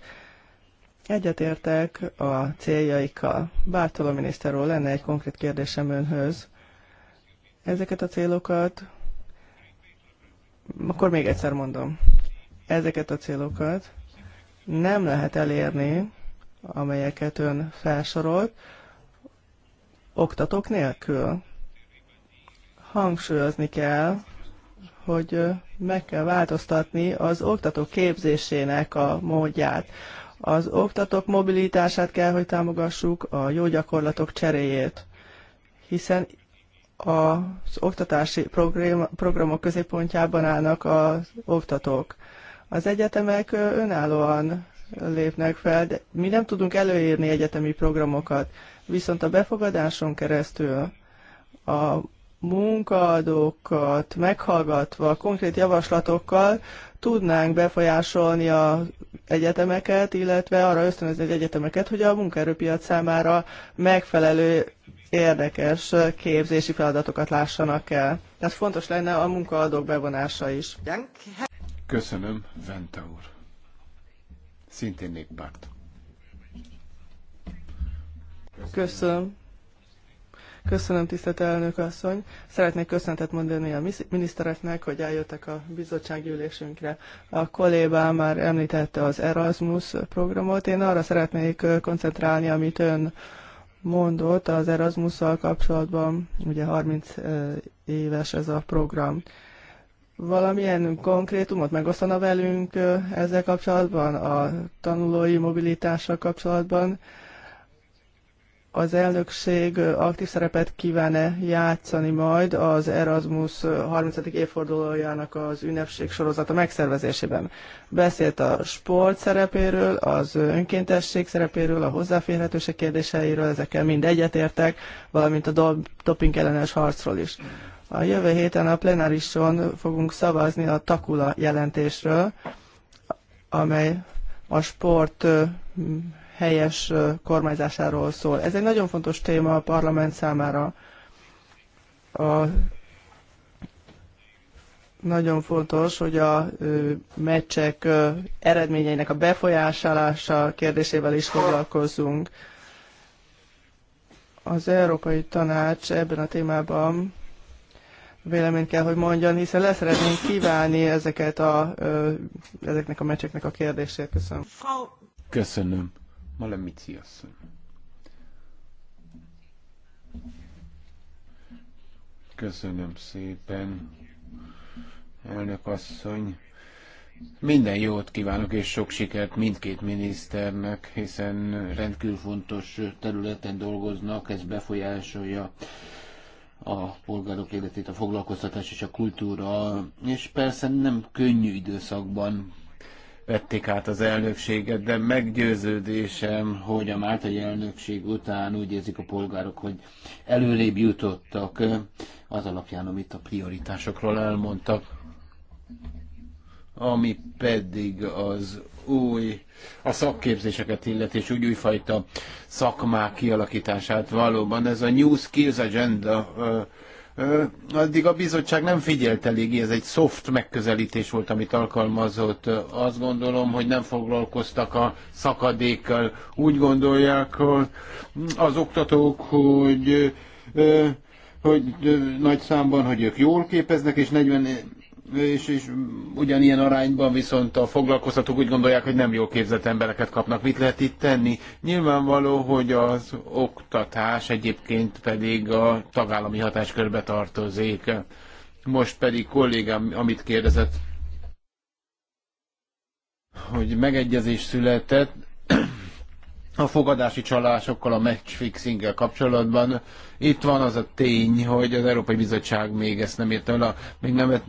Egyetértek a céljaikkal. Bártoló miniszter úr, lenne egy konkrét kérdésem önhöz. Ezeket a célokat, akkor még egyszer mondom, ezeket a célokat nem lehet elérni, amelyeket ön felsorolt, oktatók nélkül hangsúlyozni kell, hogy meg kell változtatni az oktatók képzésének a módját. Az oktatók mobilitását kell, hogy támogassuk, a jó gyakorlatok cseréjét, hiszen az oktatási program, programok középpontjában állnak az oktatók. Az egyetemek önállóan lépnek fel, de mi nem tudunk előírni egyetemi programokat, viszont a befogadáson keresztül a munkaadókat meghallgatva, konkrét javaslatokkal tudnánk befolyásolni az egyetemeket, illetve arra ösztönözni az egyetemeket, hogy a munkaerőpiac számára megfelelő érdekes képzési feladatokat lássanak el. Tehát fontos lenne a munkaadók bevonása is. Köszönöm, Vente úr. Szintén néppárt. Köszönöm. Köszönöm. Köszönöm, tisztelt elnök asszony. Szeretnék köszöntet mondani a minisztereknek, hogy eljöttek a bizottsági ülésünkre. A kollébá már említette az Erasmus programot. Én arra szeretnék koncentrálni, amit ön mondott az Erasmus kapcsolatban. Ugye 30 éves ez a program. Valamilyen konkrétumot megosztana velünk ezzel kapcsolatban, a tanulói mobilitással kapcsolatban? az elnökség aktív szerepet kíván-e játszani majd az Erasmus 30. évfordulójának az ünnepség sorozata megszervezésében. Beszélt a sport szerepéről, az önkéntesség szerepéről, a hozzáférhetőség kérdéseiről, ezekkel mind egyetértek, valamint a doping ellenes harcról is. A jövő héten a plenárison fogunk szavazni a Takula jelentésről, amely a sport helyes kormányzásáról szól. Ez egy nagyon fontos téma a parlament számára. A nagyon fontos, hogy a meccsek eredményeinek a befolyásolása kérdésével is foglalkozzunk. Az Európai Tanács ebben a témában véleményt kell, hogy mondjon, hiszen leszeretnénk kívánni ezeket a, ezeknek a meccseknek a kérdését. Köszönöm. Köszönöm. Malemici asszony. Köszönöm szépen, elnök asszony. Minden jót kívánok, és sok sikert mindkét miniszternek, hiszen rendkívül fontos területen dolgoznak, ez befolyásolja a polgárok életét, a foglalkoztatás és a kultúra, és persze nem könnyű időszakban vették át az elnökséget, de meggyőződésem, hogy a Máltai elnökség után úgy érzik a polgárok, hogy előrébb jutottak az alapján, amit a prioritásokról elmondtak ami pedig az új, a szakképzéseket illeti, és úgy újfajta szakmák kialakítását valóban. Ez a New Skills Agenda addig a bizottság nem figyelt eléggé, ez egy soft megközelítés volt, amit alkalmazott. Azt gondolom, hogy nem foglalkoztak a szakadékkal. Úgy gondolják az oktatók, hogy hogy nagy számban, hogy ők jól képeznek, és 40 és, és ugyanilyen arányban viszont a foglalkoztatók úgy gondolják, hogy nem jó képzett embereket kapnak. Mit lehet itt tenni? Nyilvánvaló, hogy az oktatás egyébként pedig a tagállami hatáskörbe tartozik. Most pedig kollégám, amit kérdezett, hogy megegyezés született, a fogadási csalásokkal, a matchfixinggel kapcsolatban. Itt van az a tény, hogy az Európai Bizottság még ezt nem írta el. Még nem,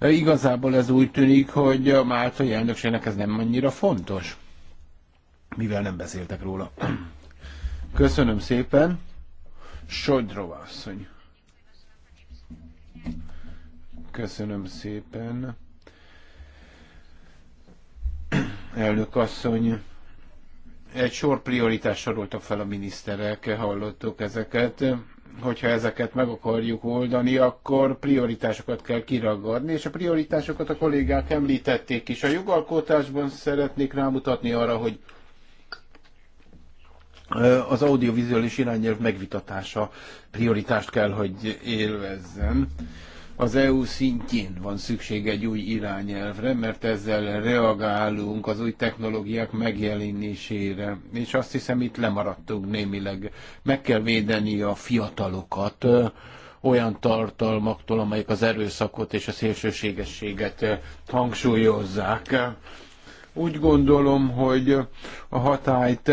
igazából ez úgy tűnik, hogy a máltai elnökségnek ez nem annyira fontos, mivel nem beszéltek róla. Köszönöm szépen. Sodrova asszony. Köszönöm szépen. Elnök asszony, egy sor prioritás soroltak fel a miniszterek, hallottuk ezeket. Hogyha ezeket meg akarjuk oldani, akkor prioritásokat kell kiragadni, és a prioritásokat a kollégák említették is. A jogalkotásban szeretnék rámutatni arra, hogy eh, az audiovizuális irányelv megvitatása prioritást kell, hogy élvezzen. Az EU szintjén van szükség egy új irányelvre, mert ezzel reagálunk az új technológiák megjelenésére, és azt hiszem itt lemaradtunk némileg. Meg kell védeni a fiatalokat, olyan tartalmaktól, amelyek az erőszakot és a szélsőségességet hangsúlyozzák. Úgy gondolom, hogy a hatályt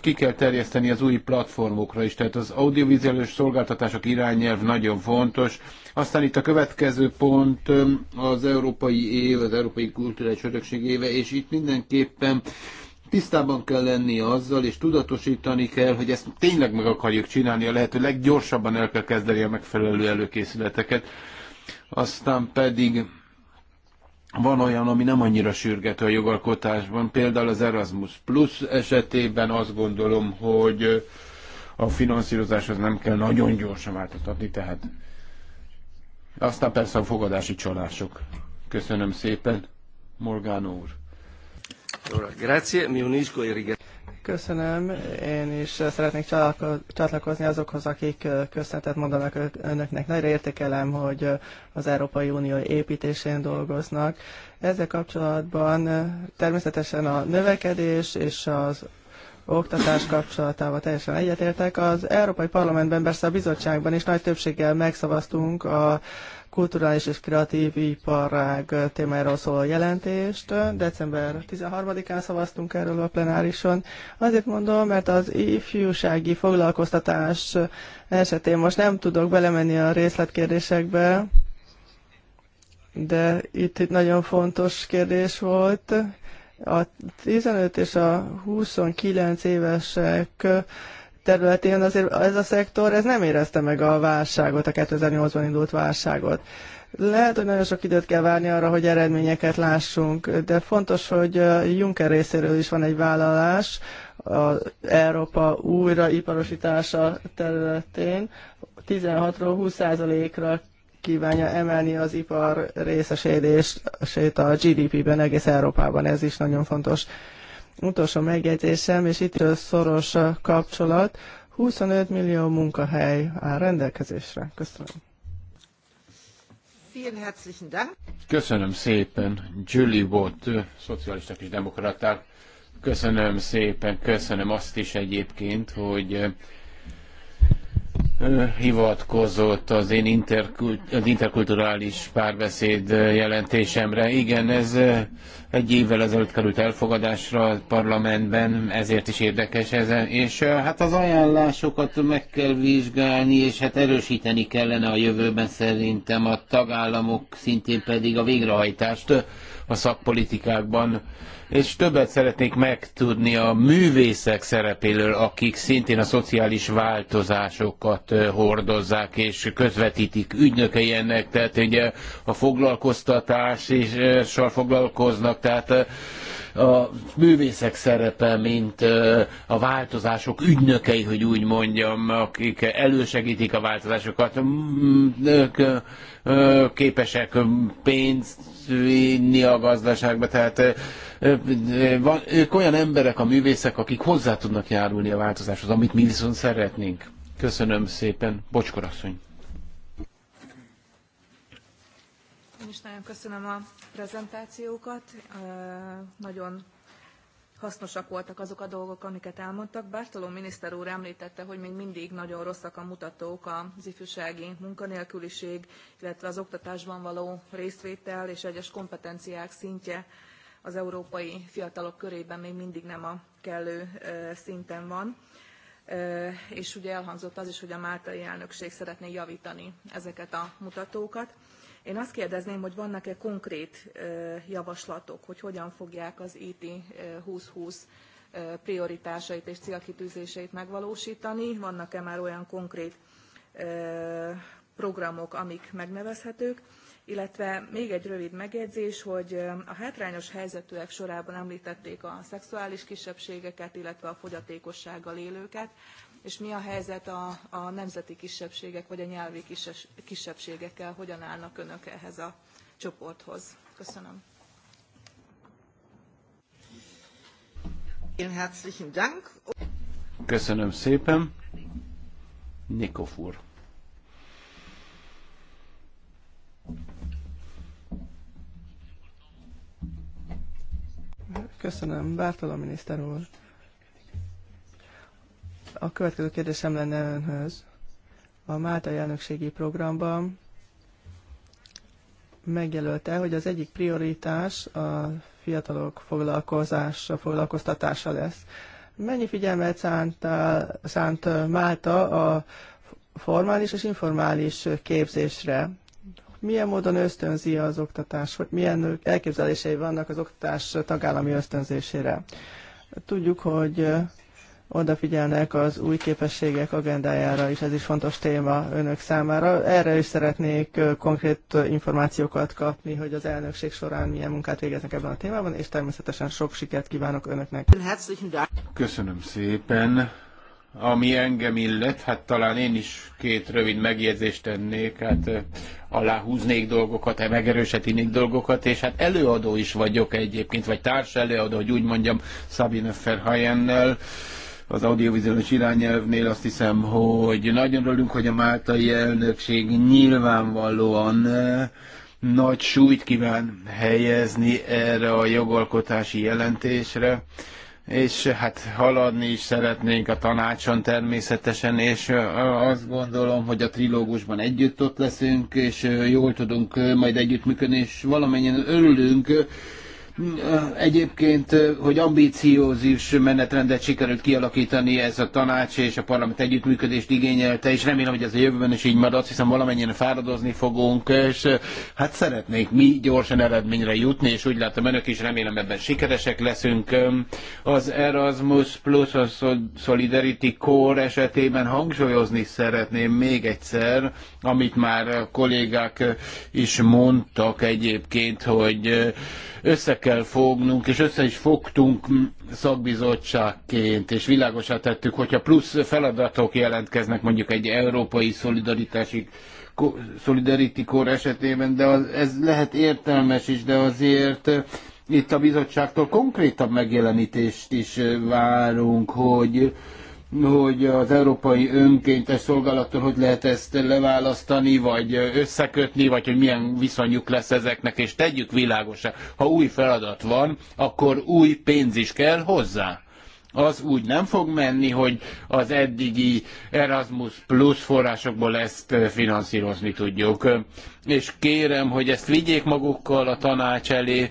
ki kell terjeszteni az új platformokra is, tehát az audiovizuális szolgáltatások irányelv nagyon fontos. Aztán itt a következő pont az Európai Év, az Európai Kulturális Örökség éve, és itt mindenképpen tisztában kell lenni azzal, és tudatosítani kell, hogy ezt tényleg meg akarjuk csinálni, a lehető leggyorsabban el kell kezdeni a megfelelő előkészületeket. Aztán pedig van olyan, ami nem annyira sürgető a jogalkotásban. Például az Erasmus Plus esetében azt gondolom, hogy a finanszírozáshoz nem kell nagyon gyorsan változtatni, tehát aztán persze a fogadási csalások. Köszönöm szépen, Morgán úr. Grazie, mi unisco Köszönöm. Én is szeretnék csatlakozni azokhoz, akik köszönetet mondanak önöknek. Nagyra értékelem, hogy az Európai Unió építésén dolgoznak. Ezzel kapcsolatban természetesen a növekedés és az oktatás kapcsolatával teljesen egyetértek. Az Európai Parlamentben, persze a bizottságban is nagy többséggel megszavaztunk a kulturális és kreatív iparág témáról szóló jelentést. December 13-án szavaztunk erről a plenárison. Azért mondom, mert az ifjúsági foglalkoztatás esetén most nem tudok belemenni a részletkérdésekbe, de itt, itt nagyon fontos kérdés volt. A 15 és a 29 évesek területén azért ez a szektor ez nem érezte meg a válságot, a 2008-ban indult válságot. Lehet, hogy nagyon sok időt kell várni arra, hogy eredményeket lássunk, de fontos, hogy Juncker részéről is van egy vállalás az Európa újraiparosítása területén. 16-ról 20%-ra kívánja emelni az ipar részesedését a GDP-ben egész Európában. Ez is nagyon fontos. Utolsó megjegyzésem, és itt szoros kapcsolat, 25 millió munkahely áll rendelkezésre. Köszönöm. Köszönöm szépen, Julie volt, szocialisták és demokraták. Köszönöm szépen, köszönöm azt is egyébként, hogy hivatkozott az én az interkulturális párbeszéd jelentésemre. Igen, ez egy évvel ezelőtt került elfogadásra a parlamentben, ezért is érdekes ez, és hát az ajánlásokat meg kell vizsgálni, és hát erősíteni kellene a jövőben szerintem a tagállamok szintén pedig a végrehajtást a szakpolitikákban és többet szeretnék megtudni a művészek szerepéről, akik szintén a szociális változásokat hordozzák és közvetítik ügynökei ennek, tehát ugye a foglalkoztatás és foglalkoznak, tehát a művészek szerepe, mint a változások ügynökei, hogy úgy mondjam, akik elősegítik a változásokat, ők képesek pénzt vinni a gazdaságba, tehát van, ők olyan emberek, a művészek, akik hozzá tudnak járulni a változáshoz, amit mi viszont szeretnénk. Köszönöm szépen, Bocskorasszony. Én is nagyon köszönöm a prezentációkat. Nagyon hasznosak voltak azok a dolgok, amiket elmondtak. Bártoló miniszter úr említette, hogy még mindig nagyon rosszak a mutatók az ifjúsági munkanélküliség, illetve az oktatásban való részvétel és egyes kompetenciák szintje az európai fiatalok körében még mindig nem a kellő szinten van. És ugye elhangzott az is, hogy a máltai elnökség szeretné javítani ezeket a mutatókat. Én azt kérdezném, hogy vannak-e konkrét javaslatok, hogy hogyan fogják az IT 2020 prioritásait és célkitűzéseit megvalósítani? Vannak-e már olyan konkrét programok, amik megnevezhetők? Illetve még egy rövid megjegyzés, hogy a hátrányos helyzetűek sorában említették a szexuális kisebbségeket, illetve a fogyatékossággal élőket és mi a helyzet a, a nemzeti kisebbségek vagy a nyelvi kisebbségekkel, hogyan állnak önök ehhez a csoporthoz. Köszönöm. Köszönöm szépen. Nikofur. Köszönöm, Bártala miniszter úr. A következő kérdésem lenne önhöz. A Málta elnökségi programban megjelölte, hogy az egyik prioritás a fiatalok foglalkozása, foglalkoztatása lesz. Mennyi figyelmet szánt, szánt Málta a formális és informális képzésre? Milyen módon ösztönzi az oktatás, hogy milyen elképzelései vannak az oktatás tagállami ösztönzésére? Tudjuk, hogy odafigyelnek az új képességek agendájára is, ez is fontos téma önök számára. Erre is szeretnék konkrét információkat kapni, hogy az elnökség során milyen munkát végeznek ebben a témában, és természetesen sok sikert kívánok önöknek. Köszönöm szépen. Ami engem illet, hát talán én is két rövid megjegyzést tennék, hát aláhúznék dolgokat, e, megerősetinék dolgokat, és hát előadó is vagyok egyébként, vagy társ előadó, hogy úgy mondjam, Sabine Ferhajennel az audiovizuális irányelvnél azt hiszem, hogy nagyon örülünk, hogy a máltai elnökség nyilvánvalóan eh, nagy súlyt kíván helyezni erre a jogalkotási jelentésre, és eh, hát haladni is szeretnénk a tanácson természetesen, és eh, azt gondolom, hogy a trilógusban együtt ott leszünk, és jól tudunk majd együttműködni, és valamennyien örülünk, Egyébként, hogy ambíciózus menetrendet sikerült kialakítani, ez a tanács és a parlament együttműködést igényelte, és remélem, hogy ez a jövőben is így marad, hiszen valamennyien fáradozni fogunk, és hát szeretnénk mi gyorsan eredményre jutni, és úgy látom önök is, remélem ebben sikeresek leszünk. Az Erasmus Plus, a Solidarity Core esetében hangsúlyozni szeretném még egyszer, amit már kollégák is mondtak egyébként, hogy össze kell fognunk, és össze is fogtunk szakbizottságként, és világosá tettük, hogyha plusz feladatok jelentkeznek mondjuk egy európai szolidaritási Solidarity kor esetében, de az, ez lehet értelmes is, de azért eh, itt a bizottságtól konkrétabb megjelenítést is eh, várunk, hogy hogy az Európai Önkéntes Szolgálattól hogy lehet ezt leválasztani, vagy összekötni, vagy hogy milyen viszonyuk lesz ezeknek, és tegyük világosra. Ha új feladat van, akkor új pénz is kell hozzá az úgy nem fog menni, hogy az eddigi Erasmus Plus forrásokból ezt finanszírozni tudjuk. És kérem, hogy ezt vigyék magukkal a tanács elé,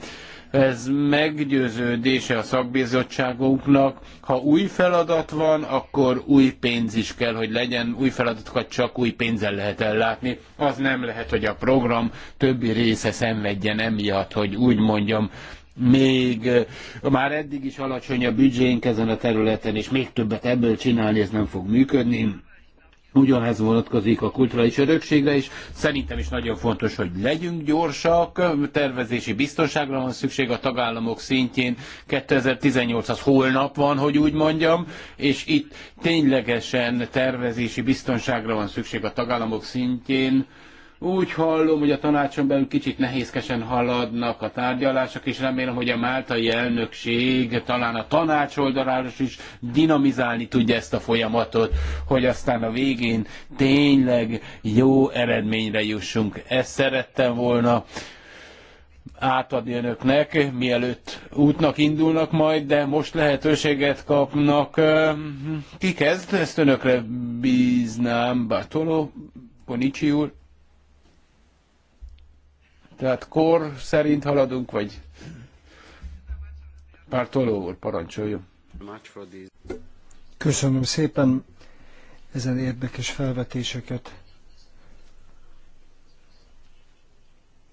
ez meggyőződése a szakbizottságunknak. Ha új feladat van, akkor új pénz is kell, hogy legyen. Új feladatokat csak új pénzzel lehet ellátni. Az nem lehet, hogy a program többi része szenvedjen emiatt, hogy úgy mondjam, még eh, már eddig is alacsony a büdzsénk ezen a területen, és még többet ebből csinálni, ez nem fog működni Ugyanez vonatkozik a kulturális örökségre, is. szerintem is nagyon fontos, hogy legyünk gyorsak, tervezési biztonságra van szükség a tagállamok szintjén. 2018 az holnap van, hogy úgy mondjam, és itt ténylegesen tervezési biztonságra van szükség a tagállamok szintjén úgy hallom, hogy a tanácson belül kicsit nehézkesen haladnak a tárgyalások, és remélem, hogy a máltai elnökség talán a tanács oldalára is dinamizálni tudja ezt a folyamatot, hogy aztán a végén tényleg jó eredményre jussunk. Ezt szerettem volna átadni önöknek, mielőtt útnak indulnak majd, de most lehetőséget kapnak. Ki kezd? Ezt önökre bíznám. Bartolo, Ponicsi úr. Tehát kor szerint haladunk, vagy pártoló úr, parancsoljon. Köszönöm szépen ezen érdekes felvetéseket.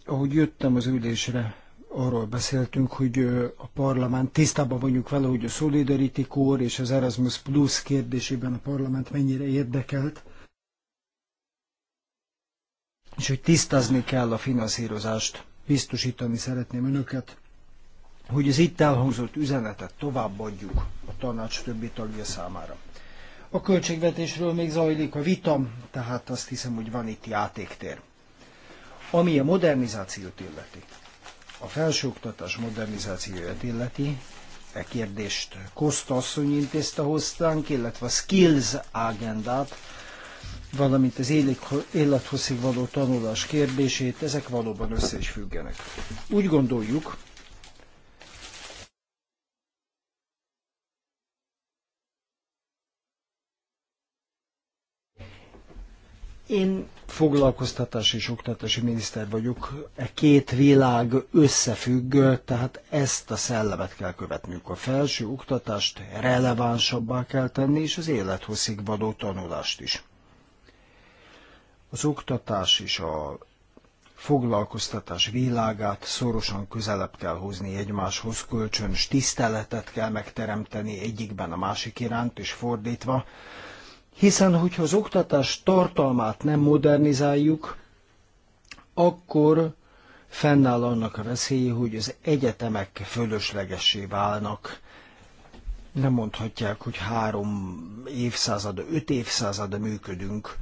Ahogy jöttem az ülésre, arról beszéltünk, hogy a parlament tisztában vagyunk vele, hogy a Solidarity Corps és az Erasmus Plus kérdésében a parlament mennyire érdekelt, és hogy tisztázni kell a finanszírozást. Biztosítani szeretném önöket, hogy az itt elhangzott üzenetet továbbadjuk a tanács többi tagja számára. A költségvetésről még zajlik a vita, tehát azt hiszem, hogy van itt játéktér. Ami a modernizációt illeti, a felsőoktatás modernizációját illeti, e kérdést Koszta asszony intézte hoztánk illetve a Skills agendát, valamint az élethosszig való tanulás kérdését, ezek valóban össze is függenek. Úgy gondoljuk, Én foglalkoztatás és oktatási miniszter vagyok. E két világ összefügg, tehát ezt a szellemet kell követnünk. A felső oktatást relevánsabbá kell tenni, és az élethosszig való tanulást is az oktatás és a foglalkoztatás világát szorosan közelebb kell hozni egymáshoz, kölcsönös tiszteletet kell megteremteni egyikben a másik iránt, és fordítva, hiszen hogyha az oktatás tartalmát nem modernizáljuk, akkor fennáll annak a veszélye, hogy az egyetemek fölöslegessé válnak. Nem mondhatják, hogy három évszázada, öt évszázada működünk,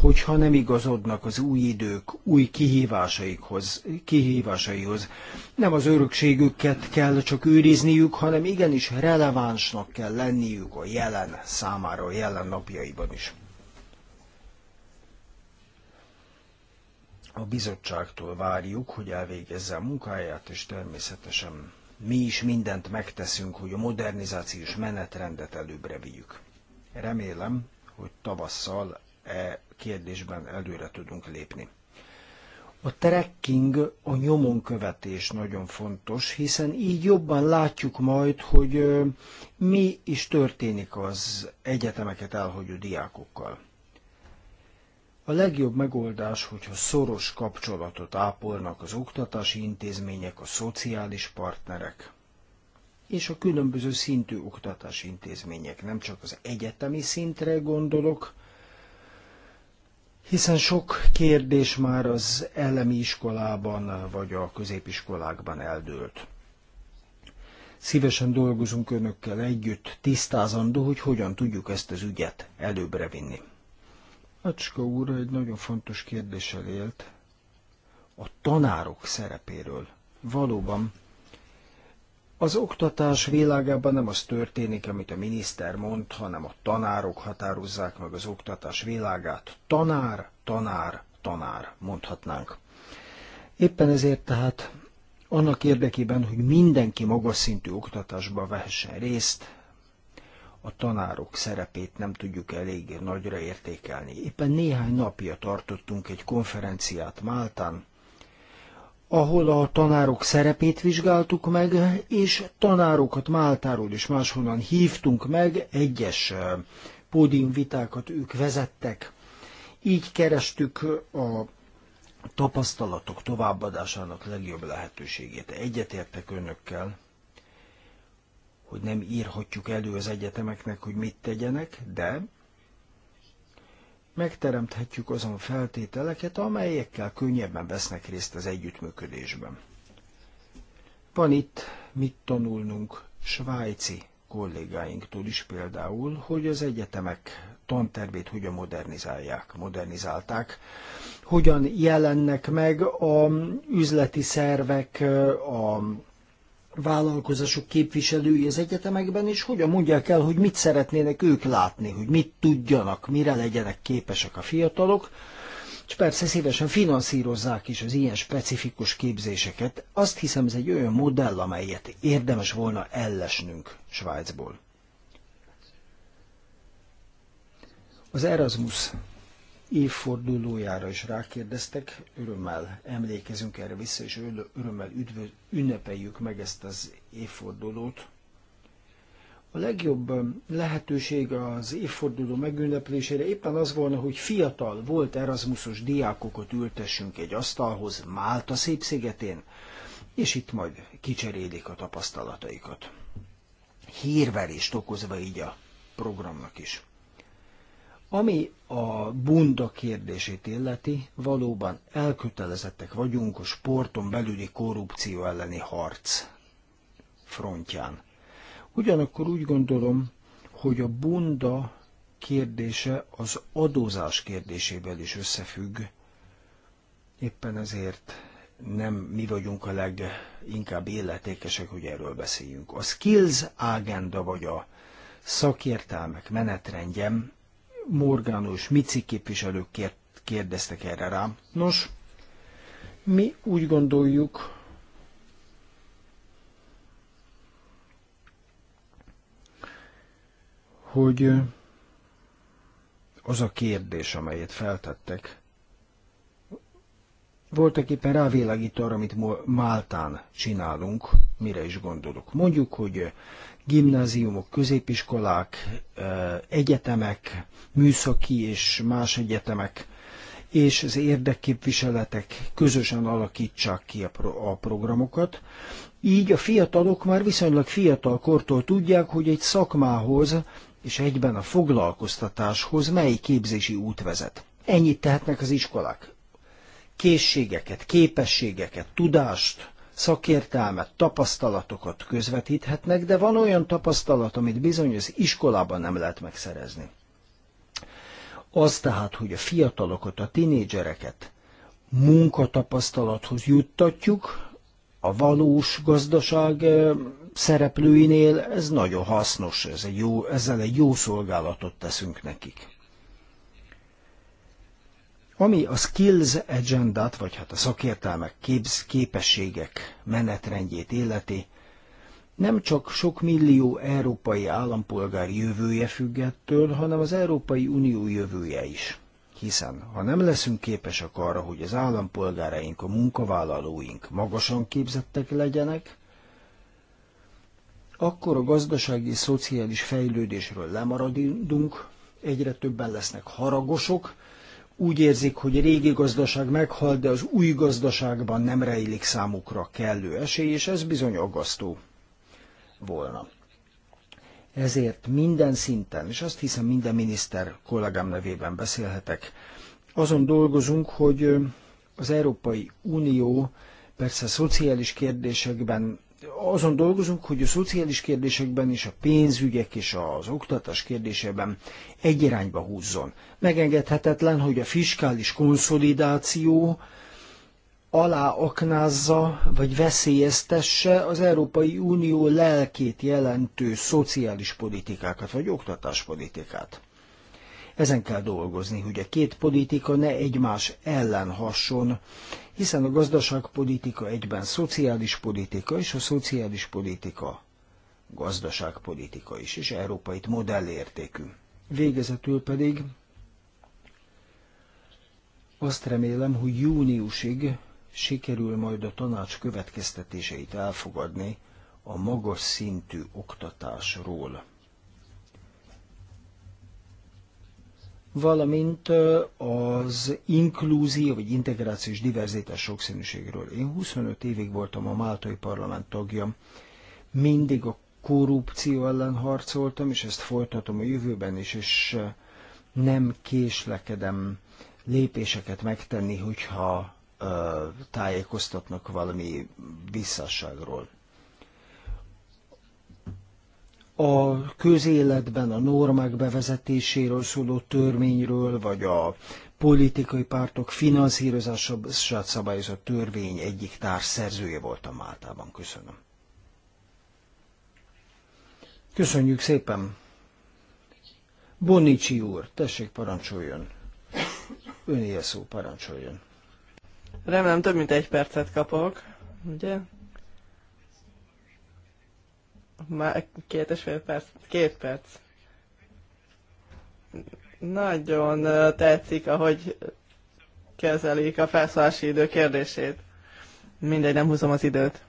hogyha nem igazodnak az új idők, új kihívásaikhoz, kihívásaihoz. Nem az örökségüket kell csak őrizniük, hanem igenis relevánsnak kell lenniük a jelen számára, a jelen napjaiban is. A bizottságtól várjuk, hogy elvégezze a munkáját, és természetesen mi is mindent megteszünk, hogy a modernizációs menetrendet előbbre vigyük. Remélem, hogy tavasszal e kérdésben előre tudunk lépni. A trekking, a nyomon követés nagyon fontos, hiszen így jobban látjuk majd, hogy mi is történik az egyetemeket elhagyó diákokkal. A legjobb megoldás, hogyha szoros kapcsolatot ápolnak az oktatási intézmények, a szociális partnerek és a különböző szintű oktatási intézmények. Nem csak az egyetemi szintre gondolok, hiszen sok kérdés már az elemi iskolában vagy a középiskolákban eldőlt. Szívesen dolgozunk önökkel együtt, tisztázandó, hogy hogyan tudjuk ezt az ügyet előbbre vinni. Acska úr egy nagyon fontos kérdéssel élt, a tanárok szerepéről. Valóban az oktatás világában nem az történik, amit a miniszter mond, hanem a tanárok határozzák meg az oktatás világát. Tanár, tanár, tanár, mondhatnánk. Éppen ezért tehát annak érdekében, hogy mindenki magas szintű oktatásba vehessen részt, a tanárok szerepét nem tudjuk elég nagyra értékelni. Éppen néhány napja tartottunk egy konferenciát Máltán, ahol a tanárok szerepét vizsgáltuk meg, és tanárokat Máltáról és máshonnan hívtunk meg, egyes pódiumvitákat ők vezettek. Így kerestük a tapasztalatok továbbadásának legjobb lehetőségét. Egyetértek önökkel, hogy nem írhatjuk elő az egyetemeknek, hogy mit tegyenek, de megteremthetjük azon feltételeket, amelyekkel könnyebben vesznek részt az együttműködésben. Van itt mit tanulnunk svájci kollégáinktól is például, hogy az egyetemek tantervét hogyan modernizálják, modernizálták, hogyan jelennek meg a üzleti szervek, a vállalkozások képviselői az egyetemekben, és hogyan mondják el, hogy mit szeretnének ők látni, hogy mit tudjanak, mire legyenek képesek a fiatalok, és persze szívesen finanszírozzák is az ilyen specifikus képzéseket. Azt hiszem, ez egy olyan modell, amelyet érdemes volna ellesnünk Svájcból. Az Erasmus évfordulójára is rákérdeztek, örömmel emlékezünk erre vissza, és örömmel üdvöz, ünnepeljük meg ezt az évfordulót. A legjobb um, lehetőség az évforduló megünneplésére éppen az volna, hogy fiatal, volt Erasmusos diákokat ültessünk egy asztalhoz Málta szép szigetén, és itt majd kicserélik a tapasztalataikat. Hírverést okozva így a programnak is. Ami a bunda kérdését illeti, valóban elkötelezettek vagyunk a sporton belüli korrupció elleni harc frontján. Ugyanakkor úgy gondolom, hogy a bunda kérdése az adózás kérdésével is összefügg. Éppen ezért nem mi vagyunk a leginkább életékesek, hogy erről beszéljünk. A skills agenda vagy a szakértelmek menetrendjem Morgánó és Mici képviselők kért, kérdeztek erre rám. Nos, mi úgy gondoljuk, hogy az a kérdés, amelyet feltettek, voltak éppen rávilágít arra, amit Máltán csinálunk, mire is gondolok. Mondjuk, hogy gimnáziumok, középiskolák, egyetemek, műszaki és más egyetemek és az érdekképviseletek közösen alakítsák ki a, pro- a programokat. Így a fiatalok már viszonylag fiatal kortól tudják, hogy egy szakmához és egyben a foglalkoztatáshoz mely képzési út vezet. Ennyit tehetnek az iskolák. Készségeket, képességeket, tudást szakértelmet, tapasztalatokat közvetíthetnek, de van olyan tapasztalat, amit bizony az iskolában nem lehet megszerezni. Az tehát, hogy a fiatalokat, a tinédzsereket munkatapasztalathoz juttatjuk, a valós gazdaság eh, szereplőinél ez nagyon hasznos, ez egy jó, ezzel egy jó szolgálatot teszünk nekik. Ami a skills agenda vagy hát a szakértelmek, képz, képességek menetrendjét illeti, nem csak sok millió európai állampolgár jövője függettől, hanem az Európai Unió jövője is. Hiszen, ha nem leszünk képesek arra, hogy az állampolgáraink, a munkavállalóink magasan képzettek legyenek, akkor a gazdasági és szociális fejlődésről lemaradunk, egyre többen lesznek haragosok, úgy érzik, hogy a régi gazdaság meghalt, de az új gazdaságban nem rejlik számukra kellő esély, és ez bizony aggasztó volna. Ezért minden szinten, és azt hiszem minden miniszter kollégám nevében beszélhetek, azon dolgozunk, hogy az Európai Unió persze szociális kérdésekben azon dolgozunk, hogy a szociális kérdésekben és a pénzügyek és az oktatás kérdésében egy irányba húzzon. Megengedhetetlen, hogy a fiskális konszolidáció alá vagy veszélyeztesse az Európai Unió lelkét jelentő szociális politikákat vagy oktatáspolitikát. Ezen kell dolgozni, hogy a két politika ne egymás ellen hasson, hiszen a gazdaságpolitika egyben szociális politika, és a szociális politika gazdaságpolitika is, és európai modellértékű. Végezetül pedig azt remélem, hogy júniusig sikerül majd a tanács következtetéseit elfogadni a magas szintű oktatásról. valamint az inkluzió, vagy integrációs diverzitás sokszínűségről. Én 25 évig voltam a Máltai Parlament tagja. Mindig a korrupció ellen harcoltam, és ezt folytatom a jövőben is, és nem késlekedem lépéseket megtenni, hogyha tájékoztatnak valami visszasságról a közéletben a normák bevezetéséről szóló törvényről, vagy a politikai pártok finanszírozását szabályozó törvény egyik társszerzője voltam Máltában. Köszönöm. Köszönjük szépen. Bonicsi úr, tessék parancsoljon. Önél szó, parancsoljon. Remélem több mint egy percet kapok, ugye? Már két és fél perc, két perc. Nagyon tetszik, ahogy kezelik a felszólási idő kérdését. Mindegy, nem húzom az időt.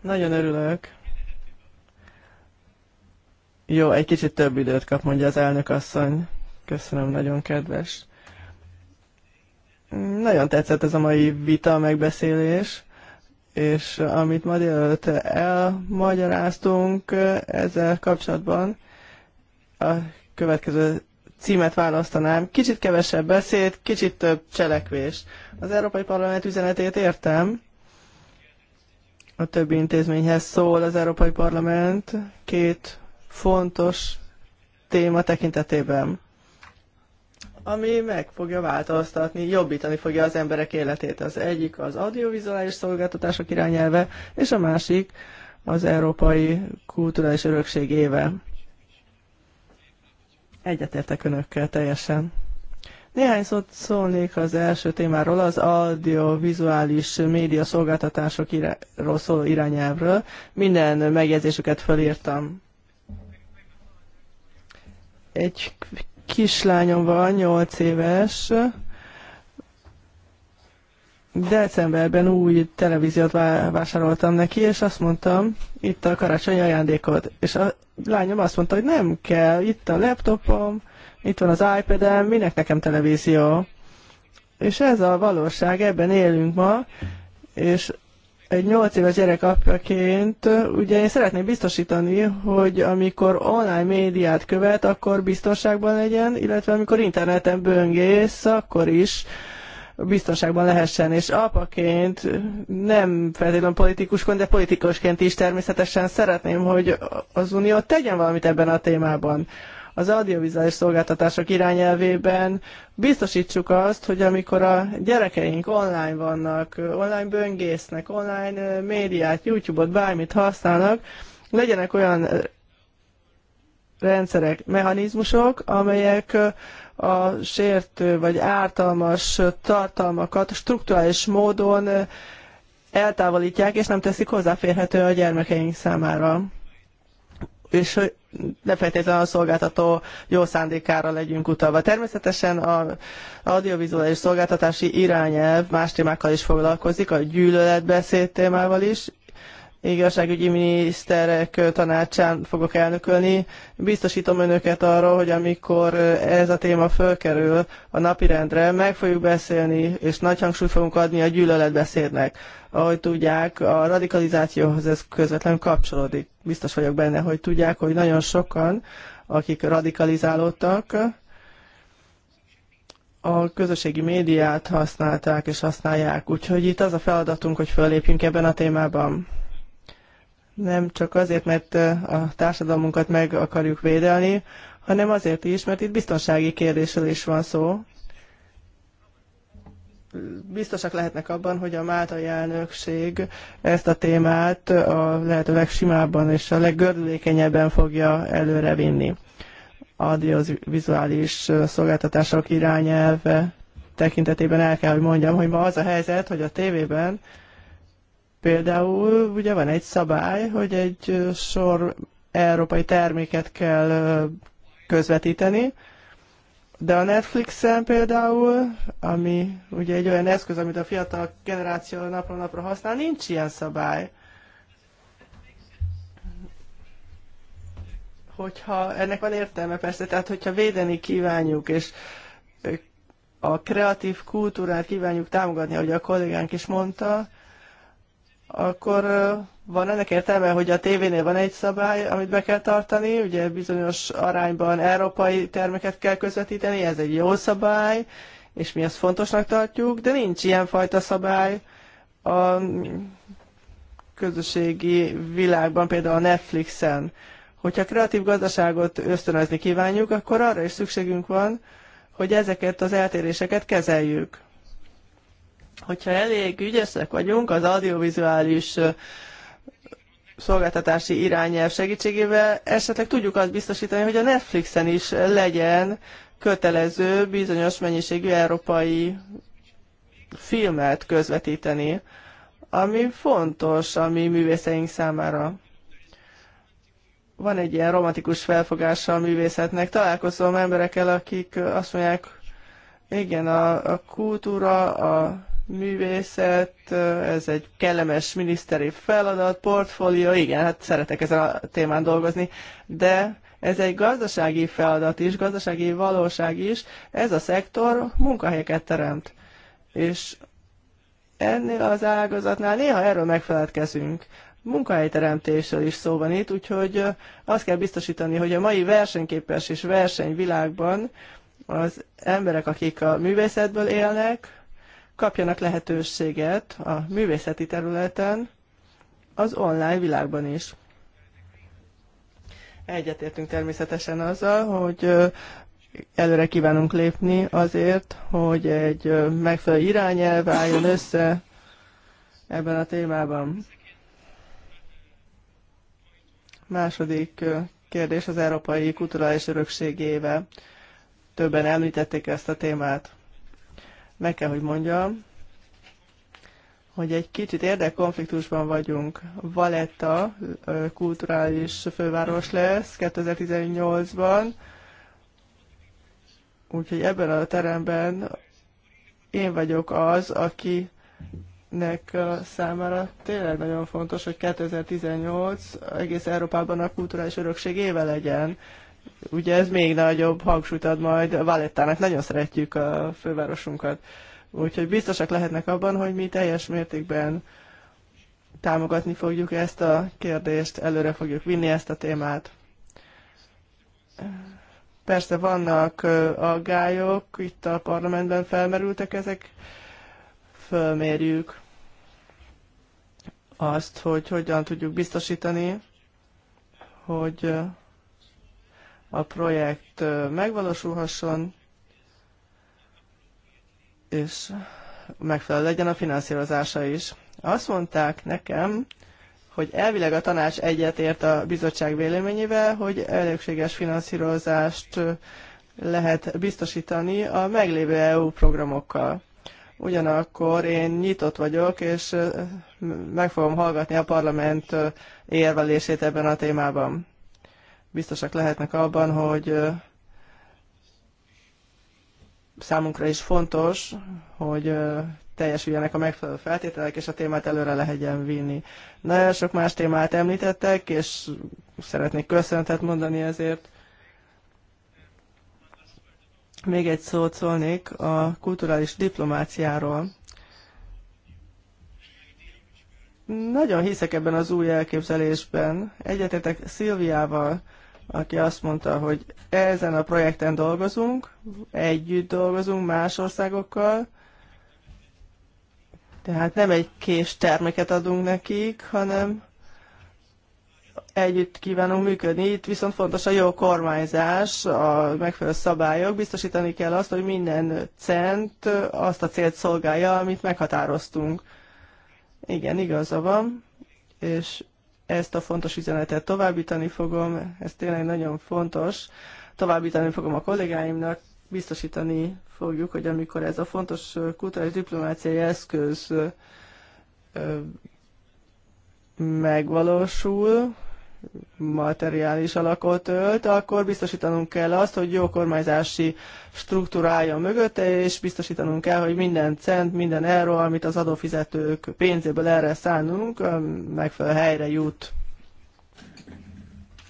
Nagyon örülök. Jó, egy kicsit több időt kap, mondja az elnök asszony. Köszönöm, nagyon kedves. Nagyon tetszett ez a mai vita, megbeszélés és amit ma délelőtt elmagyaráztunk ezzel kapcsolatban, a következő címet választanám. Kicsit kevesebb beszéd, kicsit több cselekvés. Az Európai Parlament üzenetét értem. A többi intézményhez szól az Európai Parlament két fontos téma tekintetében ami meg fogja változtatni, jobbítani fogja az emberek életét. Az egyik az audiovizuális szolgáltatások irányelve, és a másik az Európai Kulturális Örökség éve. Egyetértek önökkel teljesen. Néhány szót szólnék az első témáról, az audiovizuális média szolgáltatások szóló irányelvről. Minden megjegyzésüket fölírtam. Egy kislányom van, 8 éves. Decemberben új televíziót vásároltam neki, és azt mondtam, itt a karácsonyi ajándékod. És a lányom azt mondta, hogy nem kell, itt a laptopom, itt van az iPad-em, minek nekem televízió. És ez a valóság, ebben élünk ma, és egy 8 éves gyerek apjaként, ugye én szeretném biztosítani, hogy amikor online médiát követ, akkor biztonságban legyen, illetve amikor interneten böngész, akkor is biztonságban lehessen, és apaként nem feltétlenül politikusként, de politikusként is természetesen szeretném, hogy az Unió tegyen valamit ebben a témában az audiovizuális szolgáltatások irányelvében biztosítsuk azt, hogy amikor a gyerekeink online vannak, online böngésznek, online médiát, YouTube-ot, bármit használnak, legyenek olyan rendszerek, mechanizmusok, amelyek a sértő vagy ártalmas tartalmakat strukturális módon eltávolítják, és nem teszik hozzáférhető a gyermekeink számára. És hogy ne feltétlenül a szolgáltató jó szándékára legyünk utalva. Természetesen az audiovizuális szolgáltatási irányelv más témákkal is foglalkozik, a gyűlöletbeszéd témával is, igazságügyi miniszterek tanácsán fogok elnökölni. Biztosítom önöket arról, hogy amikor ez a téma fölkerül a napirendre, meg fogjuk beszélni, és nagy hangsúlyt fogunk adni a gyűlöletbeszédnek. Ahogy tudják, a radikalizációhoz ez közvetlenül kapcsolódik biztos vagyok benne, hogy tudják, hogy nagyon sokan, akik radikalizálódtak, a közösségi médiát használták és használják. Úgyhogy itt az a feladatunk, hogy fölépjünk ebben a témában. Nem csak azért, mert eh, a társadalmunkat meg akarjuk védelni, hanem azért is, mert itt biztonsági kérdésről is van szó, biztosak lehetnek abban, hogy a máltai elnökség ezt a témát a lehető legsimábban és a leggördülékenyebben fogja előrevinni. Audiovizuális szolgáltatások irányelve tekintetében el kell, hogy mondjam, hogy ma az a helyzet, hogy a tévében például ugye van egy szabály, hogy egy sor európai terméket kell közvetíteni, de a Netflixen például, ami ugye egy olyan eszköz, amit a fiatal generáció napról napra használ, nincs ilyen szabály. Hogyha ennek van értelme persze, tehát hogyha védeni kívánjuk, és a kreatív kultúrát kívánjuk támogatni, ahogy a kollégánk is mondta, akkor van ennek értelme, hogy a tévénél van egy szabály, amit be kell tartani, ugye bizonyos arányban európai terméket kell közvetíteni, ez egy jó szabály, és mi ezt fontosnak tartjuk, de nincs ilyenfajta szabály a közösségi világban, például a Netflixen. Hogyha kreatív gazdaságot ösztönözni kívánjuk, akkor arra is szükségünk van, hogy ezeket az eltéréseket kezeljük. Hogyha elég ügyesek vagyunk az audiovizuális szolgáltatási irányelv segítségével esetleg tudjuk azt biztosítani, hogy a Netflixen is legyen kötelező bizonyos mennyiségű európai filmet közvetíteni, ami fontos a mi művészeink számára. Van egy ilyen romantikus felfogása a művészetnek. Találkozom emberekkel, akik azt mondják, igen, a, a kultúra, a művészet, ez egy kellemes miniszteri feladat, portfólió, igen, hát szeretek ezen a témán dolgozni, de ez egy gazdasági feladat is, gazdasági valóság is, ez a szektor munkahelyeket teremt. És ennél az ágazatnál néha erről megfeledkezünk. Munkahelyteremtésről is szó van itt, úgyhogy azt kell biztosítani, hogy a mai versenyképes és versenyvilágban az emberek, akik a művészetből élnek, kapjanak lehetőséget a művészeti területen az online világban is. Egyetértünk természetesen azzal, hogy előre kívánunk lépni azért, hogy egy megfelelő irányelv álljon össze ebben a témában. Második kérdés az Európai Kulturális Örökségével. Többen említették ezt a témát meg kell, hogy mondjam, hogy egy kicsit érdekkonfliktusban vagyunk. Valetta kulturális főváros lesz 2018-ban, úgyhogy ebben a teremben én vagyok az, aki nek számára tényleg nagyon fontos, hogy 2018 egész Európában a kulturális örökség éve legyen ugye ez még nagyobb hangsúlyt ad majd Valettának. Nagyon szeretjük a fővárosunkat. Úgyhogy biztosak lehetnek abban, hogy mi teljes mértékben támogatni fogjuk ezt a kérdést, előre fogjuk vinni ezt a témát. Persze vannak aggályok, itt a parlamentben felmerültek ezek, fölmérjük azt, hogy hogyan tudjuk biztosítani, hogy a projekt megvalósulhasson, és megfelelő legyen a finanszírozása is. Azt mondták nekem, hogy elvileg a tanács egyetért a bizottság véleményével, hogy elégséges finanszírozást lehet biztosítani a meglévő EU programokkal. Ugyanakkor én nyitott vagyok, és meg fogom hallgatni a parlament érvelését ebben a témában biztosak lehetnek abban, hogy számunkra is fontos, hogy teljesüljenek a megfelelő feltételek, és a témát előre lehegyen vinni. Nagyon sok más témát említettek, és szeretnék köszönetet mondani ezért. Még egy szót szólnék a kulturális diplomáciáról. Nagyon hiszek ebben az új elképzelésben. Egyetetek Szilviával, aki azt mondta, hogy ezen a projekten dolgozunk, együtt dolgozunk más országokkal, tehát nem egy kés terméket adunk nekik, hanem együtt kívánunk működni. Itt viszont fontos a jó kormányzás, a megfelelő szabályok. Biztosítani kell azt, hogy minden cent azt a célt szolgálja, amit meghatároztunk. Igen, igaza van, és ezt a fontos üzenetet továbbítani fogom, ez tényleg nagyon fontos, továbbítani fogom a kollégáimnak, biztosítani fogjuk, hogy amikor ez a fontos kulturális diplomáciai eszköz megvalósul, materiális alakot ölt, akkor biztosítanunk kell azt, hogy jó kormányzási struktúrája mögötte, és biztosítanunk kell, hogy minden cent, minden euró, amit az adófizetők pénzéből erre szánunk, megfelelő helyre jut,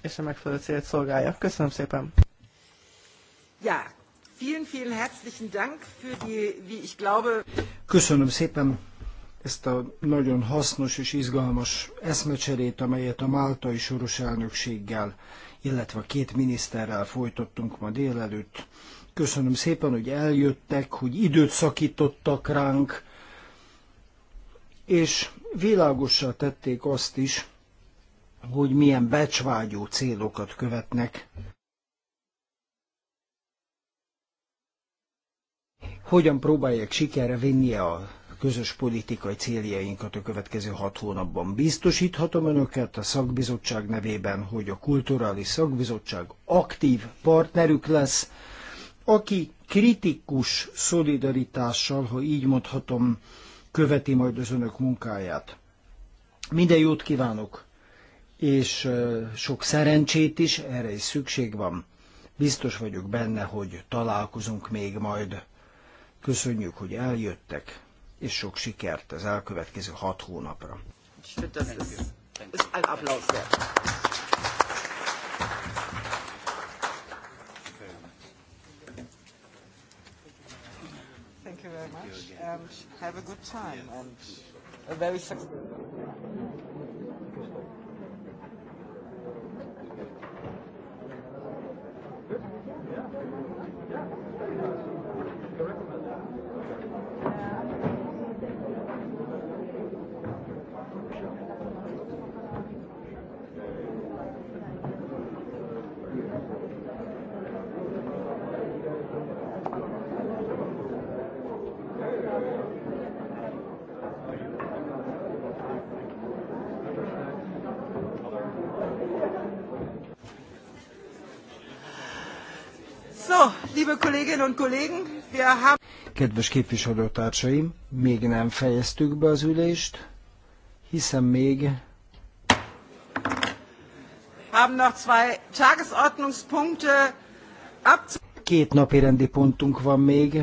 és a megfelelő célt szolgálja. Köszönöm szépen! Ja, vielen, vielen herzlichen Dank für die, wie ich glaube... Köszönöm szépen! ezt a nagyon hasznos és izgalmas eszmecserét, amelyet a máltai soros elnökséggel, illetve a két miniszterrel folytattunk ma délelőtt. Köszönöm szépen, hogy eljöttek, hogy időt szakítottak ránk, és világossá tették azt is, hogy milyen becsvágyó célokat követnek. Hogyan próbálják sikerre vinni a közös politikai céljainkat a következő hat hónapban. Biztosíthatom önöket a szakbizottság nevében, hogy a kulturális szakbizottság aktív partnerük lesz, aki kritikus szolidaritással, ha így mondhatom, követi majd az önök munkáját. Minden jót kívánok, és sok szerencsét is, erre is szükség van. Biztos vagyok benne, hogy találkozunk még majd. Köszönjük, hogy eljöttek és sok sikert az elkövetkező hat hónapra. Thank you very much and have a good time and a very successful Kedves képviselőtársaim, még nem fejeztük be az ülést, hiszen még Két napi rendi pontunk van még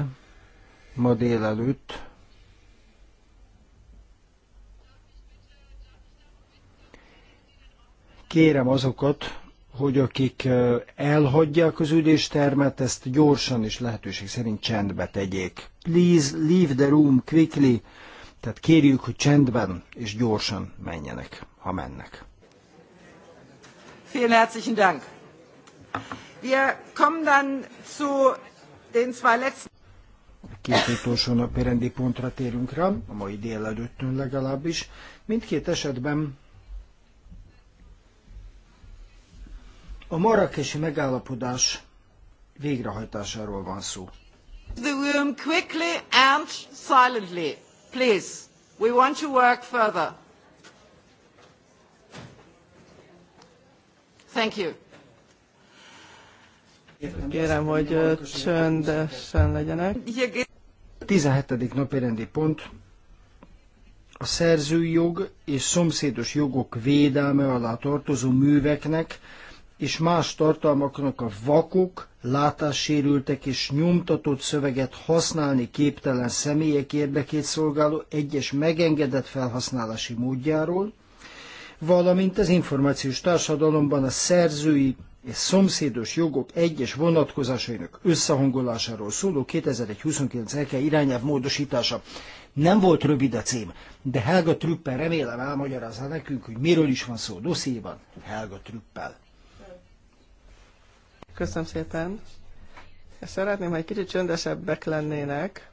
ma délelőtt. Kérem azokat, hogy akik elhagyják az üléstermet, ezt gyorsan és lehetőség szerint csendbe tegyék. Please leave the room quickly. Tehát kérjük, hogy csendben és gyorsan menjenek, ha mennek. Vielen herzlichen Dank. Wir kommen dann zu den zwei letzten két utolsó napi rendi pontra térünk rá, a mai délelőttön legalábbis. Mindkét esetben A marrakesi megállapodás végrehajtásáról van szó. The room quickly and silently, please. We want to work further. Thank you. Kérem, hogy csöndesen legyenek. 17. napirendi pont a szerzői jog és szomszédos jogok védelme alá tartozó műveknek, és más tartalmaknak a vakok, látássérültek és nyomtatott szöveget használni képtelen személyek érdekét szolgáló egyes megengedett felhasználási módjáról, valamint az információs társadalomban a szerzői és szomszédos jogok egyes vonatkozásainak összehangolásáról szóló 2029 EK irányelv módosítása. Nem volt rövid a cím, de Helga Trüppel remélem elmagyarázza nekünk, hogy miről is van szó dossziéban Helga Trüppel. Köszönöm szépen. Szeretném, ha egy kicsit csöndesebbek lennének,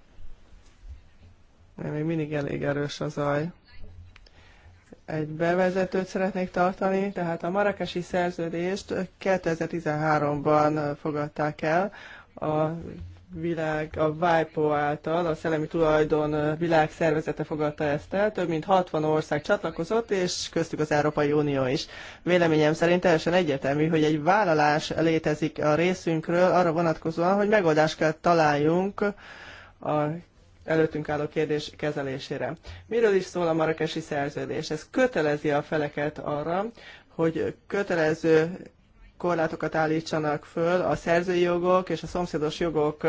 mert még mindig elég erős a zaj. Egy bevezetőt szeretnék tartani, tehát a marakesi szerződést 2013-ban fogadták el a világ, a WIPO által, a Szellemi Tulajdon világszervezete fogadta ezt el. Több mint 60 ország csatlakozott, és köztük az Európai Unió is. Véleményem szerint teljesen egyetemű, hogy egy vállalás létezik a részünkről arra vonatkozóan, hogy megoldást kell találjunk a előttünk álló kérdés kezelésére. Miről is szól a marakesi szerződés? Ez kötelezi a feleket arra, hogy kötelező korlátokat állítsanak föl a szerzői jogok és a szomszédos jogok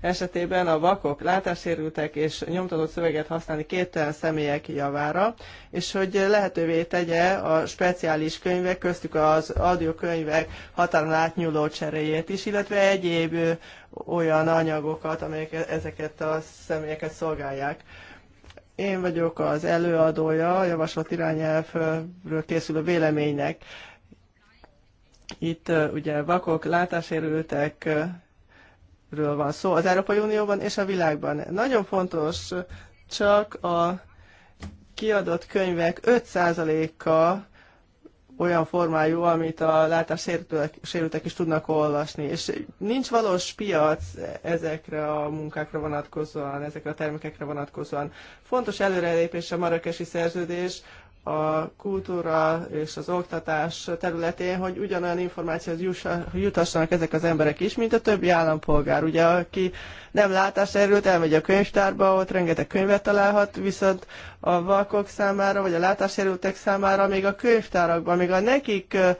esetében a vakok, látássérültek és nyomtatott szöveget használni képtelen személyek javára, és hogy lehetővé tegye a speciális könyvek, köztük az audiokönyvek határon átnyúló cseréjét is, illetve egyéb olyan anyagokat, amelyek ezeket a személyeket szolgálják. Én vagyok az előadója javaslat javasolt irányelvről készülő véleménynek. Itt ugye vakok, látássérültekről van szó az Európai Unióban és a világban. Nagyon fontos csak a kiadott könyvek 5%-a olyan formájú, amit a látássérültek is tudnak olvasni. És nincs valós piac ezekre a munkákra vonatkozóan, ezekre a termékekre vonatkozóan. Fontos előrelépés a marakesi szerződés, a kultúra és az oktatás területén, hogy ugyanolyan információhoz jutassanak ezek az emberek is, mint a többi állampolgár. Ugye, aki nem látássérült, elmegy a könyvtárba, ott rengeteg könyvet találhat, viszont a vakok számára, vagy a látássérültek számára még a könyvtárakban, még a nekik uh,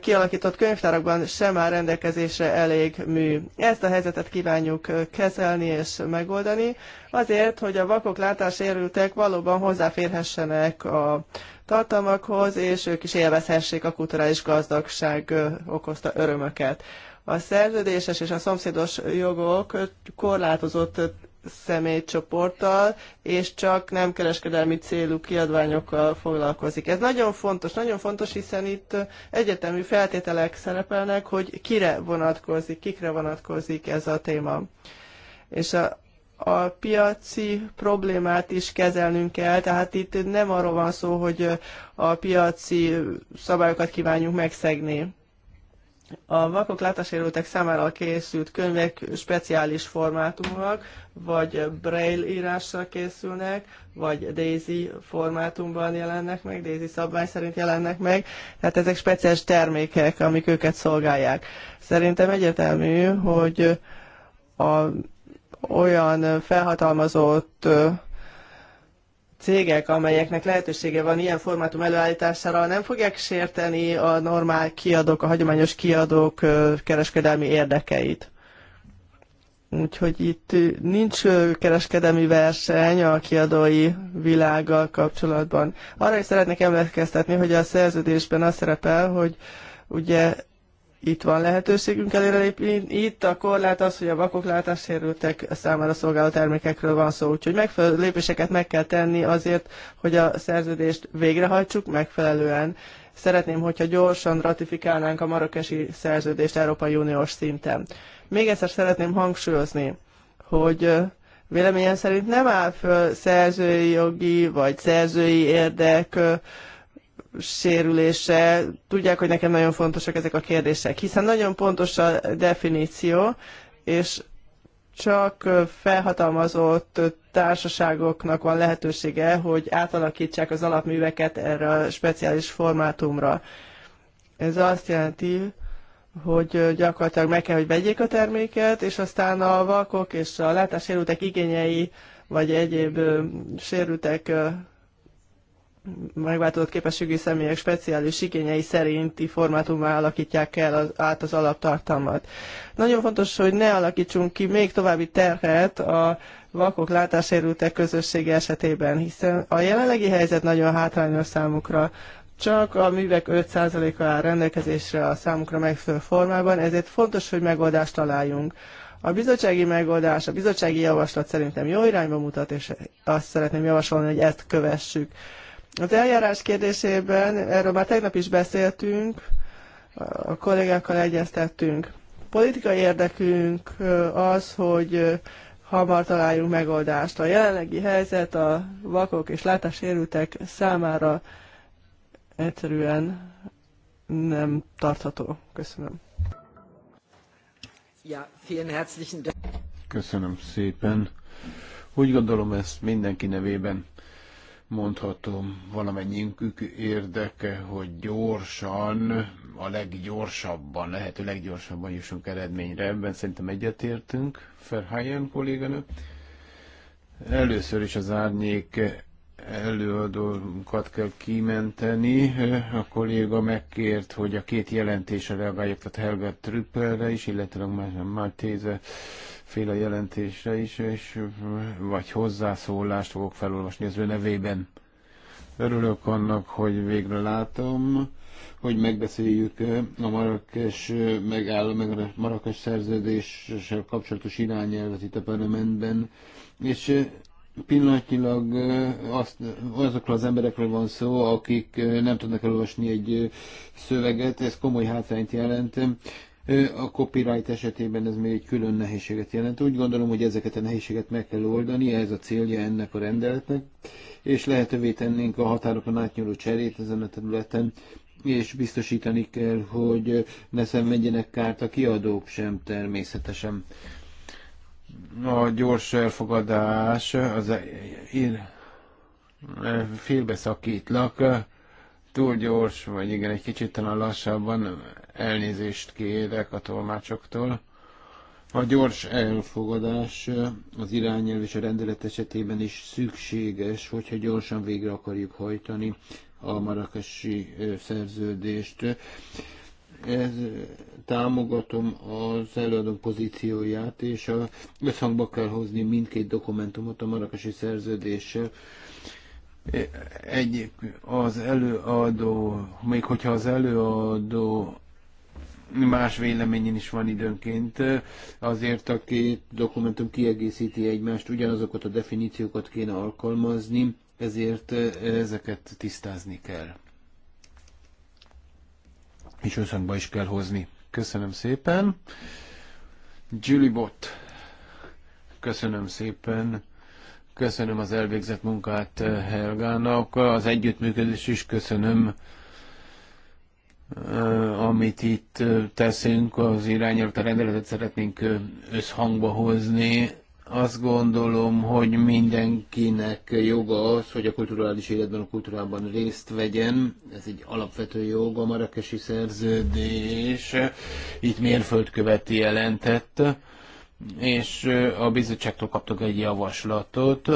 kialakított könyvtárakban sem áll rendelkezésre elég mű. Ezt a helyzetet kívánjuk kezelni és megoldani, azért, hogy a vakok látásérültek valóban hozzáférhessenek a tartalmakhoz, és ők is élvezhessék a kulturális gazdagság okozta örömöket. A szerződéses és a szomszédos jogok korlátozott személycsoporttal, és csak nem kereskedelmi célú kiadványokkal foglalkozik. Ez nagyon fontos, nagyon fontos, hiszen itt egyetemű feltételek szerepelnek, hogy kire vonatkozik, kikre vonatkozik ez a téma. És a, a piaci problémát is kezelnünk kell, tehát itt nem arról van szó, hogy a piaci szabályokat kívánjuk megszegni a vakok látásérültek számára készült könyvek speciális formátumúak, vagy braille írásra készülnek, vagy Daisy formátumban jelennek meg, Daisy szabvány szerint jelennek meg, tehát ezek speciális termékek, amik őket szolgálják. Szerintem egyetemű, hogy a olyan felhatalmazott cégek, amelyeknek lehetősége van ilyen formátum előállítására, nem fogják sérteni a normál kiadók, a hagyományos kiadók kereskedelmi érdekeit. Úgyhogy itt nincs kereskedelmi verseny a kiadói világgal kapcsolatban. Arra is szeretnék emlékeztetni, hogy a szerződésben az szerepel, hogy ugye itt van lehetőségünk előrelépni. Itt a korlát az, hogy a vakok látássérültek számára szolgáló termékekről van szó, úgyhogy megfelelő lépéseket meg kell tenni azért, hogy a szerződést végrehajtsuk megfelelően. Szeretném, hogyha gyorsan ratifikálnánk a marokesi szerződést Európai Uniós szinten. Még egyszer szeretném hangsúlyozni, hogy véleményem szerint nem áll föl szerzői jogi vagy szerzői érdek sérülése. Tudják, hogy nekem nagyon fontosak ezek a kérdések, hiszen nagyon pontos a definíció, és csak felhatalmazott társaságoknak van lehetősége, hogy átalakítsák az alapműveket erre a speciális formátumra. Ez azt jelenti, hogy gyakorlatilag meg kell, hogy vegyék a terméket, és aztán a vakok és a látássérültek igényei, vagy egyéb sérültek megváltozott képességű személyek speciális igényei szerinti formátumá alakítják el az, át az alaptartalmat. Nagyon fontos, hogy ne alakítsunk ki még további terhet a vakok látásérültek közössége esetében, hiszen a jelenlegi helyzet nagyon hátrányos számukra. Csak a művek 5%-a áll rendelkezésre a számukra megfelelő formában, ezért fontos, hogy megoldást találjunk. A bizottsági megoldás, a bizottsági javaslat szerintem jó irányba mutat, és azt szeretném javasolni, hogy ezt kövessük. Az eljárás kérdésében, erről már tegnap is beszéltünk, a kollégákkal egyeztettünk. Politikai érdekünk az, hogy hamar találjunk megoldást. A jelenlegi helyzet a vakok és látássérültek számára egyszerűen nem tartható. Köszönöm. Ja, vielen herzlichen Dank. Köszönöm szépen. Úgy gondolom ezt mindenki nevében mondhatom, valamennyiünkük érdeke, hogy gyorsan, a leggyorsabban, lehető leggyorsabban jussunk eredményre. Ebben szerintem egyetértünk, Ferhelyen kolléganő. Először is az árnyék előadókat kell kimenteni. A kolléga megkért, hogy a két jelentésre reagáljak, tehát Helga Trüppelre is, illetve a Maltéze féle jelentésre is, és vagy hozzászólást fogok felolvasni az ő nevében. Örülök annak, hogy végre látom, hogy megbeszéljük eh, a Marrakes eh, megáll, meg a Marrakes szerződéssel kapcsolatos irányelvet itt a parlamentben, és eh, pillanatnyilag azt, azokról az emberekről van szó, akik nem tudnak elolvasni egy szöveget, ez komoly hátrányt jelent a copyright esetében ez még egy külön nehézséget jelent. Úgy gondolom, hogy ezeket a nehézséget meg kell oldani, ez a célja ennek a rendeletnek, és lehetővé tennénk a határokon átnyúló cserét ezen a területen, és biztosítani kell, hogy ne szenvedjenek kárt a kiadók sem természetesen. A gyors elfogadás, az e- én e, félbeszakítlak, túl gyors, vagy igen, egy kicsit talán lassabban Elnézést kérek a tolmácsoktól. A gyors elfogadás az irányelv és a rendelet esetében is szükséges, hogyha gyorsan végre akarjuk hajtani a marakesi szerződést. Ez, támogatom az előadó pozícióját, és a, összhangba kell hozni mindkét dokumentumot a marakesi szerződéssel. Egy, az előadó, még hogyha az előadó más véleményen is van időnként. Azért a két dokumentum kiegészíti egymást, ugyanazokat a definíciókat kéne alkalmazni, ezért ezeket tisztázni kell. És összhangba is kell hozni. Köszönöm szépen. Julie Bott, köszönöm szépen. Köszönöm az elvégzett munkát eh, Helgának, az együttműködést is köszönöm. Mm amit itt teszünk, az irányelvet, a rendeletet szeretnénk összhangba hozni. Azt gondolom, hogy mindenkinek joga az, hogy a kulturális életben, a kultúrában részt vegyen. Ez egy alapvető jog, a marakesi szerződés itt mérföldkövet jelentett és a bizottságtól kaptuk egy javaslatot,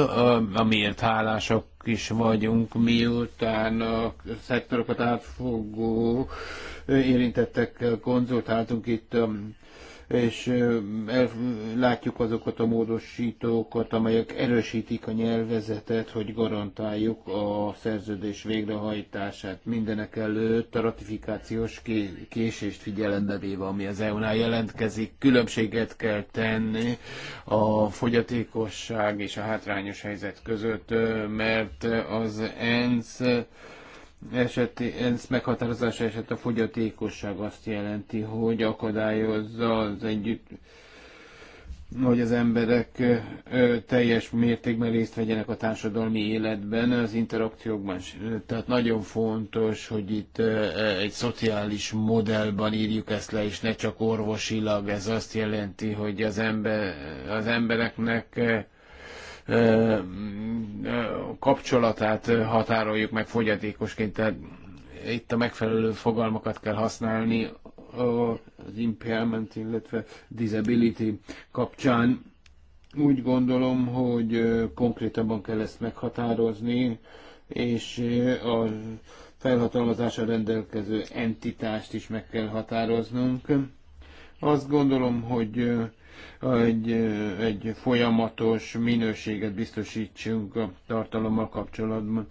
amiért hálások is vagyunk, miután a szektorokat átfogó érintettekkel konzultáltunk itt és el, látjuk azokat a módosítókat, amelyek erősítik a nyelvezetet, hogy garantáljuk a szerződés végrehajtását mindenek előtt a ratifikációs késést figyelembe véve, ami az EU-nál jelentkezik. Különbséget kell tenni a fogyatékosság és a hátrányos helyzet között, mert az ENSZ eseti, ENSZ meghatározása eset a fogyatékosság azt jelenti, hogy akadályozza az együtt, hogy az emberek teljes mértékben részt vegyenek a társadalmi életben, az interakciókban. Tehát nagyon fontos, hogy itt egy szociális modellban írjuk ezt le, és ne csak orvosilag. Ez azt jelenti, hogy az, ember, az embereknek kapcsolatát határoljuk meg fogyatékosként, tehát itt a megfelelő fogalmakat kell használni az impairment, illetve disability kapcsán. Úgy gondolom, hogy konkrétabban kell ezt meghatározni, és a felhatalmazása rendelkező entitást is meg kell határoznunk. Azt gondolom, hogy hogy egy folyamatos minőséget biztosítsunk a tartalommal kapcsolatban.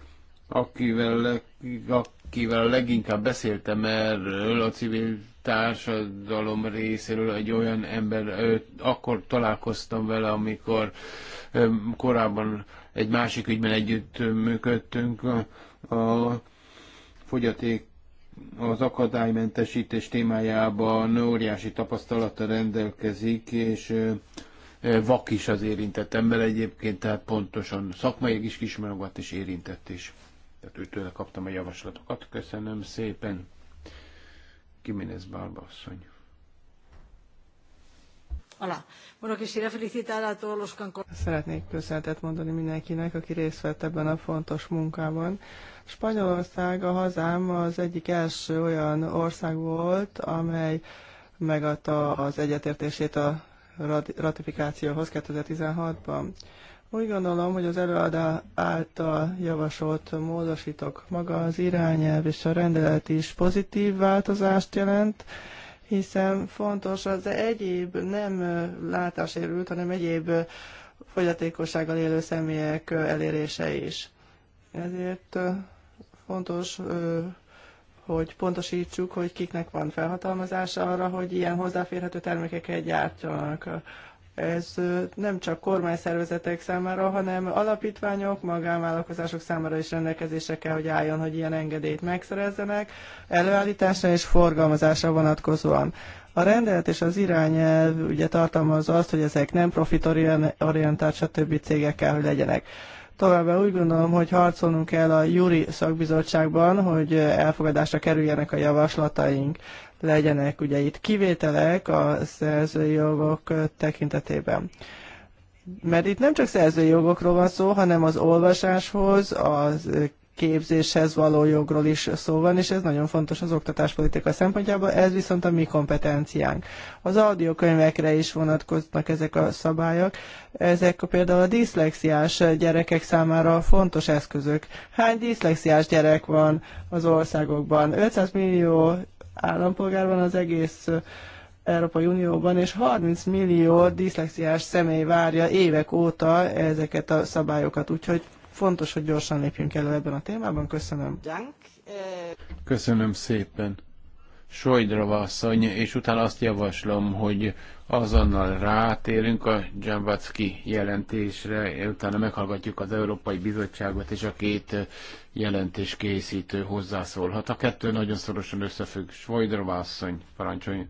Akivel, akivel leginkább beszéltem erről, a civil társadalom részéről egy olyan ember, őt, akkor találkoztam vele, amikor korábban egy másik ügyben együtt működtünk, a fogyaték az akadálymentesítés témájában óriási tapasztalata rendelkezik, és vak is az érintett ember egyébként, tehát pontosan szakmai is kismerogat és érintett is. Tehát őtől kaptam a javaslatokat. Köszönöm szépen. Kiminez Bálba asszony. Alá. a Szeretnék köszönetet mondani mindenkinek, aki részt vett ebben a fontos munkában. Spanyolország, a hazám az egyik első olyan ország volt, amely megadta az egyetértését a ratifikációhoz 2016-ban. Úgy gondolom, hogy az előadá által javasolt módosítok maga az irányelv és a rendelet is pozitív változást jelent, hiszen fontos az egyéb nem látásérült, hanem egyéb fogyatékossággal élő személyek elérése is. Ezért fontos, hogy pontosítsuk, hogy kiknek van felhatalmazása arra, hogy ilyen hozzáférhető termékeket gyártsanak ez nem csak kormányszervezetek számára, hanem alapítványok, magánvállalkozások számára is rendelkezésre kell, hogy álljon, hogy ilyen engedélyt megszerezzenek, előállításra és forgalmazásra vonatkozóan. A rendelet és az irányelv ugye tartalmazza azt, hogy ezek nem profitorientált, stb. cégek kell, hogy legyenek. Továbbá úgy gondolom, hogy harcolnunk kell a Juri szakbizottságban, hogy elfogadásra kerüljenek a javaslataink legyenek ugye itt kivételek a szerzői jogok tekintetében. Mert itt nem csak szerzői jogokról van szó, hanem az olvasáshoz, a képzéshez való jogról is szó van, és ez nagyon fontos az oktatáspolitika szempontjából, ez viszont a mi kompetenciánk. Az audiokönyvekre is vonatkoznak ezek a szabályok, ezek például a diszlexiás gyerekek számára fontos eszközök. Hány diszlexiás gyerek van az országokban? 500 millió állampolgár van az egész Európai Unióban, és 30 millió diszlexiás személy várja évek óta ezeket a szabályokat, úgyhogy fontos, hogy gyorsan lépjünk elő ebben a témában. Köszönöm. Köszönöm szépen. Sojdrova asszony, és utána azt javaslom, hogy azonnal rátérünk a Dzsambacki jelentésre, utána meghallgatjuk az Európai Bizottságot, és a két jelentés készítő hozzászólhat. A kettő nagyon szorosan összefügg. Sojdrova asszony, parancsolj!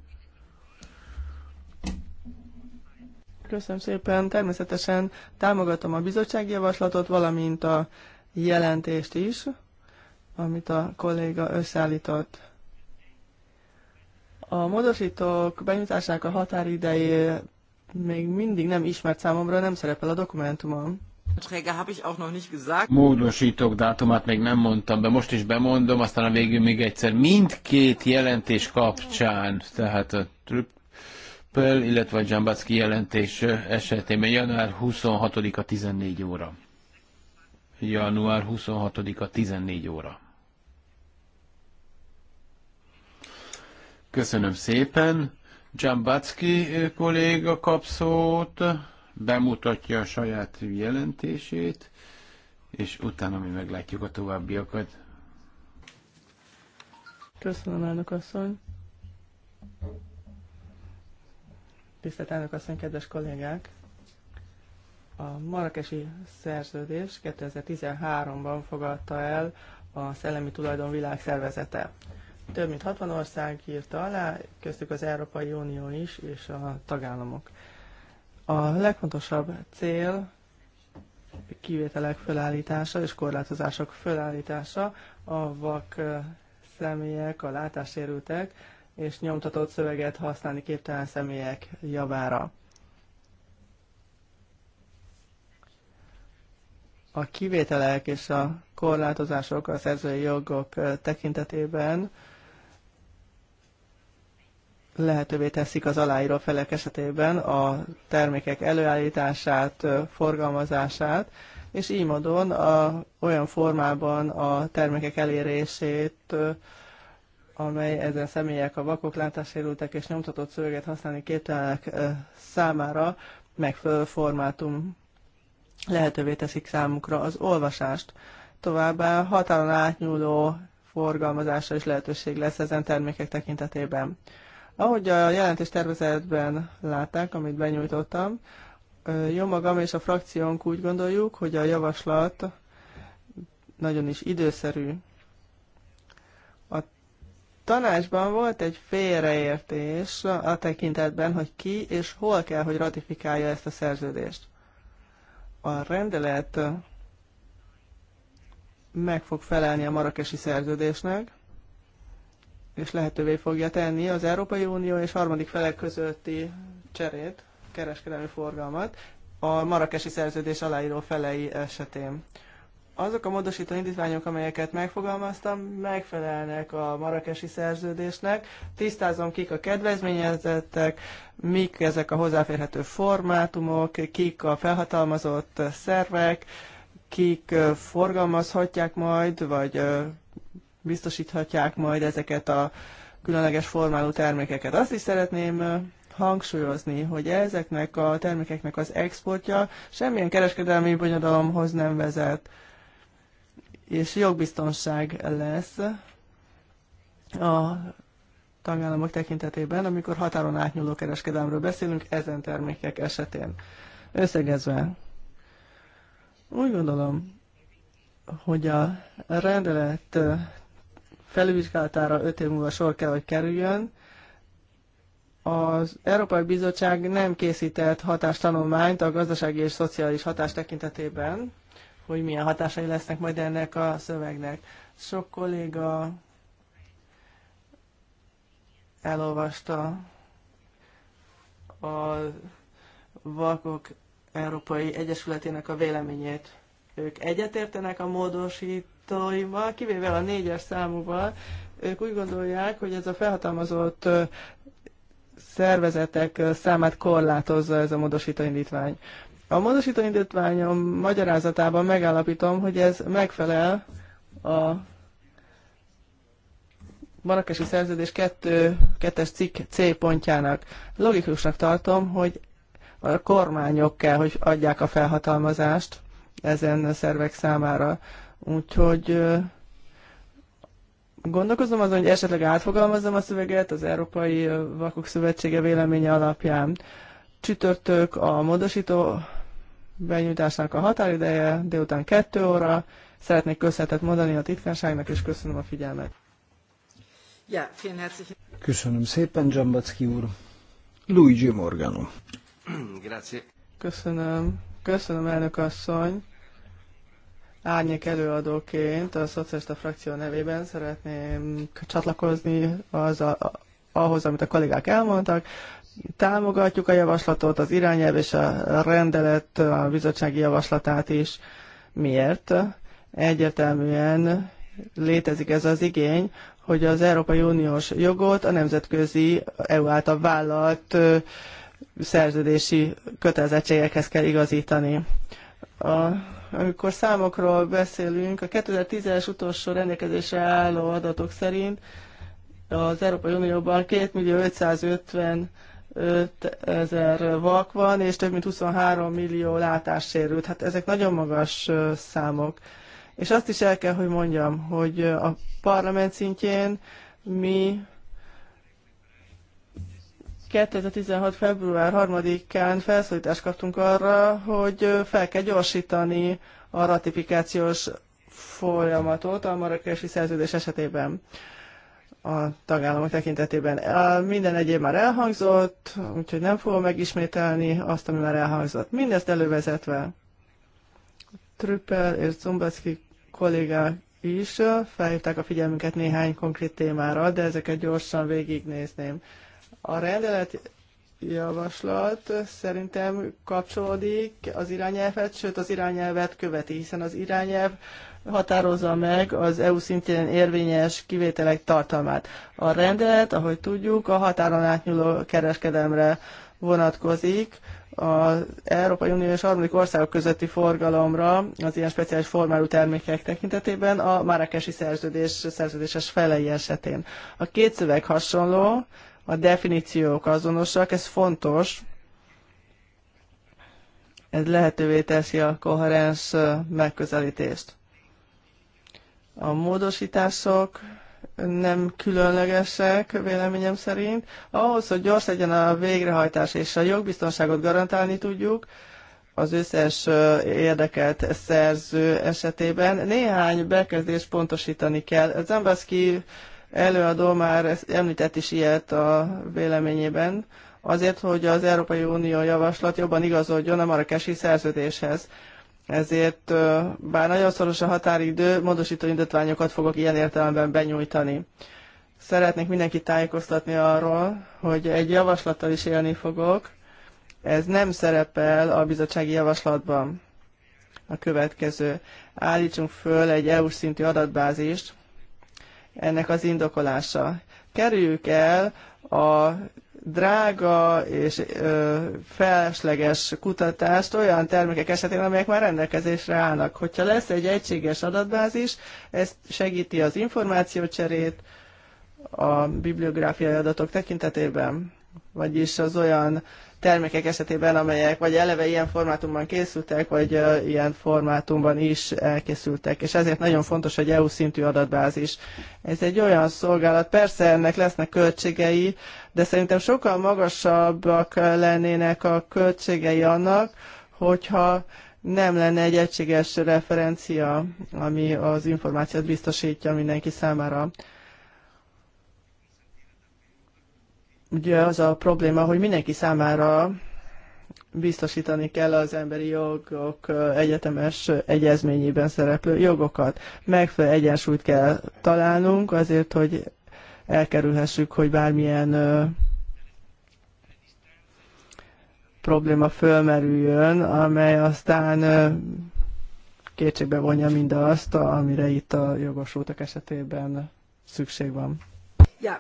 Köszönöm szépen. Természetesen támogatom a bizottsági javaslatot, valamint a jelentést is, amit a kolléga összeállított. A módosítók benyújtásának a határidei még mindig nem ismert számomra, nem szerepel a dokumentumon. Módosítók dátumát még nem mondtam be, most is bemondom, aztán a végül még egyszer mindkét jelentés kapcsán, tehát a Trüppel, illetve a Dzsambacki jelentés esetében január 26-a 14 óra. Január 26-a 14 óra. Köszönöm szépen. Dzsambacki eh, kolléga kap szót, bemutatja a saját jelentését, és utána mi meglátjuk a továbbiakat. Köszönöm, elnök asszony. Tisztelt elnök asszony, kedves kollégák! A Marrakesi szerződés 2013-ban fogadta el a Szellemi Tulajdon Világszervezete. Több mint 60 ország írta alá, köztük az Európai Unió is, és a tagállamok. A legfontosabb cél kivételek fölállítása és korlátozások fölállítása a vak személyek, a látássérültek és nyomtatott szöveget használni képtelen személyek javára. A kivételek és a korlátozások a szerzői jogok tekintetében lehetővé teszik az aláíró felek esetében a termékek előállítását, forgalmazását, és így módon a, olyan formában a termékek elérését, amely ezen személyek a vakok, látássérültek és nyomtatott szöveget használni képtelenek számára megfelelő formátum lehetővé teszik számukra az olvasást. Továbbá határon átnyúló forgalmazásra is lehetőség lesz ezen termékek tekintetében. Ahogy a jelentés tervezetben látták, amit benyújtottam, jó magam és a frakciónk úgy gondoljuk, hogy a javaslat nagyon is időszerű. A tanácsban volt egy félreértés a tekintetben, hogy ki és hol kell, hogy ratifikálja ezt a szerződést. A rendelet meg fog felelni a marakesi szerződésnek, és lehetővé fogja tenni az Európai Unió és harmadik felek közötti cserét, kereskedelmi forgalmat a marakesi szerződés aláíró felei esetén. Azok a módosító indítványok, amelyeket megfogalmaztam, megfelelnek a marakesi szerződésnek. Tisztázom, kik a kedvezményezettek, mik ezek a hozzáférhető formátumok, kik a felhatalmazott szervek, kik forgalmazhatják majd, vagy biztosíthatják majd ezeket a különleges formáló termékeket. Azt is szeretném hangsúlyozni, hogy ezeknek a termékeknek az exportja semmilyen kereskedelmi bonyodalomhoz nem vezet, és jogbiztonság lesz a tagállamok tekintetében, amikor határon átnyúló kereskedelmről beszélünk ezen termékek esetén. Összegezve, úgy gondolom, hogy a rendelet felülvizsgálatára 5 év múlva sor kell, hogy kerüljön. Az Európai Bizottság nem készített hatástanulmányt a gazdasági és szociális hatás tekintetében, hogy milyen hatásai lesznek majd ennek a szövegnek. Sok kolléga elolvasta a Vakok Európai Egyesületének a véleményét. Ők egyetértenek a módosít barátaimmal, kivéve a négyes számúval, ők úgy gondolják, hogy ez a felhatalmazott szervezetek számát korlátozza ez a módosító indítvány. A módosító indítványom magyarázatában megállapítom, hogy ez megfelel a Marakesi Szerződés 2, 2-es cikk C pontjának. Logikusnak tartom, hogy a kormányok kell, hogy adják a felhatalmazást ezen szervek számára. Úgyhogy gondolkozom azon, hogy esetleg átfogalmazom a szöveget az Európai Vakok Szövetsége véleménye alapján. Csütörtök a módosító benyújtásnak a határideje, délután kettő óra. Szeretnék köszönetet mondani a titkárságnak, és köszönöm a figyelmet. Ja, Köszönöm szépen, Dzsambacki úr. Luigi Morgano. Grazie. Köszönöm. Köszönöm, elnök asszony árnyék előadóként a szocialista frakció nevében szeretném csatlakozni az a, ahhoz, amit a kollégák elmondtak. Támogatjuk a javaslatot, az irányelv és a rendelet, a bizottsági javaslatát is. Miért? Egyértelműen létezik ez az igény, hogy az Európai Uniós jogot a nemzetközi EU által vállalt szerződési kötelezettségekhez kell igazítani. A amikor számokról beszélünk, a 2010-es utolsó rendelkezésre álló adatok szerint az Európai Unióban 2 millió 550 ezer vak van, és több mint 23 millió látássérült. Hát ezek nagyon magas számok. És azt is el kell, hogy mondjam, hogy a parlament szintjén mi 2016. február 3-án felszólítást kaptunk arra, hogy fel kell gyorsítani a ratifikációs folyamatot a marrakesi szerződés esetében a tagállamok tekintetében. Minden egyéb már elhangzott, úgyhogy nem fogom megismételni azt, ami már elhangzott. Mindezt elővezetve Trüppel és Zumbaszki kollégák is felhívták a figyelmünket néhány konkrét témára, de ezeket gyorsan végignézném. A rendelet javaslat szerintem kapcsolódik az irányelvet, sőt az irányelvet követi, hiszen az irányelv határozza meg az EU szintjén érvényes kivételek tartalmát. A rendelet, ahogy tudjuk, a határon átnyúló kereskedelemre vonatkozik, az Európai Unió és harmadik országok közötti forgalomra az ilyen speciális formálú termékek tekintetében a Márakesi szerződés szerződéses felei esetén. A két szöveg hasonló, a definíciók azonosak, ez fontos, ez lehetővé teszi a koherens megközelítést. A módosítások nem különlegesek véleményem szerint. Ahhoz, hogy gyors legyen a végrehajtás és a jogbiztonságot garantálni tudjuk, az összes érdeket szerző esetében néhány bekezdést pontosítani kell. Zambaszki előadó már említett is ilyet a véleményében, azért, hogy az Európai Unió javaslat jobban igazodjon a marakesi szerződéshez. Ezért, bár nagyon szoros a határidő, módosító indítványokat fogok ilyen értelemben benyújtani. Szeretnék mindenkit tájékoztatni arról, hogy egy javaslattal is élni fogok. Ez nem szerepel a bizottsági javaslatban. A következő. Állítsunk föl egy EU-s szintű adatbázist, ennek az indokolása. Kerüljük el a drága és ö, felesleges kutatást olyan termékek esetén, amelyek már rendelkezésre állnak. Hogyha lesz egy egységes adatbázis, ez segíti az információcserét a bibliográfiai adatok tekintetében, vagyis az olyan termékek esetében, amelyek vagy eleve ilyen formátumban készültek, vagy ilyen formátumban is elkészültek. És ezért nagyon fontos egy EU szintű adatbázis. Ez egy olyan szolgálat, persze ennek lesznek költségei, de szerintem sokkal magasabbak lennének a költségei annak, hogyha nem lenne egy egységes referencia, ami az információt biztosítja mindenki számára. ugye az a probléma, hogy mindenki számára biztosítani kell az emberi jogok egyetemes egyezményében szereplő jogokat. Megfelelő egyensúlyt kell találnunk azért, hogy elkerülhessük, hogy bármilyen probléma fölmerüljön, amely aztán kétségbe vonja mindazt, amire itt a jogosultak esetében szükség van. Äh,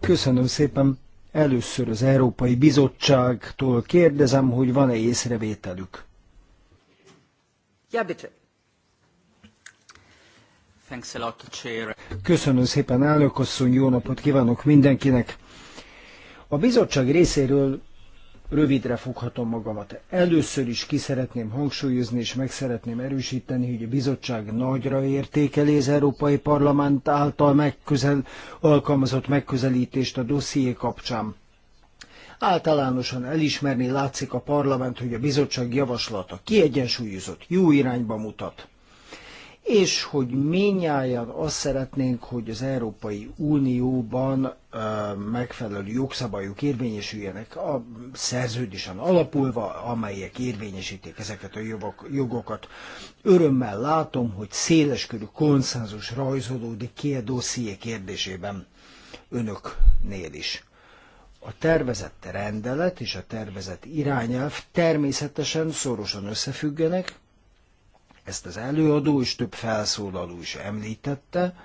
Köszönöm szépen. Először az Európai Bizottságtól kérdezem, hogy van-e észrevételük. Ja, bitte. Köszönöm szépen, elnök asszony, jó napot kívánok mindenkinek. A bizottság részéről rövidre foghatom magamat. Először is ki szeretném hangsúlyozni és meg szeretném erősíteni, hogy a bizottság nagyra értékeli az Európai Parlament által megközel, alkalmazott megközelítést a dosszié kapcsán. Általánosan elismerni látszik a parlament, hogy a bizottság javaslata kiegyensúlyozott, jó irányba mutat és hogy minnyáján azt szeretnénk, hogy az Európai Unióban megfelelő jogszabályok érvényesüljenek a szerződésen alapulva, amelyek érvényesítik ezeket a jogokat. Örömmel látom, hogy széleskörű konszenzus rajzolódik ki a dosszié kérdésében önöknél is. A tervezett rendelet és a tervezett irányelv természetesen szorosan összefüggenek, ezt az előadó és több felszólaló is említette,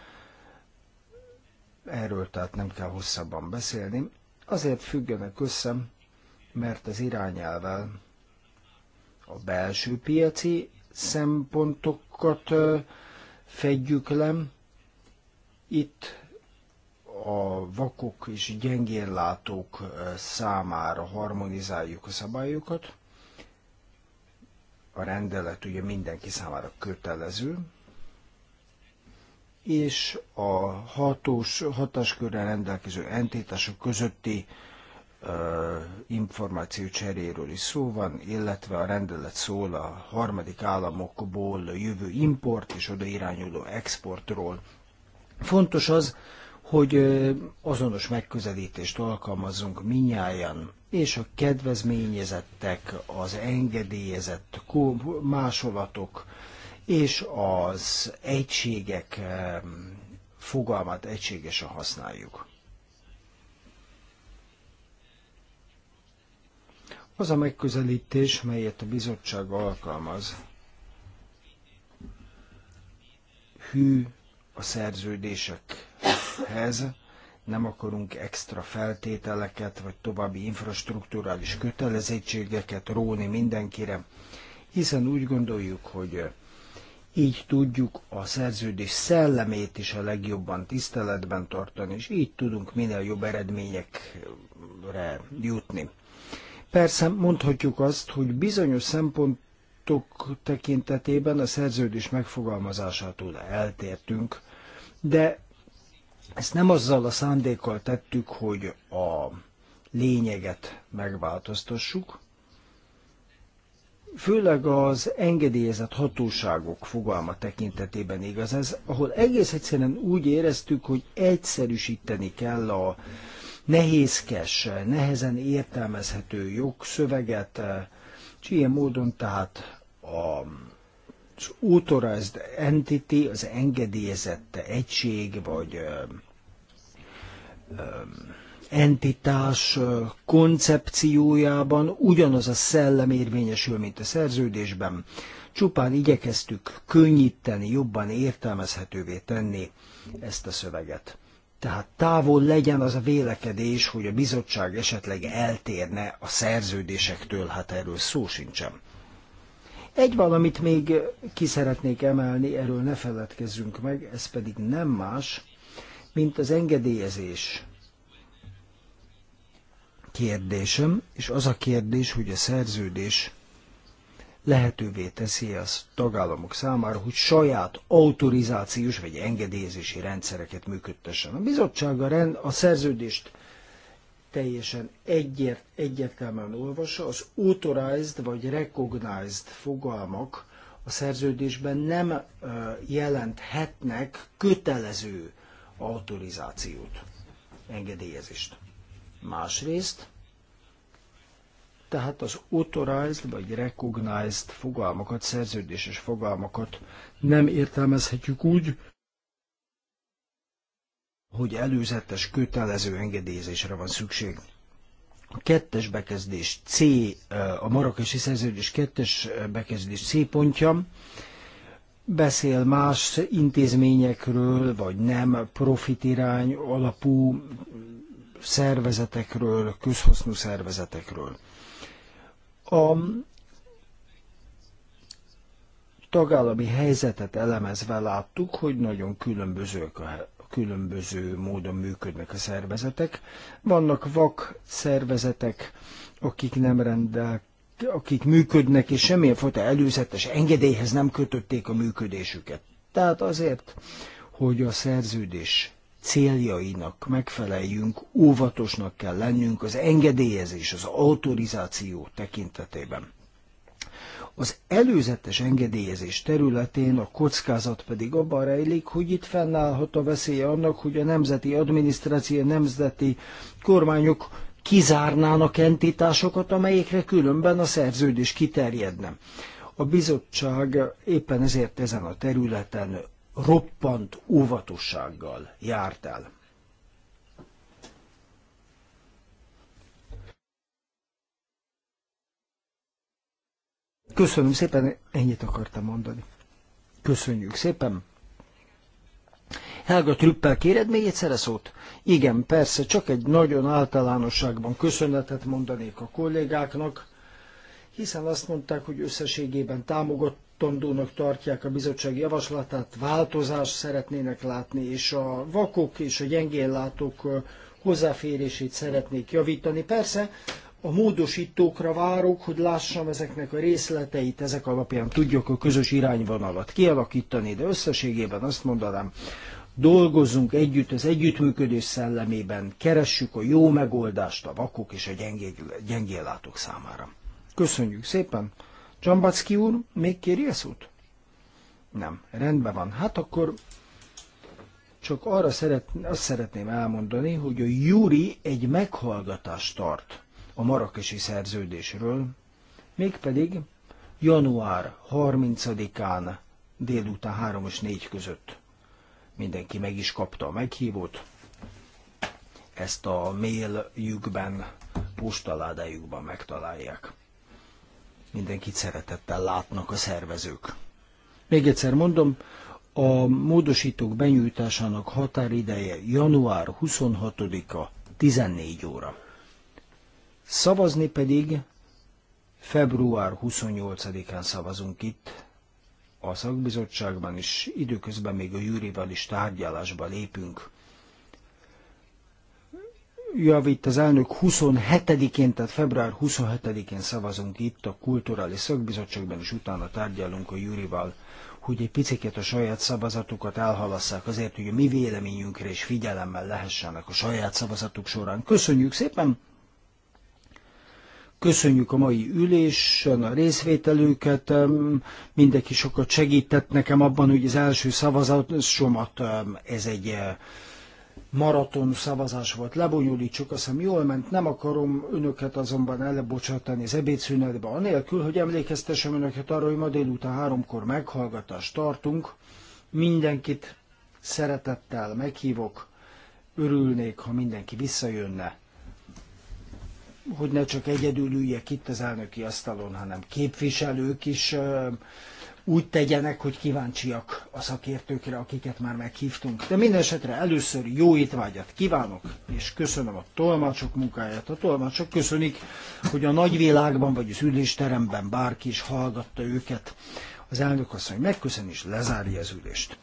erről tehát nem kell hosszabban beszélni. Azért függenek össze, mert az irányelvel a belső piaci szempontokat fedjük le. Itt a vakok és gyengérlátók számára harmonizáljuk a szabályokat, a rendelet ugye mindenki számára kötelező, és a hatós, hatáskörrel rendelkező entitások közötti uh, információ cseréről is szó van, illetve a rendelet szól a harmadik államokból jövő import és oda irányuló exportról. Fontos az, hogy azonos megközelítést alkalmazzunk minnyáján, és a kedvezményezettek, az engedélyezett másolatok és az egységek fogalmát egységesen használjuk. Az a megközelítés, melyet a bizottság alkalmaz, hű a szerződések ez nem akarunk extra feltételeket, vagy további infrastruktúrális kötelezettségeket róni mindenkire, hiszen úgy gondoljuk, hogy így tudjuk a szerződés szellemét is a legjobban tiszteletben tartani, és így tudunk minél jobb eredményekre jutni. Persze mondhatjuk azt, hogy bizonyos szempontok tekintetében a szerződés megfogalmazásától eltértünk, de ezt nem azzal a szándékkal tettük, hogy a lényeget megváltoztassuk, főleg az engedélyezett hatóságok fogalma tekintetében igaz ez, ahol egész egyszerűen úgy éreztük, hogy egyszerűsíteni kell a nehézkes, nehezen értelmezhető jogszöveget, és ilyen módon tehát a authorized entity, az engedélyezett egység vagy entitás koncepciójában ugyanaz a szellem érvényesül, mint a szerződésben, csupán igyekeztük könnyíteni, jobban értelmezhetővé tenni ezt a szöveget. Tehát távol legyen az a vélekedés, hogy a bizottság esetleg eltérne a szerződésektől, hát erről szó sincsen. Egy valamit még ki szeretnék emelni, erről ne feledkezzünk meg, ez pedig nem más, mint az engedélyezés kérdésem, és az a kérdés, hogy a szerződés lehetővé teszi -e az tagállamok számára, hogy saját autorizációs vagy engedélyezési rendszereket működtessen. A bizottság rend, a szerződést teljesen egyért, egyértelműen olvassa, az authorized vagy recognized fogalmak a szerződésben nem jelenthetnek kötelező autorizációt, engedélyezést. Másrészt, tehát az authorized vagy recognized fogalmakat, szerződéses fogalmakat nem értelmezhetjük úgy, hogy előzetes kötelező engedélyezésre van szükség. A kettes bekezdés C, a marakesi szerződés kettes bekezdés C pontja, beszél más intézményekről, vagy nem profitirány alapú szervezetekről, közhasznú szervezetekről. A tagállami helyzetet elemezve láttuk, hogy nagyon különbözőek a különböző módon működnek a szervezetek. Vannak vak szervezetek, akik nem rendelk, akik működnek, és semmilyen fajta előzetes engedélyhez nem kötötték a működésüket. Tehát azért, hogy a szerződés céljainak megfeleljünk, óvatosnak kell lennünk az engedélyezés, az autorizáció tekintetében. Az előzetes engedélyezés területén a kockázat pedig abban rejlik, hogy itt fennállhat a veszélye annak, hogy a nemzeti adminisztráció, nemzeti kormányok kizárnának entitásokat, amelyekre különben a szerződés kiterjedne. A bizottság éppen ezért ezen a területen roppant óvatossággal járt el. Köszönöm szépen, ennyit akartam mondani. Köszönjük szépen. Helga Trüppel kéred még a szót? Igen, persze, csak egy nagyon általánosságban köszönetet mondanék a kollégáknak, hiszen azt mondták, hogy összességében támogatandónak tartják a bizottság javaslatát, változást szeretnének látni, és a vakok és a gyengéllátók hozzáférését szeretnék javítani. Persze, a módosítókra várok, hogy lássam ezeknek a részleteit, ezek alapján tudjuk a közös irányvonalat kialakítani, de összességében azt mondanám, dolgozzunk együtt az együttműködés szellemében, keressük a jó megoldást a vakok és a gyengé, gyengéllátók számára. Köszönjük szépen! Csambacki úr, még kéri a szót? Nem, rendben van. Hát akkor csak arra szeret, azt szeretném elmondani, hogy a Júri egy meghallgatást tart a marakesi szerződésről, mégpedig január 30-án délután 3 és 4 között. Mindenki meg is kapta a meghívót, ezt a mailjükben, postaládájukban megtalálják. Mindenkit szeretettel látnak a szervezők. Még egyszer mondom, a módosítók benyújtásának határideje január 26-a 14 óra. Szavazni pedig február 28-án szavazunk itt, a szakbizottságban is, időközben még a júrival is tárgyalásba lépünk. Javít az elnök 27-én, tehát február 27-én szavazunk itt a kulturális szakbizottságban, és utána tárgyalunk a júrival, hogy egy picit a saját szavazatukat elhalasszák, azért, hogy a mi véleményünkre és figyelemmel lehessenek a saját szavazatuk során. Köszönjük szépen! Köszönjük a mai ülésen a részvételőket, mindenki sokat segített nekem abban, hogy az első szavazásomat, ez egy eh, maraton szavazás volt, lebonyolítsuk, azt hiszem jól ment, nem akarom önöket azonban elbocsátani az ebédszünetbe, anélkül, hogy emlékeztessem önöket arra, hogy ma délután háromkor meghallgatást tartunk, mindenkit szeretettel meghívok, örülnék, ha mindenki visszajönne hogy ne csak egyedül üljek itt az elnöki asztalon, hanem képviselők is úgy tegyenek, hogy kíváncsiak a szakértőkre, akiket már meghívtunk. De minden esetre először jó étvágyat kívánok, és köszönöm a tolmácsok munkáját. A tolmácsok köszönik, hogy a nagyvilágban vagy az ülésteremben bárki is hallgatta őket. Az elnök asszony megköszön és lezárja az ülést.